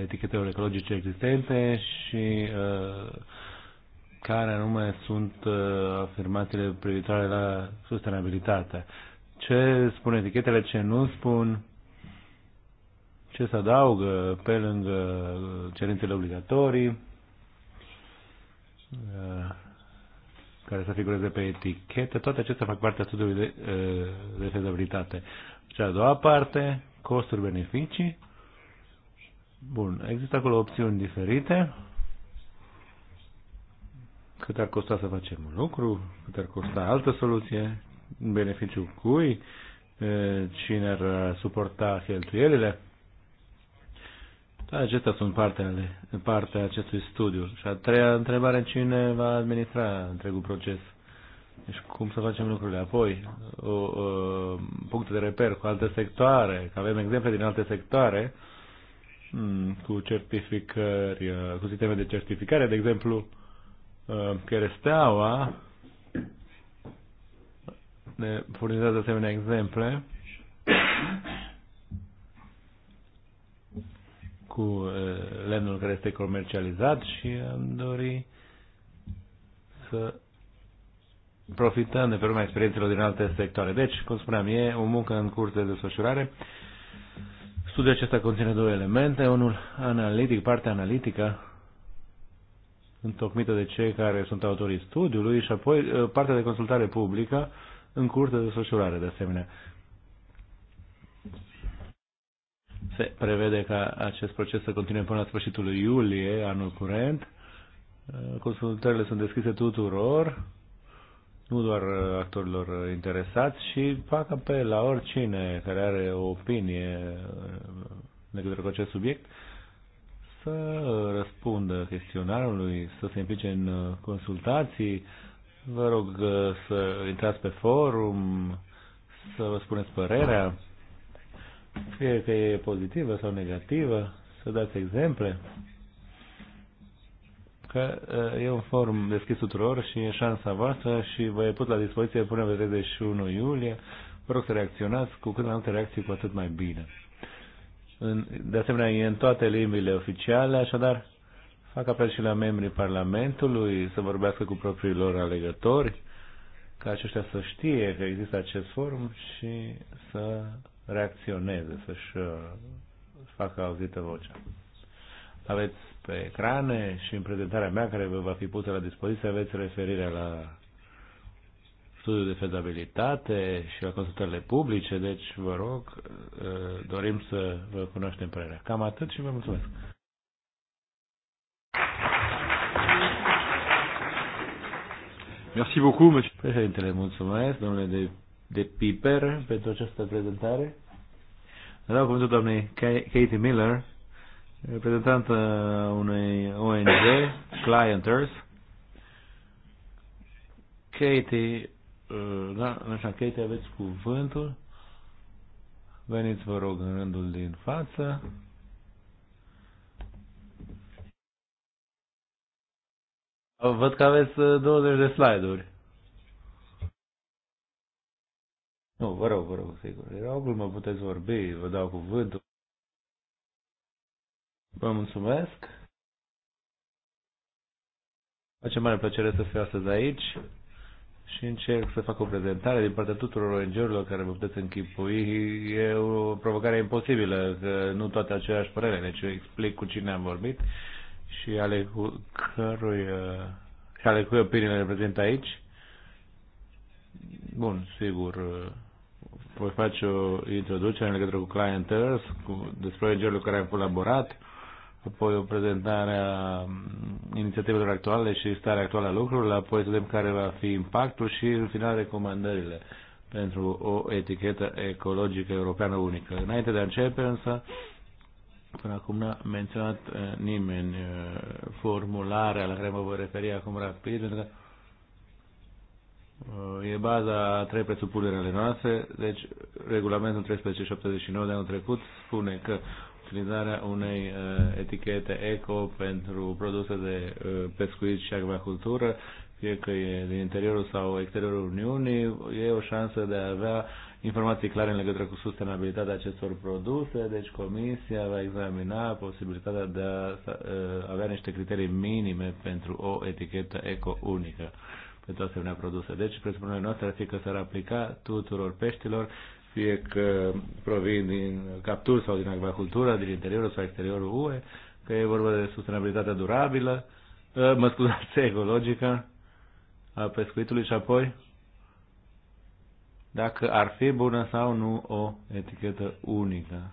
etichetelor ecologice existente și care anume sunt afirmațiile privitoare la sustenabilitate. Ce spun etichetele, ce nu spun, ce se adaugă pe lângă cerințele obligatorii, care să figureze pe etichete, toate acestea fac parte a studiului de, de fezabilitate. Cea a doua parte, costuri-beneficii. Bun, există acolo opțiuni diferite. Cât ar costa să facem un lucru, cât ar costa altă soluție, în beneficiul cui, cine ar suporta cheltuielile. Da, acestea sunt parte ale, partea acestui studiu. Și a treia întrebare, cine va administra întregul proces? Deci cum să facem lucrurile? Apoi, o, o, puncte de reper cu alte sectoare, că avem exemple din alte sectoare, mm, cu certificări, cu sisteme de certificare, de exemplu, steaua ne furnizează asemenea exemple cu lemnul care este comercializat și am dori să profităm de pe urma experiențelor din alte sectoare. Deci, cum spuneam, e o muncă în curs de desfășurare. Studiul acesta conține două elemente, unul analitic, partea analitică, întocmită de cei care sunt autorii studiului și apoi partea de consultare publică în curs de desfășurare, de asemenea. Se prevede ca acest proces să continue până la sfârșitul lui iulie anul curent. Consultările sunt deschise tuturor, nu doar actorilor interesați și fac pe la oricine care are o opinie legătură cu acest subiect să răspundă chestionarului, să se implice în consultații. Vă rog să intrați pe forum, să vă spuneți părerea fie că e pozitivă sau negativă, să dați exemple, că uh, e un forum deschis tuturor și e șansa voastră și vă e put la dispoziție până pe 31 iulie. Vă rog să reacționați, cu cât mai multe reacții, cu atât mai bine. În, de asemenea, e în toate limbile oficiale, așadar fac apel și la membrii Parlamentului să vorbească cu proprii lor alegători, ca aceștia să știe că există acest forum și să reacționeze, să-și uh, facă auzită vocea. Aveți pe ecrane și în prezentarea mea care vă va fi pusă la dispoziție aveți referire la studiul de fezabilitate și la consultările publice, deci vă rog, uh, dorim să vă cunoaștem părerea. Cam atât și vă mulțumesc. Merci beaucoup, monsieur. Președintele, mulțumesc, domnule de de Piper pentru această prezentare. Dau cuvântul doamnei Katie Miller, reprezentantă unei ONG, Clienters. Katie, uh, da, așa, Katie, aveți cuvântul. Veniți, vă rog, în rândul din față. Văd că aveți 20 uh, de slide-uri. Nu, vă rog, vă rog, sigur. Era o glumă, puteți vorbi, vă dau cuvântul. Vă mulțumesc. Face mare plăcere să fiu astăzi aici și încerc să fac o prezentare din partea tuturor ong care vă puteți închipui. E o provocare imposibilă, că nu toate aceleași părere, deci eu explic cu cine am vorbit și ale cu cărui, ale cui opiniile reprezint aici. Bun, sigur, voi face o introducere în legătură cu clienters, cu, despre ong cu care am colaborat, apoi o prezentare a inițiativelor actuale și starea actuală a lucrurilor, apoi să vedem care va fi impactul și, în final, recomandările pentru o etichetă ecologică europeană unică. Înainte de a începe, însă, până acum n-a menționat eh, nimeni eh, formularea la care mă voi referi acum rapid, pentru că E baza a trei presupuneri ale noastre, deci regulamentul 1379 de anul trecut spune că utilizarea unei uh, etichete eco pentru produse de uh, pescuit și acvacultură, fie că e din interiorul sau exteriorul Uniunii, e o șansă de a avea informații clare în legătură cu sustenabilitatea acestor produse, deci Comisia va examina posibilitatea de a uh, avea niște criterii minime pentru o etichetă eco unică. Uh, pentru asemenea produse. Deci, presupunerea noastră ar fi că s-ar aplica tuturor peștilor, fie că provin din capturi sau din acvacultură, din interiorul sau exteriorul UE, că e vorba de sustenabilitatea durabilă, ă, mă scuzați, ecologică a pescuitului și apoi dacă ar fi bună sau nu o etichetă unică.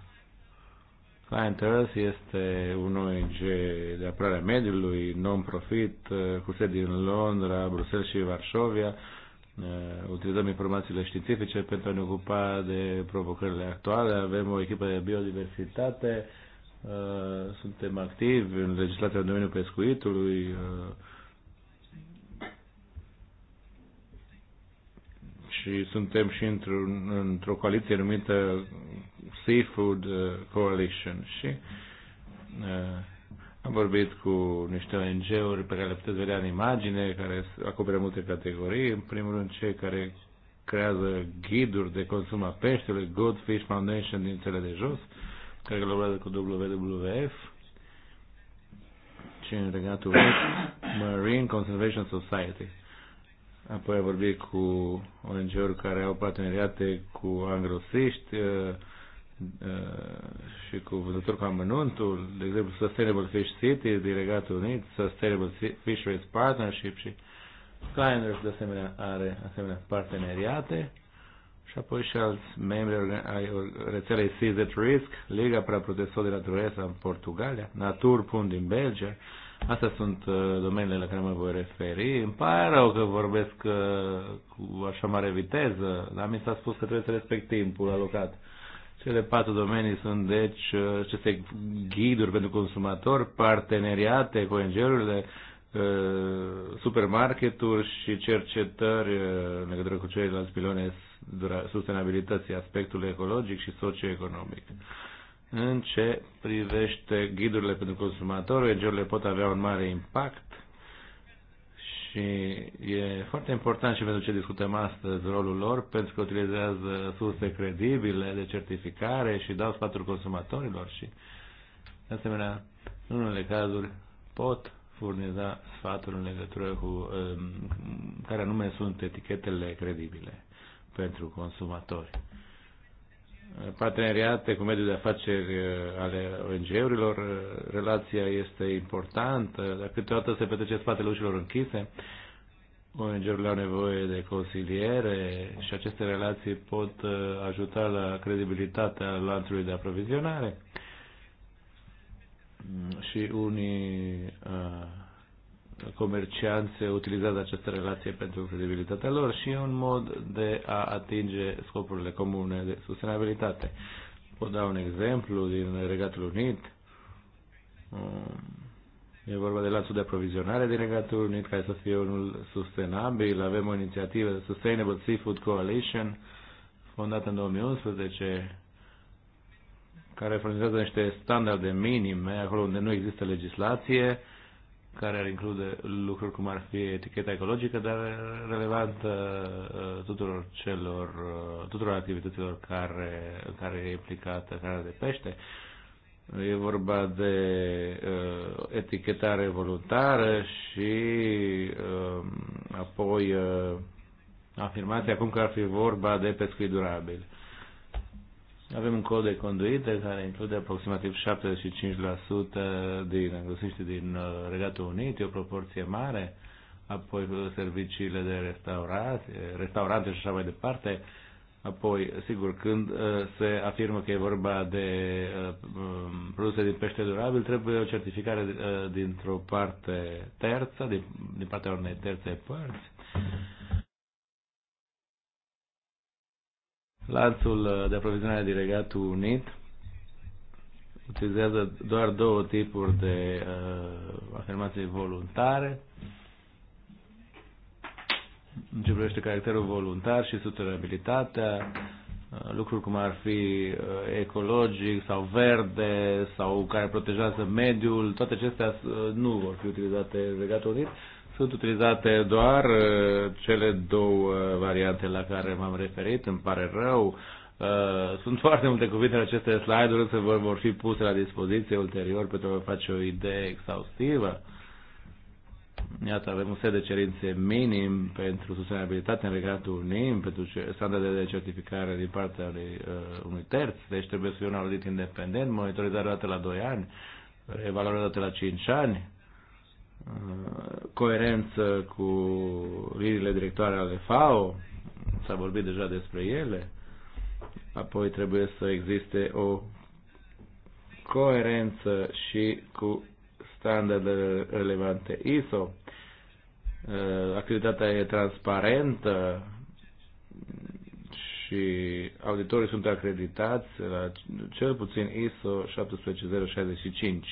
Client Earth este un ONG de apărare a mediului, non-profit, uh, cu sedi în Londra, Bruxelles și Varșovia. Uh, utilizăm informațiile științifice pentru a ne ocupa de provocările actuale. Avem o echipă de biodiversitate, uh, suntem activi în legislația în domeniul pescuitului, și suntem și într-o, într coaliție numită Seafood uh, Coalition și uh, am vorbit cu niște ONG-uri pe care le puteți vedea în imagine, care acoperă multe categorii. În primul rând, cei care creează ghiduri de consum a peștelui, Goldfish Foundation din țele de jos, care colaborează cu WWF și în regatul Marine Conservation Society. Apoi a vorbit cu ONG-uri care au parteneriate cu angrosiști, uh, Uh, și cu vânzător cu amănuntul, de exemplu Sustainable Fish City din Regatul Unit, Sustainable Fisheries Partnership și Kleiners de asemenea are asemenea parteneriate și apoi și alți membri ai rețelei Seas at Risk, Liga pentru Protecção de la Dureza în Portugalia, Naturpun din Belgia. Astea sunt uh, domeniile la care mă voi referi. Îmi pare rău că vorbesc uh, cu așa mare viteză, dar mi s-a spus că trebuie să respect timpul alocat. Cele patru domenii sunt, deci, uh, aceste ghiduri pentru consumator, parteneriate cu ONG-urile, uh, supermarketuri și cercetări uh, în legătură cu ceilalți piloni sustenabilității, aspectul ecologic și socioeconomic. În ce privește ghidurile pentru consumatori, ONG-urile pot avea un mare impact și e foarte important și pentru ce discutăm astăzi rolul lor, pentru că utilizează surse credibile de certificare și dau sfaturi consumatorilor și, de asemenea, în unele cazuri pot furniza sfaturi în legătură cu um, care anume sunt etichetele credibile pentru consumatori parteneriate cu mediul de afaceri uh, ale ONG-urilor, uh, relația este importantă, dar câteodată se petrece spatele ușilor închise, ONG-urile au nevoie de consiliere și aceste relații pot uh, ajuta la credibilitatea lanțului de aprovizionare. Mm, și unii uh, comercianți utilizează această relație pentru credibilitatea lor și e un mod de a atinge scopurile comune de sustenabilitate. Pot da un exemplu din Regatul Unit. Um, e vorba de lanțul de aprovizionare din Regatul Unit, care să fie unul sustenabil. Avem o inițiativă Sustainable Seafood Coalition, fondată în 2011, care furnizează niște standarde minime acolo unde nu există legislație care ar include lucruri cum ar fi eticheta ecologică, dar relevantă uh, tuturor celor, uh, tuturor activităților care, care e implicată care de pește. E vorba de uh, etichetare voluntară și uh, apoi uh, afirmația acum că ar fi vorba de pescuit durabil. Avem un cod de conduită care include aproximativ 75% din anglosiști din uh, Regatul Unit, e o proporție mare, apoi serviciile de restaurație, restaurante și așa mai departe, apoi, sigur, când uh, se afirmă că e vorba de uh, um, produse din pește durabil, trebuie o certificare dintr-o parte terță, din partea unei terțe părți, Lanțul uh, de aprovizionare de Regatul Unit utilizează doar două tipuri de uh, afirmații voluntare. În ce privește caracterul voluntar și sustenabilitatea, uh, lucruri cum ar fi uh, ecologic sau verde sau care protejează mediul, toate acestea nu vor fi utilizate în Regatul Unit. Uh, sunt utilizate doar uh, cele două variante la care m-am referit, îmi pare rău. Uh, sunt foarte multe cuvinte în aceste slide-uri, însă vor fi puse la dispoziție ulterior pentru a vă face o idee exhaustivă. Iată, avem un set de cerințe minim pentru sustenabilitate în regatul NIM, pentru standarde de certificare din partea unui, uh, unui terț, deci trebuie să fie un audit independent, monitorizare dată la 2 ani, evaluare dată la 5 ani, Uh, coerență cu liniile directoare ale FAO, s-a vorbit deja despre ele, apoi trebuie să existe o coerență și cu standardele relevante ISO. Uh, activitatea e transparentă și auditorii sunt acreditați la cel puțin ISO 17065.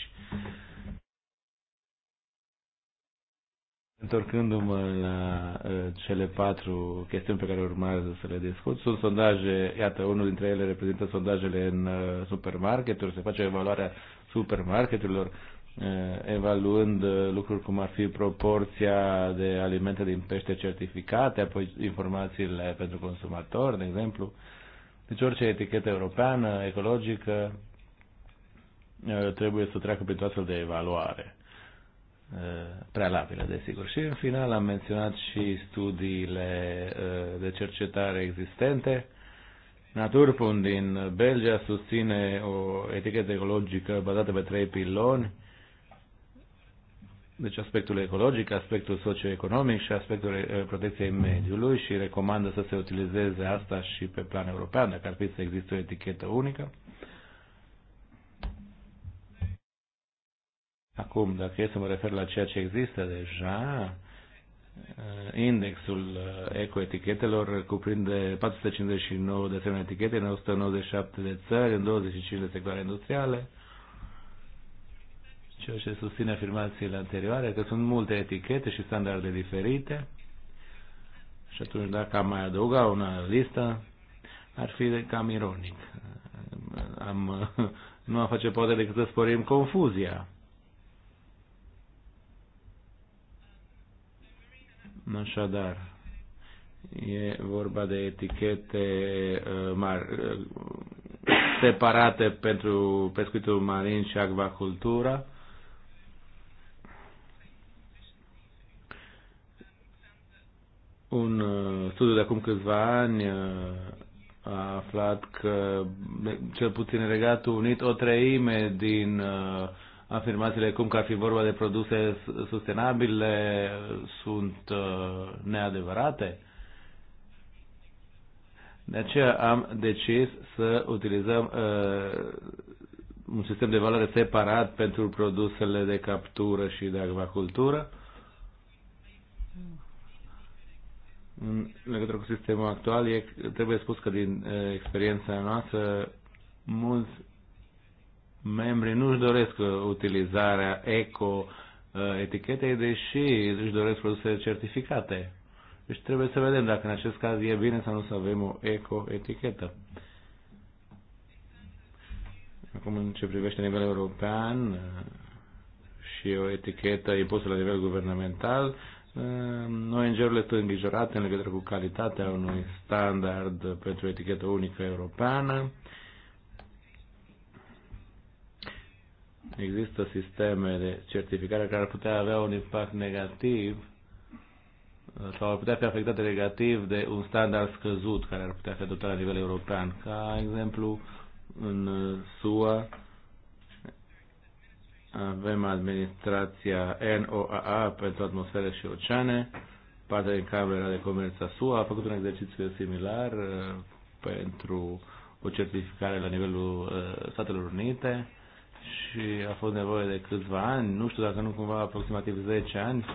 Întorcându-mă la uh, cele patru chestiuni pe care urmează să le discut, sunt sondaje, iată, unul dintre ele reprezintă sondajele în uh, supermarketuri, se face evaluarea supermarketurilor, uh, evaluând lucruri cum ar fi proporția de alimente din pește certificate, apoi informațiile pentru consumatori, de exemplu. Deci orice etichetă europeană, ecologică, trebuie să treacă prin toată de evaluare. Uh, prealabile, desigur. Și în final am menționat și studiile uh, de cercetare existente. Naturpun din Belgia susține o etichetă ecologică bazată pe trei piloni, deci aspectul ecologic, aspectul socioeconomic și aspectul uh, protecției mediului și recomandă să se utilizeze asta și pe plan european, dacă ar fi să existe o etichetă unică. Uh, Acum, dacă e să mă refer la ceea ce există deja, eh, indexul eh, ecoetichetelor cuprinde 459 de asemenea etichete în 197 de țări, în 25 de sectoare industriale, ceea ce susține afirmațiile anterioare, că sunt multe etichete și standarde diferite. Și atunci, dacă am mai adăuga una listă, ar fi cam ironic. Am, nu am face poate decât să sporim confuzia Așadar, e vorba de etichete uh, mari, uh, separate pentru pescuitul marin și acvacultura. Un uh, studiu de acum câțiva ani a aflat că, cel puțin în Regatul Unit, o treime din afirmațiile cum că ar fi vorba de produse sustenabile sunt uh, neadevărate. De aceea am decis să utilizăm uh, un sistem de valoare separat pentru produsele de captură și de acvacultură. În legătură cu sistemul actual, e, trebuie spus că din uh, experiența noastră, mulți membrii nu își doresc uh, utilizarea eco-etichetei, uh, deși își doresc produse certificate. Deci trebuie să vedem dacă în acest caz e bine sau nu să avem o eco-etichetă. Acum, în ce privește nivelul european uh, și o etichetă impusă la nivel guvernamental, ONG-urile sunt îngrijorate în legătură cu calitatea unui standard pentru etichetă unică europeană există sisteme de certificare care ar putea avea un impact negativ sau ar putea fi afectate negativ de un standard scăzut care ar putea fi adoptat la nivel european. Ca exemplu, în SUA avem administrația NOAA pentru atmosferă și oceane, partea din Camera de Comerț a SUA a făcut un exercițiu similar uh, pentru o certificare la nivelul uh, Statelor Unite și a fost nevoie de câțiva ani, nu știu dacă nu cumva aproximativ 10 ani,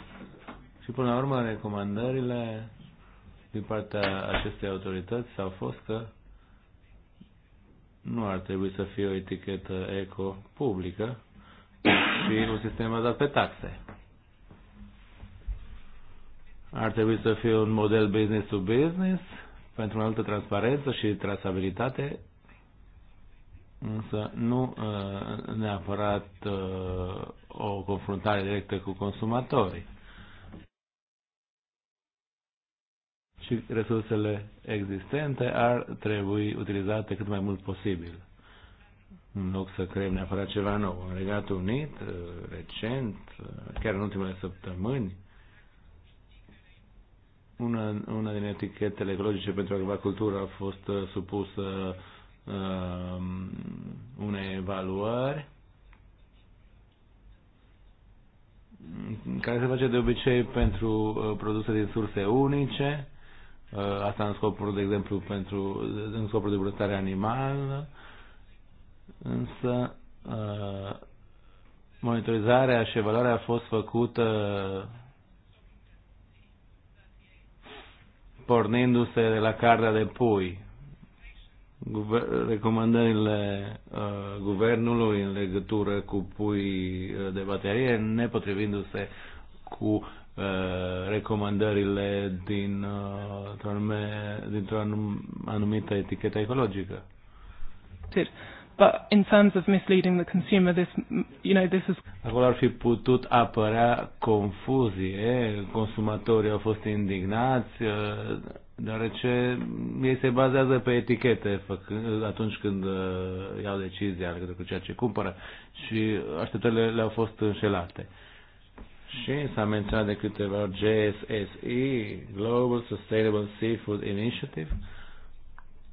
și până la urmă recomandările din partea acestei autorități au fost că nu ar trebui să fie o etichetă eco publică, și un sistem bazat pe taxe. Ar trebui să fie un model business to business pentru mai multă transparență și trasabilitate însă nu uh, neapărat uh, o confruntare directă cu consumatorii. Și resursele existente ar trebui utilizate cât mai mult posibil. În loc să creăm neapărat ceva nou. În Regatul Unit, uh, recent, chiar în ultimele săptămâni, una, una din etichetele ecologice pentru agricultură a fost supusă uh, Um, unei evaluări care se face de obicei pentru uh, produse din surse unice, uh, asta în scopul, de exemplu, pentru, în scopul de bunăstare animală, însă uh, monitorizarea și evaluarea a fost făcută pornindu-se de la carnea de pui recomandările uh, guvernului în legătură cu pui uh, de baterie, nepotrivindu-se cu uh, recomandările din, uh, dintr-o, anum, anumită etichetă ecologică. But in terms of misleading the consumer, this, you know, this is... Acolo ar fi putut apărea confuzie, consumatorii au fost indignați, uh, deoarece ei se bazează pe etichete atunci când uh, iau decizia legătură cu ceea ce cumpără și așteptările le-au fost înșelate. Și s-a menționat de câteva GSSI, Global Sustainable Seafood Initiative,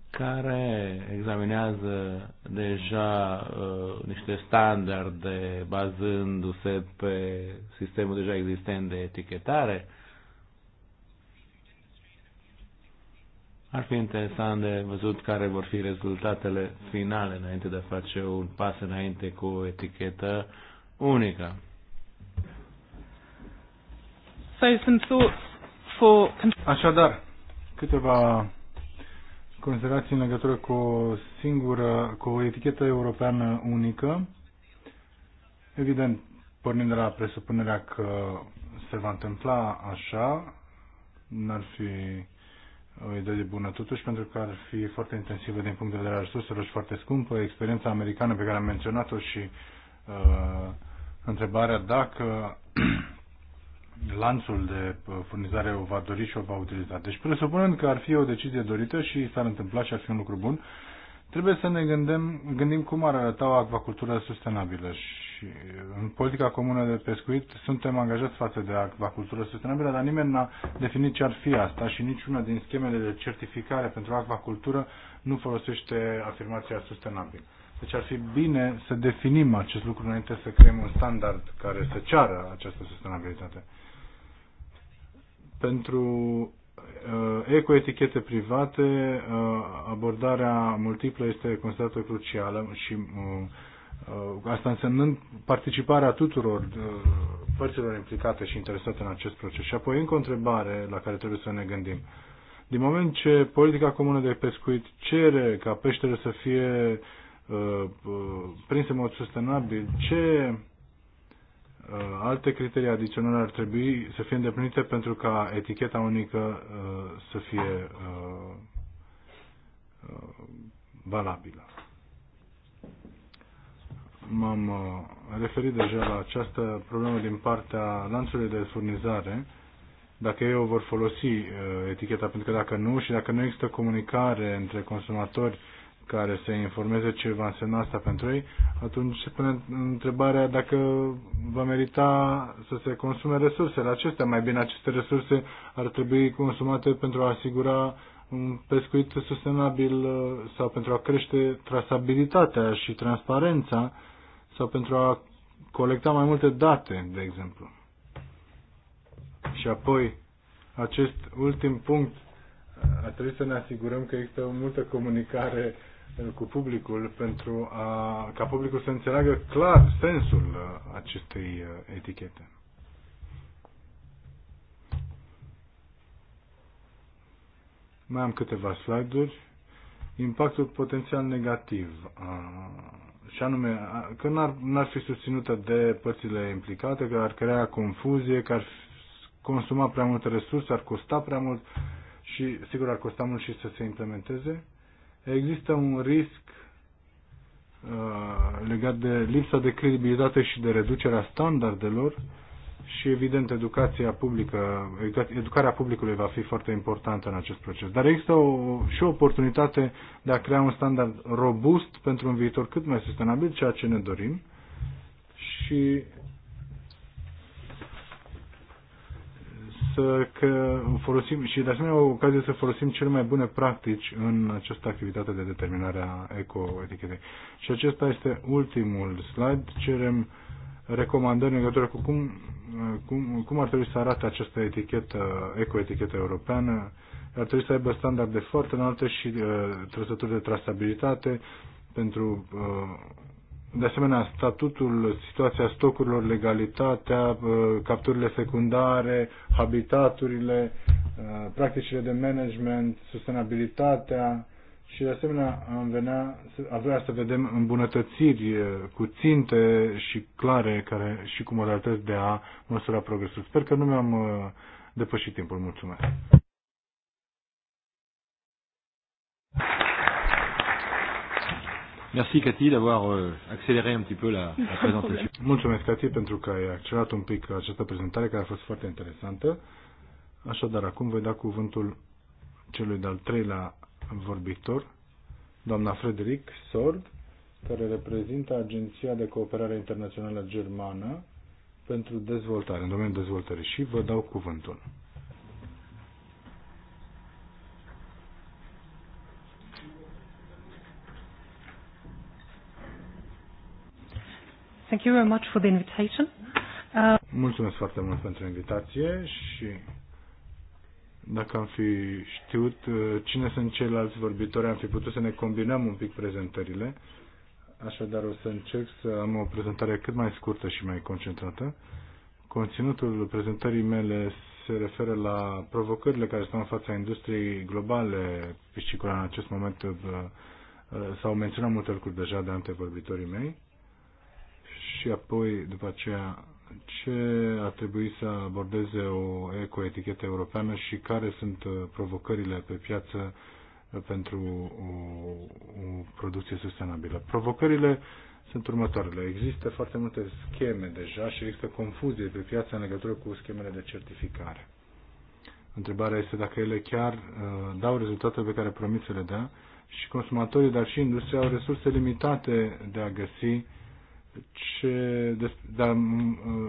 care examinează deja uh, niște standarde bazându-se pe sistemul deja existent de etichetare Ar fi interesant de văzut care vor fi rezultatele finale înainte de a face un pas înainte cu o etichetă unică. Așadar, câteva considerații în legătură cu o singură, cu o etichetă europeană unică. Evident, pornind de la presupunerea că se va întâmpla așa, n-ar fi o idee de bună totuși pentru că ar fi foarte intensivă din punct de vedere al resurselor și foarte scumpă. Experiența americană pe care am menționat-o și uh, întrebarea dacă lanțul de uh, furnizare o va dori și o va utiliza. Deci presupunând că ar fi o decizie dorită și s-ar întâmpla și ar fi un lucru bun, trebuie să ne gândim, gândim cum ar arăta o acvacultură sustenabilă și în politica comună de pescuit suntem angajați față de acvacultură sustenabilă, dar nimeni n-a definit ce ar fi asta și niciuna din schemele de certificare pentru acvacultură nu folosește afirmația sustenabilă. Deci ar fi bine să definim acest lucru înainte să creăm un standard care să ceară această sustenabilitate. Pentru uh, ecoetichete private, uh, abordarea multiplă este considerată crucială și uh, Uh, asta însemnând participarea tuturor uh, părților implicate și interesate în acest proces. Și apoi încă o întrebare la care trebuie să ne gândim. Din moment ce politica comună de pescuit cere ca peștele să fie uh, uh prins în mod sustenabil, ce uh, alte criterii adiționale ar trebui să fie îndeplinite pentru ca eticheta unică uh, să fie uh, uh, valabilă? m-am uh, referit deja la această problemă din partea lanțului de furnizare, dacă ei o vor folosi uh, eticheta, pentru că dacă nu și dacă nu există comunicare între consumatori care să informeze ce va însemna asta pentru ei, atunci se pune întrebarea dacă va merita să se consume resursele acestea. Mai bine aceste resurse ar trebui consumate pentru a asigura un pescuit sustenabil uh, sau pentru a crește trasabilitatea și transparența sau pentru a colecta mai multe date, de exemplu. Și apoi, acest ultim punct, a trebuit să ne asigurăm că există multă comunicare uh, cu publicul pentru a, ca publicul să înțeleagă clar sensul uh, acestei uh, etichete. Mai am câteva slide-uri. Impactul potențial negativ a și anume că n-ar, n-ar fi susținută de părțile implicate, că ar crea confuzie, că ar consuma prea multe resurse, ar costa prea mult și sigur ar costa mult și să se implementeze. Există un risc uh, legat de lipsa de credibilitate și de reducerea standardelor uh, și, evident, educația publică, educarea publicului va fi foarte importantă în acest proces. Dar există o, și o oportunitate de a crea un standard robust pentru un viitor cât mai sustenabil, ceea ce ne dorim. Și să că folosim și de asemenea o ocazie să folosim cele mai bune practici în această activitate de determinare a etichetei Și acesta este ultimul slide. Cerem recomandări în legătură cu cum, cum, cum ar trebui să arate această etichetă, ecoetichetă europeană. Ar trebui să aibă standarde foarte înalte și uh, trăsături de trasabilitate pentru, uh, de asemenea, statutul, situația stocurilor, legalitatea, uh, capturile secundare, habitaturile, uh, practicile de management, sustenabilitatea, și de asemenea am venea, am vrea să vedem îmbunătățiri eh, cu ținte și clare care, și cu modalități de a măsura progresul. Sper că nu mi-am eh, depășit timpul. Mulțumesc! Merci Cathy d'avoir eh, accéléré un petit peu la, la présentation. Mulțumesc Cathy pentru că ai accelerat un pic această prezentare care a fost foarte interesantă. Așadar, acum voi da cuvântul celui de-al treilea vorbitor, doamna Frederic Sord, care reprezintă Agenția de Cooperare Internațională Germană pentru dezvoltare, în domeniul dezvoltării. Și vă dau cuvântul. Thank you very much for the invitation. Uh... Mulțumesc foarte mult pentru invitație și dacă am fi știut uh, cine sunt ceilalți vorbitori, am fi putut să ne combinăm un pic prezentările. Așadar o să încerc să am o prezentare cât mai scurtă și mai concentrată. Conținutul prezentării mele se referă la provocările care stau în fața industriei globale piscicole în acest moment. Uh, s-au menționat multe lucruri deja de antevorbitorii mei și apoi, după aceea, ce ar trebui să abordeze o ecoetichetă europeană și care sunt uh, provocările pe piață uh, pentru o, o producție sustenabilă. Provocările sunt următoarele. Există foarte multe scheme deja și există confuzie pe piață în legătură cu schemele de certificare. Întrebarea este dacă ele chiar uh, dau rezultatele pe care promit să le dea și consumatorii, dar și industria au resurse limitate de a găsi ce, de a uh,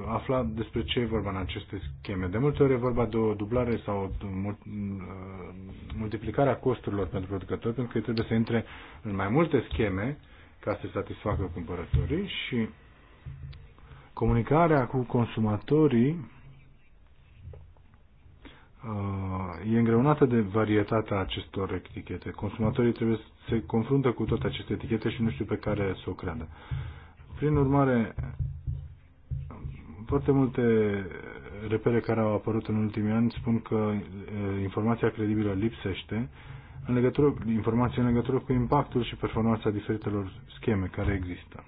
afla despre ce e vorba în aceste scheme. De multe ori e vorba de o dublare sau o uh, multiplicare a costurilor pentru producători, pentru că trebuie să intre în mai multe scheme ca să satisfacă cumpărătorii și comunicarea cu consumatorii uh, e îngreunată de varietatea acestor etichete. Consumatorii trebuie să se confruntă cu toate aceste etichete și nu știu pe care să o creadă. Prin urmare, foarte multe repere care au apărut în ultimii ani spun că informația credibilă lipsește în legătură, informația în legătură cu impactul și performanța diferitelor scheme care există.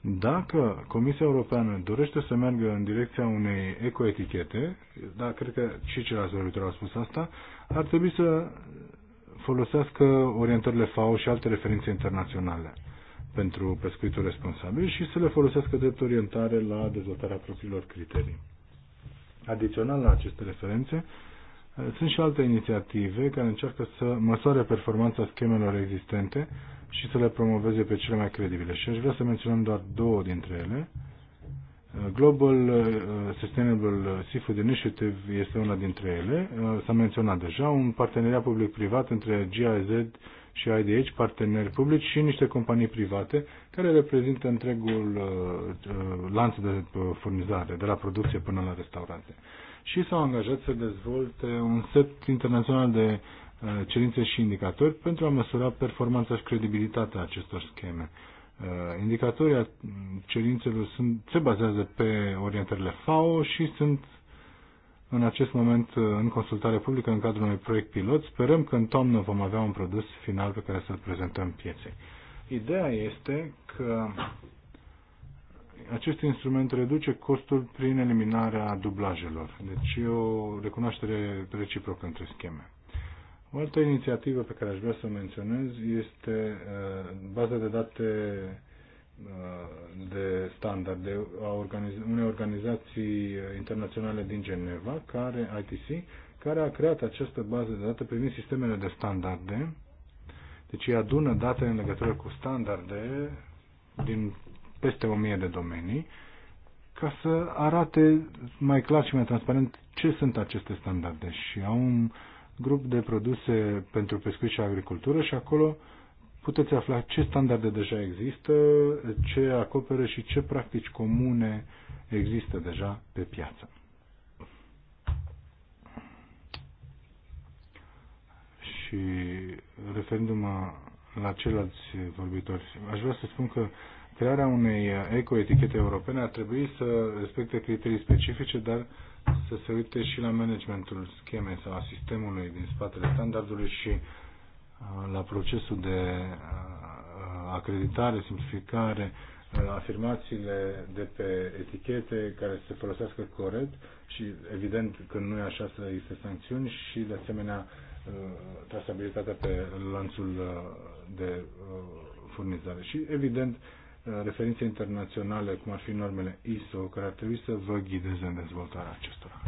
Dacă Comisia Europeană dorește să meargă în direcția unei ecoetichete, da, cred că și ceilalți vorbitori au spus asta, ar trebui să folosească orientările FAO și alte referințe internaționale pentru pescuitul responsabil și să le folosească drept orientare la dezvoltarea propriilor criterii. Adițional la aceste referințe, eh, sunt și alte inițiative care încearcă să măsoare performanța schemelor existente și să le promoveze pe cele mai credibile. Și aș vrea să menționăm doar două dintre ele. Eh, Global eh, Sustainable Seafood Initiative este una dintre ele. S-a menționat deja un parteneriat public-privat între GIZ și ai de aici parteneri publici și niște companii private care reprezintă întregul uh, uh lanț de uh, furnizare, de la producție până la restaurante. Și s-au angajat să dezvolte un set internațional de uh, cerințe și indicatori pentru a măsura performanța și credibilitatea acestor scheme. Uh, indicatorii cerințelor sunt, se bazează pe orientările FAO și sunt uh, în acest moment uh, în consultare publică în cadrul unui proiect pilot. Sperăm că în toamnă vom avea un produs final pe care să-l prezentăm pieței. Ideea este că acest instrument reduce costul prin eliminarea dublajelor. Deci e o recunoaștere reciprocă între scheme. O altă inițiativă pe care aș vrea să o menționez este uh, baza de date Uh, de standarde a organiz- unei organizații internaționale din Geneva, care, ITC, care a creat această bază de date privind sistemele de standarde. Deci ea adună date în legătură cu standarde din peste o mie de domenii ca să arate mai clar și mai transparent ce sunt aceste standarde. Și au un grup de produse pentru pescuit și agricultură și acolo uh, puteți afla ce standarde deja există, ce acoperă și ce practici comune există deja pe piață. Și referindu-mă la ceilalți vorbitori, aș vrea să spun că crearea unei ecoetichete europene ar trebui să respecte criterii specifice, dar să se uite și la managementul schemei sau a sistemului din spatele standardului și la procesul de uh, acreditare, simplificare, uh, afirmațiile de pe etichete care se folosească corect și evident că nu e așa să există sancțiuni și de asemenea uh, trasabilitatea pe lanțul de furnizare. Și evident referințe internaționale, cum ar fi normele ISO, care ar trebui să vă ghideze în dezvoltarea acestora.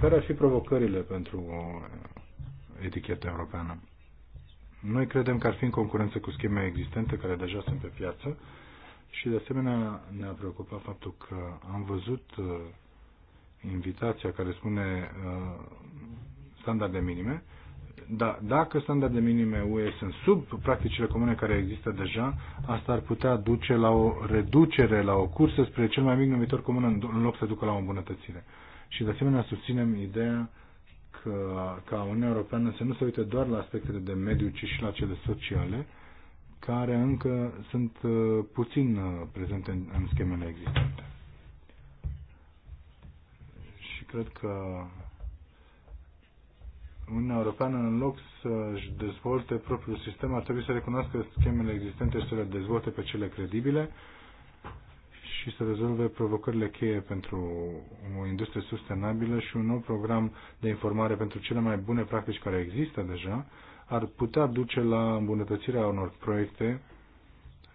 Care ar fi provocările pentru eticheta europeană. Noi credem că ar fi în concurență cu scheme existente care deja sunt pe piață și de asemenea ne-a preocupat faptul că am văzut uh, invitația care spune uh, standarde minime, dar dacă standarde minime UE sunt sub practicile comune care există deja, asta ar putea duce la o reducere, la o cursă spre cel mai mic numitor comun în loc să ducă la o îmbunătățire. Și de asemenea susținem ideea că, ca Uniunea Europeană să nu se uite doar la aspectele de mediu, ci și la cele sociale, care încă sunt uh, puțin uh, prezente în, în schemele existente. Și cred că Uniunea Europeană, în loc să-și dezvolte propriul sistem, ar trebui să recunoască schemele existente și să le dezvolte pe cele credibile, și să rezolve provocările cheie pentru o industrie sustenabilă și un nou program de informare pentru cele mai bune practici care există deja, ar putea duce la îmbunătățirea unor proiecte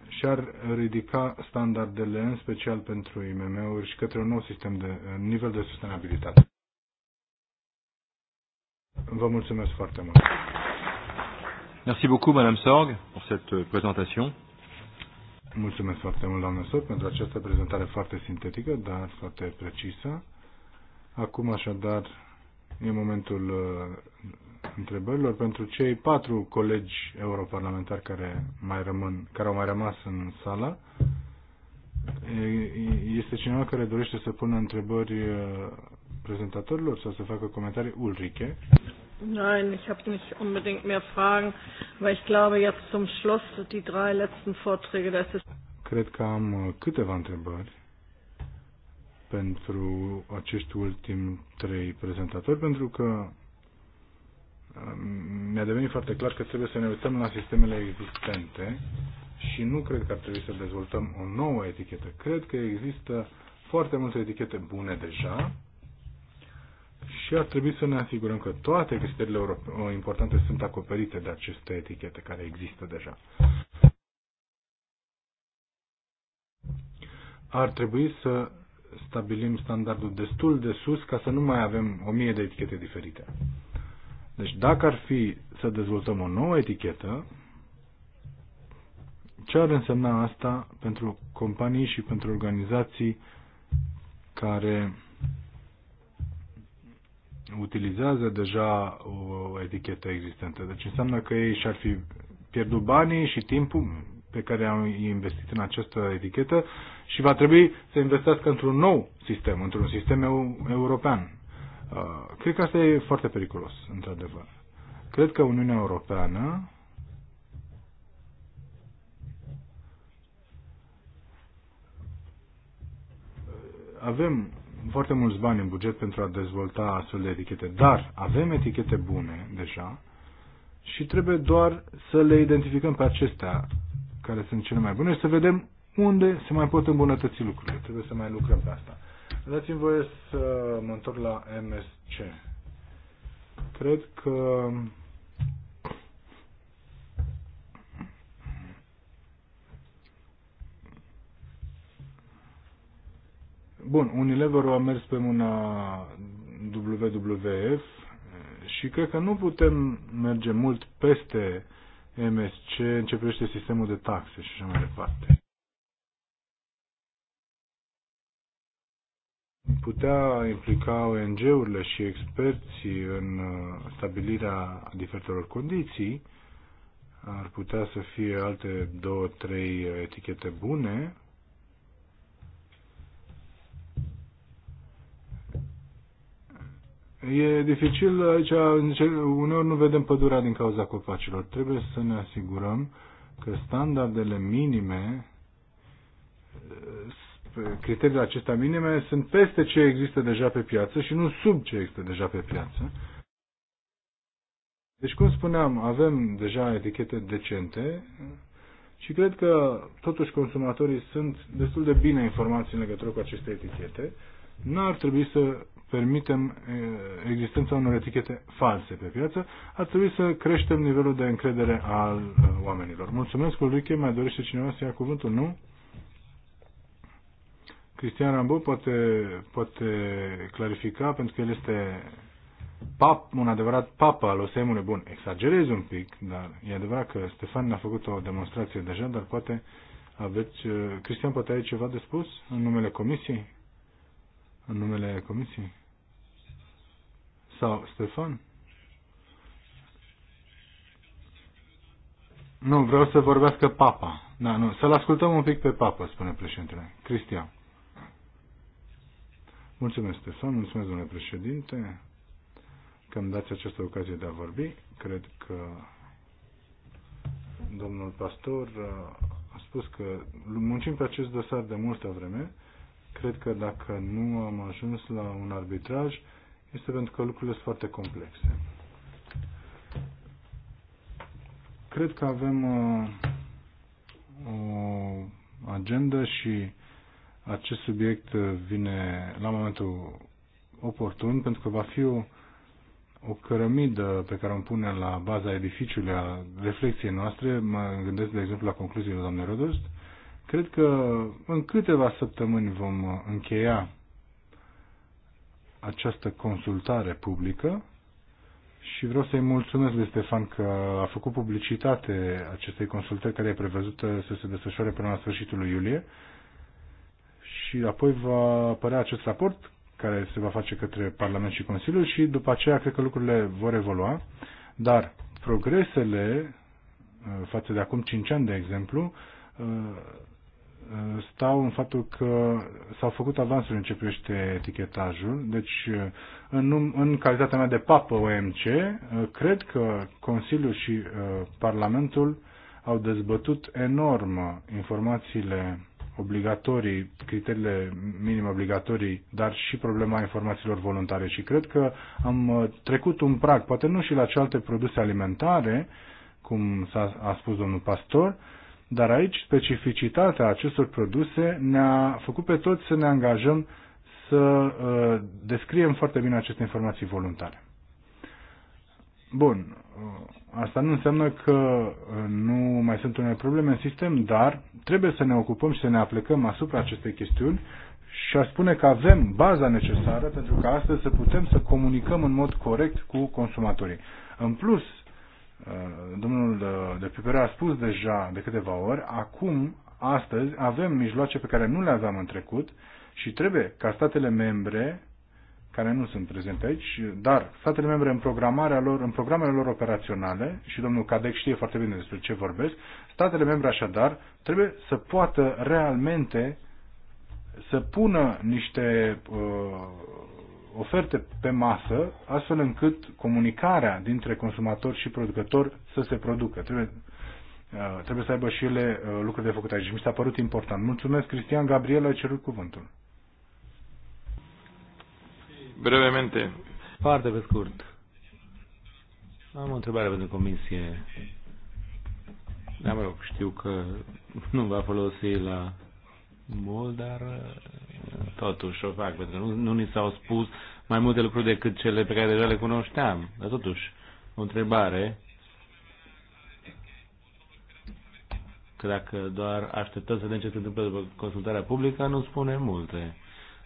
și ar ridica standardele, în special pentru IMM-uri și către un nou sistem de nivel de sustenabilitate. Vă mulțumesc foarte mult. Merci beaucoup, Madame Sorg, pour cette euh, présentation. Mulțumesc foarte mult, doamnă Sot, pentru această prezentare foarte sintetică, dar foarte precisă. Acum, așadar, e momentul uh, întrebărilor pentru cei patru colegi europarlamentari care mai rămân, care au mai rămas în sală. Este cineva care dorește să pună întrebări uh, prezentatorilor sau să facă comentarii? Ulrike. Nein, ich habe nicht unbedingt mehr Fragen, weil ich glaube, jetzt zum Schluss die drei letzten Vorträge, das ist. Cred că am uh, câteva întrebări pentru acești ultimi trei prezentatori, pentru că uh, mi-a devenit foarte clar că trebuie să ne uităm la sistemele existente și nu cred că ar trebui să dezvoltăm o nouă etichetă. Cred că există foarte multe etichete bune deja, și ar trebui să ne asigurăm că toate criteriile importante sunt acoperite de aceste etichete care există deja. Ar trebui să stabilim standardul destul de sus ca să nu mai avem o mie de etichete diferite. Deci dacă ar fi să dezvoltăm o nouă etichetă, ce ar însemna asta pentru companii și pentru organizații care utilizează deja o etichetă existentă. Deci înseamnă că ei și-ar fi pierdut banii și timpul pe care au investit în această etichetă și va trebui să investească într-un nou sistem, într-un sistem eu, european. Uh, cred că asta e foarte periculos, într-adevăr. Cred că Uniunea Europeană avem foarte mulți bani în buget pentru a dezvolta astfel de etichete, dar avem etichete bune deja și trebuie doar să le identificăm pe acestea care sunt cele mai bune și să vedem unde se mai pot îmbunătăți lucrurile. Trebuie să mai lucrăm pe asta. Dați-mi voie să mă întorc la MSC. Cred că Bun, Unilever a mers pe mâna WWF și cred că nu putem merge mult peste MSC în ce privește sistemul de taxe și așa mai departe. Putea implica ONG-urile și experții în uh, stabilirea diferitelor condiții. Ar putea să fie alte două, trei etichete bune E dificil aici, uneori nu vedem pădurea din cauza copacilor. Trebuie să ne asigurăm că standardele minime, criteriile acestea minime, sunt peste ce există deja pe piață și nu sub ce există deja pe piață. Deci, cum spuneam, avem deja etichete decente și cred că totuși consumatorii sunt destul de bine informați în legătură cu aceste etichete. N-ar trebui să permitem existența unor etichete false pe piață, ar trebui să creștem nivelul de încredere al oamenilor. Mulțumesc, Ulrike. Mai dorește cineva să ia cuvântul? Nu? Cristian Rambo poate, poate clarifica, pentru că el este pap, un adevărat papă al Osemului Bun. Exagerez un pic, dar e adevărat că Stefan a făcut o demonstrație deja, dar poate aveți... Uh, Cristian, poate ai ceva de spus în numele comisiei? În numele comisiei? Sau Stefan? Nu, vreau să vorbească papa. Da, nu, să-l ascultăm un pic pe papa, spune președintele. Cristian. Mulțumesc, Stefan, mulțumesc, domnule președinte. Când dați această ocazie de a vorbi. Cred că domnul pastor uh, a spus că muncim pe acest dosar de multă vreme. Cred că dacă nu am ajuns la un arbitraj, este pentru că lucrurile sunt foarte complexe. Cred că avem uh, o agenda și acest subiect uh, vine la momentul oportun pentru că va fi o o cărămidă pe care o pune la baza edificiului a reflexiei noastre, mă gândesc de exemplu la concluziile doamnei Rodost, cred că în câteva săptămâni vom încheia această consultare publică și vreau să-i mulțumesc lui Stefan că a făcut publicitate acestei consultări care e prevăzută să se desfășoare până la sfârșitul lui iulie și apoi va apărea acest raport care se va face către Parlament și Consiliu și după aceea cred că lucrurile vor evolua, dar progresele uh, față de acum 5 ani, de exemplu, uh, uh, stau în faptul că s-au făcut avansuri în ce privește etichetajul. Deci, în, în calitatea mea de papă OMC, cred că Consiliul și Parlamentul au dezbătut enorm informațiile obligatorii, criteriile minim obligatorii, dar și problema informațiilor voluntare. Și cred că am uh, trecut un prag, poate nu și la celelalte produse alimentare, cum s-a a spus domnul pastor, dar aici specificitatea acestor produse ne-a făcut pe toți să ne angajăm să uh, descriem foarte bine aceste informații voluntare. Bun, uh, asta nu înseamnă că uh, nu mai sunt unele probleme în sistem, dar trebuie să ne ocupăm și să ne aplicăm asupra acestei chestiuni și a spune că avem baza necesară pentru că astăzi să putem să comunicăm în mod corect cu consumatorii. În plus, uh, domnul de Pipere a spus deja de câteva ori, acum, astăzi, avem mijloace pe care nu le aveam în trecut și trebuie ca statele membre care nu sunt prezente aici, dar statele membre în, programarea lor, în programele lor operaționale, și domnul Cadec știe foarte bine despre ce vorbesc, statele membre așadar trebuie să poată realmente să pună niște uh, oferte pe masă, astfel încât comunicarea dintre consumator și producător să se producă. Trebuie, uh, trebuie să aibă și ele uh, lucruri de făcut aici. Mi s-a părut important. Mulțumesc, Cristian Gabriel, ai cerut cuvântul brevemente. Foarte pe scurt. Am o întrebare pentru comisie. Da, mă rog, știu că nu va folosi la mult, dar uh, totuși o fac, pentru că nu, nu ni s-au spus mai multe lucruri decât cele pe care deja le cunoșteam. Dar totuși, o întrebare, că dacă doar așteptăm să vedem ce se întâmplă după consultarea publică, nu spune multe.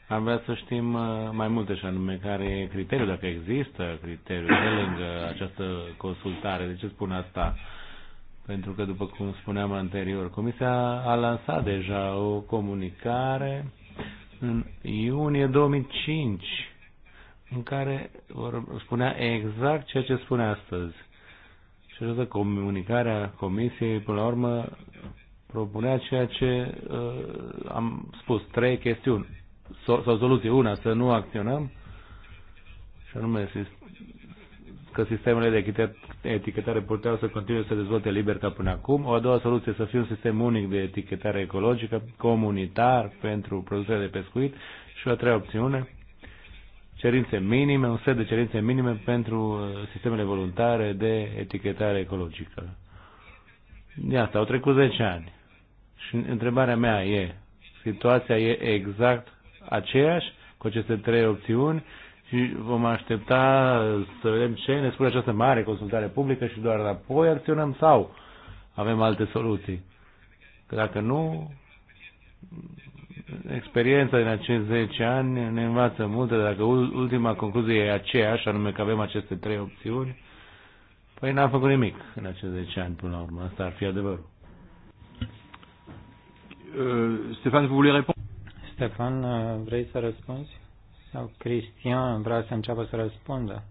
Am vrea să știm uh, mai multe și anume care e criteriul, dacă există criteriul de lângă această consultare. De ce spun asta? Pentru că, după cum spuneam anterior, Comisia a lansat deja o comunicare în iunie 2005 în care spunea exact ceea ce spune astăzi. Și această comunicare a Comisiei, până la urmă, propunea ceea ce uh, am spus, trei chestiuni sau soluție una, să nu acționăm, și anume că sistemele de etichetare puteau să continue să dezvolte liber ca până acum. O a doua soluție să fie un sistem unic de etichetare ecologică, comunitar, pentru produsele de pescuit. Și o a treia opțiune, cerințe minime, un set de cerințe minime pentru uh, sistemele voluntare de etichetare ecologică. Iată, au trecut 10 ani. Și întrebarea mea e, situația e exact aceeași cu aceste trei opțiuni și vom aștepta să vedem ce ne spune această mare consultare publică și doar apoi acționăm sau avem alte soluții. Că dacă nu, experiența din acești 10 ani ne învață multe. Dacă ultima concluzie e aceeași, anume că avem aceste trei opțiuni, păi n-am făcut nimic în acești 10 ani până la urmă. Asta ar fi adevărul. Uh, Stefan, vous voulez répondre? Stefan, vrei să răspunzi? Sau Cristian vrea să înceapă să răspundă,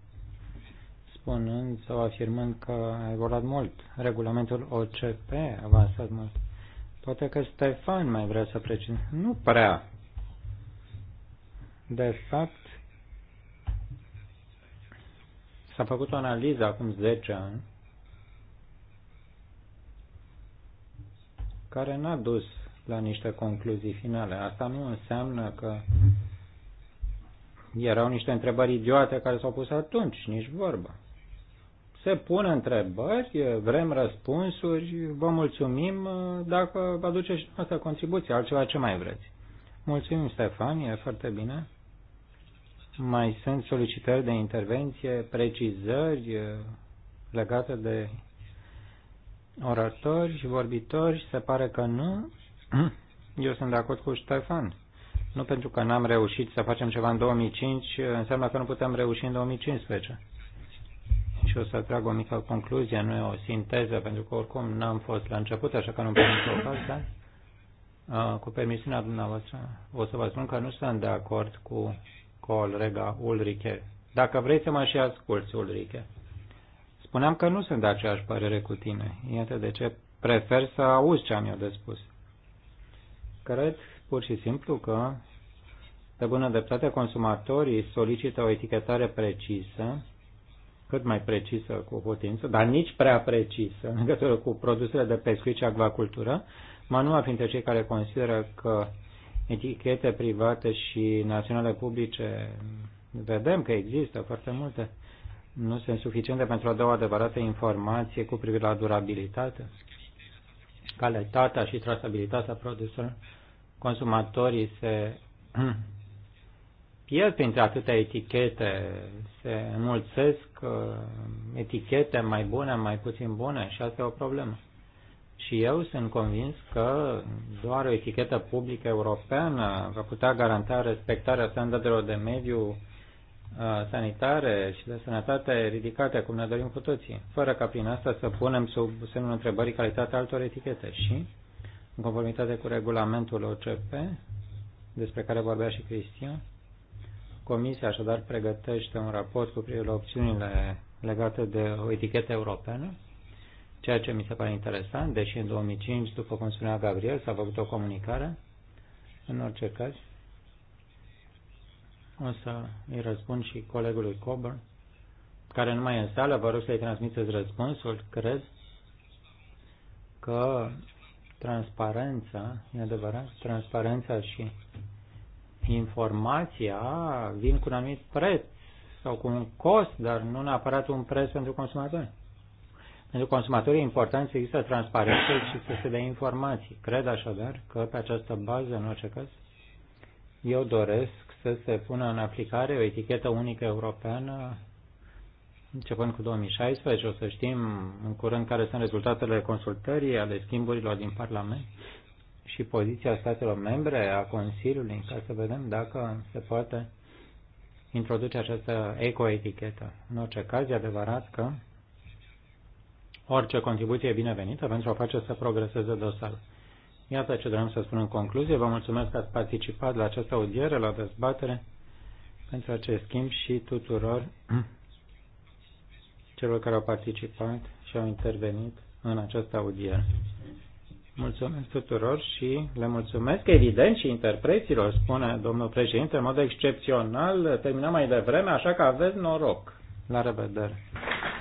spunând sau afirmând că a evoluat mult. Regulamentul OCP a avansat mult. Poate că Stefan mai vrea să precizeze. Nu prea. De fapt, s-a făcut o analiză acum 10 ani care n-a dus la niște concluzii finale. Asta nu înseamnă că erau niște întrebări idiote care s-au pus atunci, nici vorba. Se pun întrebări, vrem răspunsuri, vă mulțumim dacă vă aduceți și noastră contribuție, altceva ce mai vreți. Mulțumim, Stefan, e foarte bine. Mai sunt solicitări de intervenție, precizări legate de oratori și vorbitori? Se pare că nu. Eu sunt de acord cu Ștefan. Nu pentru că n-am reușit să facem ceva în 2005, înseamnă că nu putem reuși în 2015. Și o să trag o mică concluzie, nu e o sinteză, pentru că oricum n-am fost la început, așa că nu pot nicio ocazia. Cu permisiunea dumneavoastră, o să vă spun că nu sunt de acord cu colega Ulrike. Dacă vrei să mă și asculți, Ulrike. Spuneam că nu sunt de aceeași părere cu tine. Iată de ce prefer să auzi ce am eu de spus. Cred pur și simplu că, de bună dreptate, consumatorii solicită o etichetare precisă, cât mai precisă cu putință, dar nici prea precisă în legătură cu produsele de pescuit și acvacultură. Manua fiind cei care consideră că etichete private și naționale publice, vedem că există foarte multe, nu sunt suficiente pentru a da o adevărată informație cu privire la durabilitate calitatea și trasabilitatea produselor, consumatorii se pierd printre atâtea etichete, se înmulțesc uh, etichete mai bune, mai puțin bune și asta e o problemă. Și eu sunt convins că doar o etichetă publică europeană va putea garanta respectarea standardelor de mediu sanitare și de sănătate ridicate, cum ne dorim cu toții, fără ca prin asta să punem sub semnul întrebării calitatea altor etichete și, în conformitate cu regulamentul OCP, despre care vorbea și Cristian, Comisia așadar pregătește un raport cu privire la opțiunile legate de o etichetă europeană, ceea ce mi se pare interesant, deși în 2005, după cum spunea Gabriel, s-a făcut o comunicare, în orice caz, o să îi răspund și colegului Coburn, care nu mai e în sală. Vă rog să-i transmiteți răspunsul. Cred că transparența, e adevărat, transparența și informația vin cu un anumit preț sau cu un cost, dar nu neapărat un preț pentru consumatori. Pentru consumatorii e important să există transparență și să se dea informații. Cred așadar că pe această bază, în orice caz, eu doresc să se pună în aplicare o etichetă unică europeană începând cu 2016, o să știm în curând care sunt rezultatele consultării ale schimburilor din Parlament și poziția statelor membre a Consiliului, ca să vedem dacă se poate introduce această ecoetichetă. În orice caz, e adevărat că orice contribuție e binevenită pentru a face să progreseze dosarul. Iată ce doream să spun în concluzie. Vă mulțumesc că ați participat la această audiere, la dezbatere, pentru acest schimb și tuturor celor care au participat și au intervenit în această audiere. Mulțumesc tuturor și le mulțumesc evident și interpreților, spune domnul președinte, în mod excepțional, terminăm mai devreme, așa că aveți noroc. La revedere!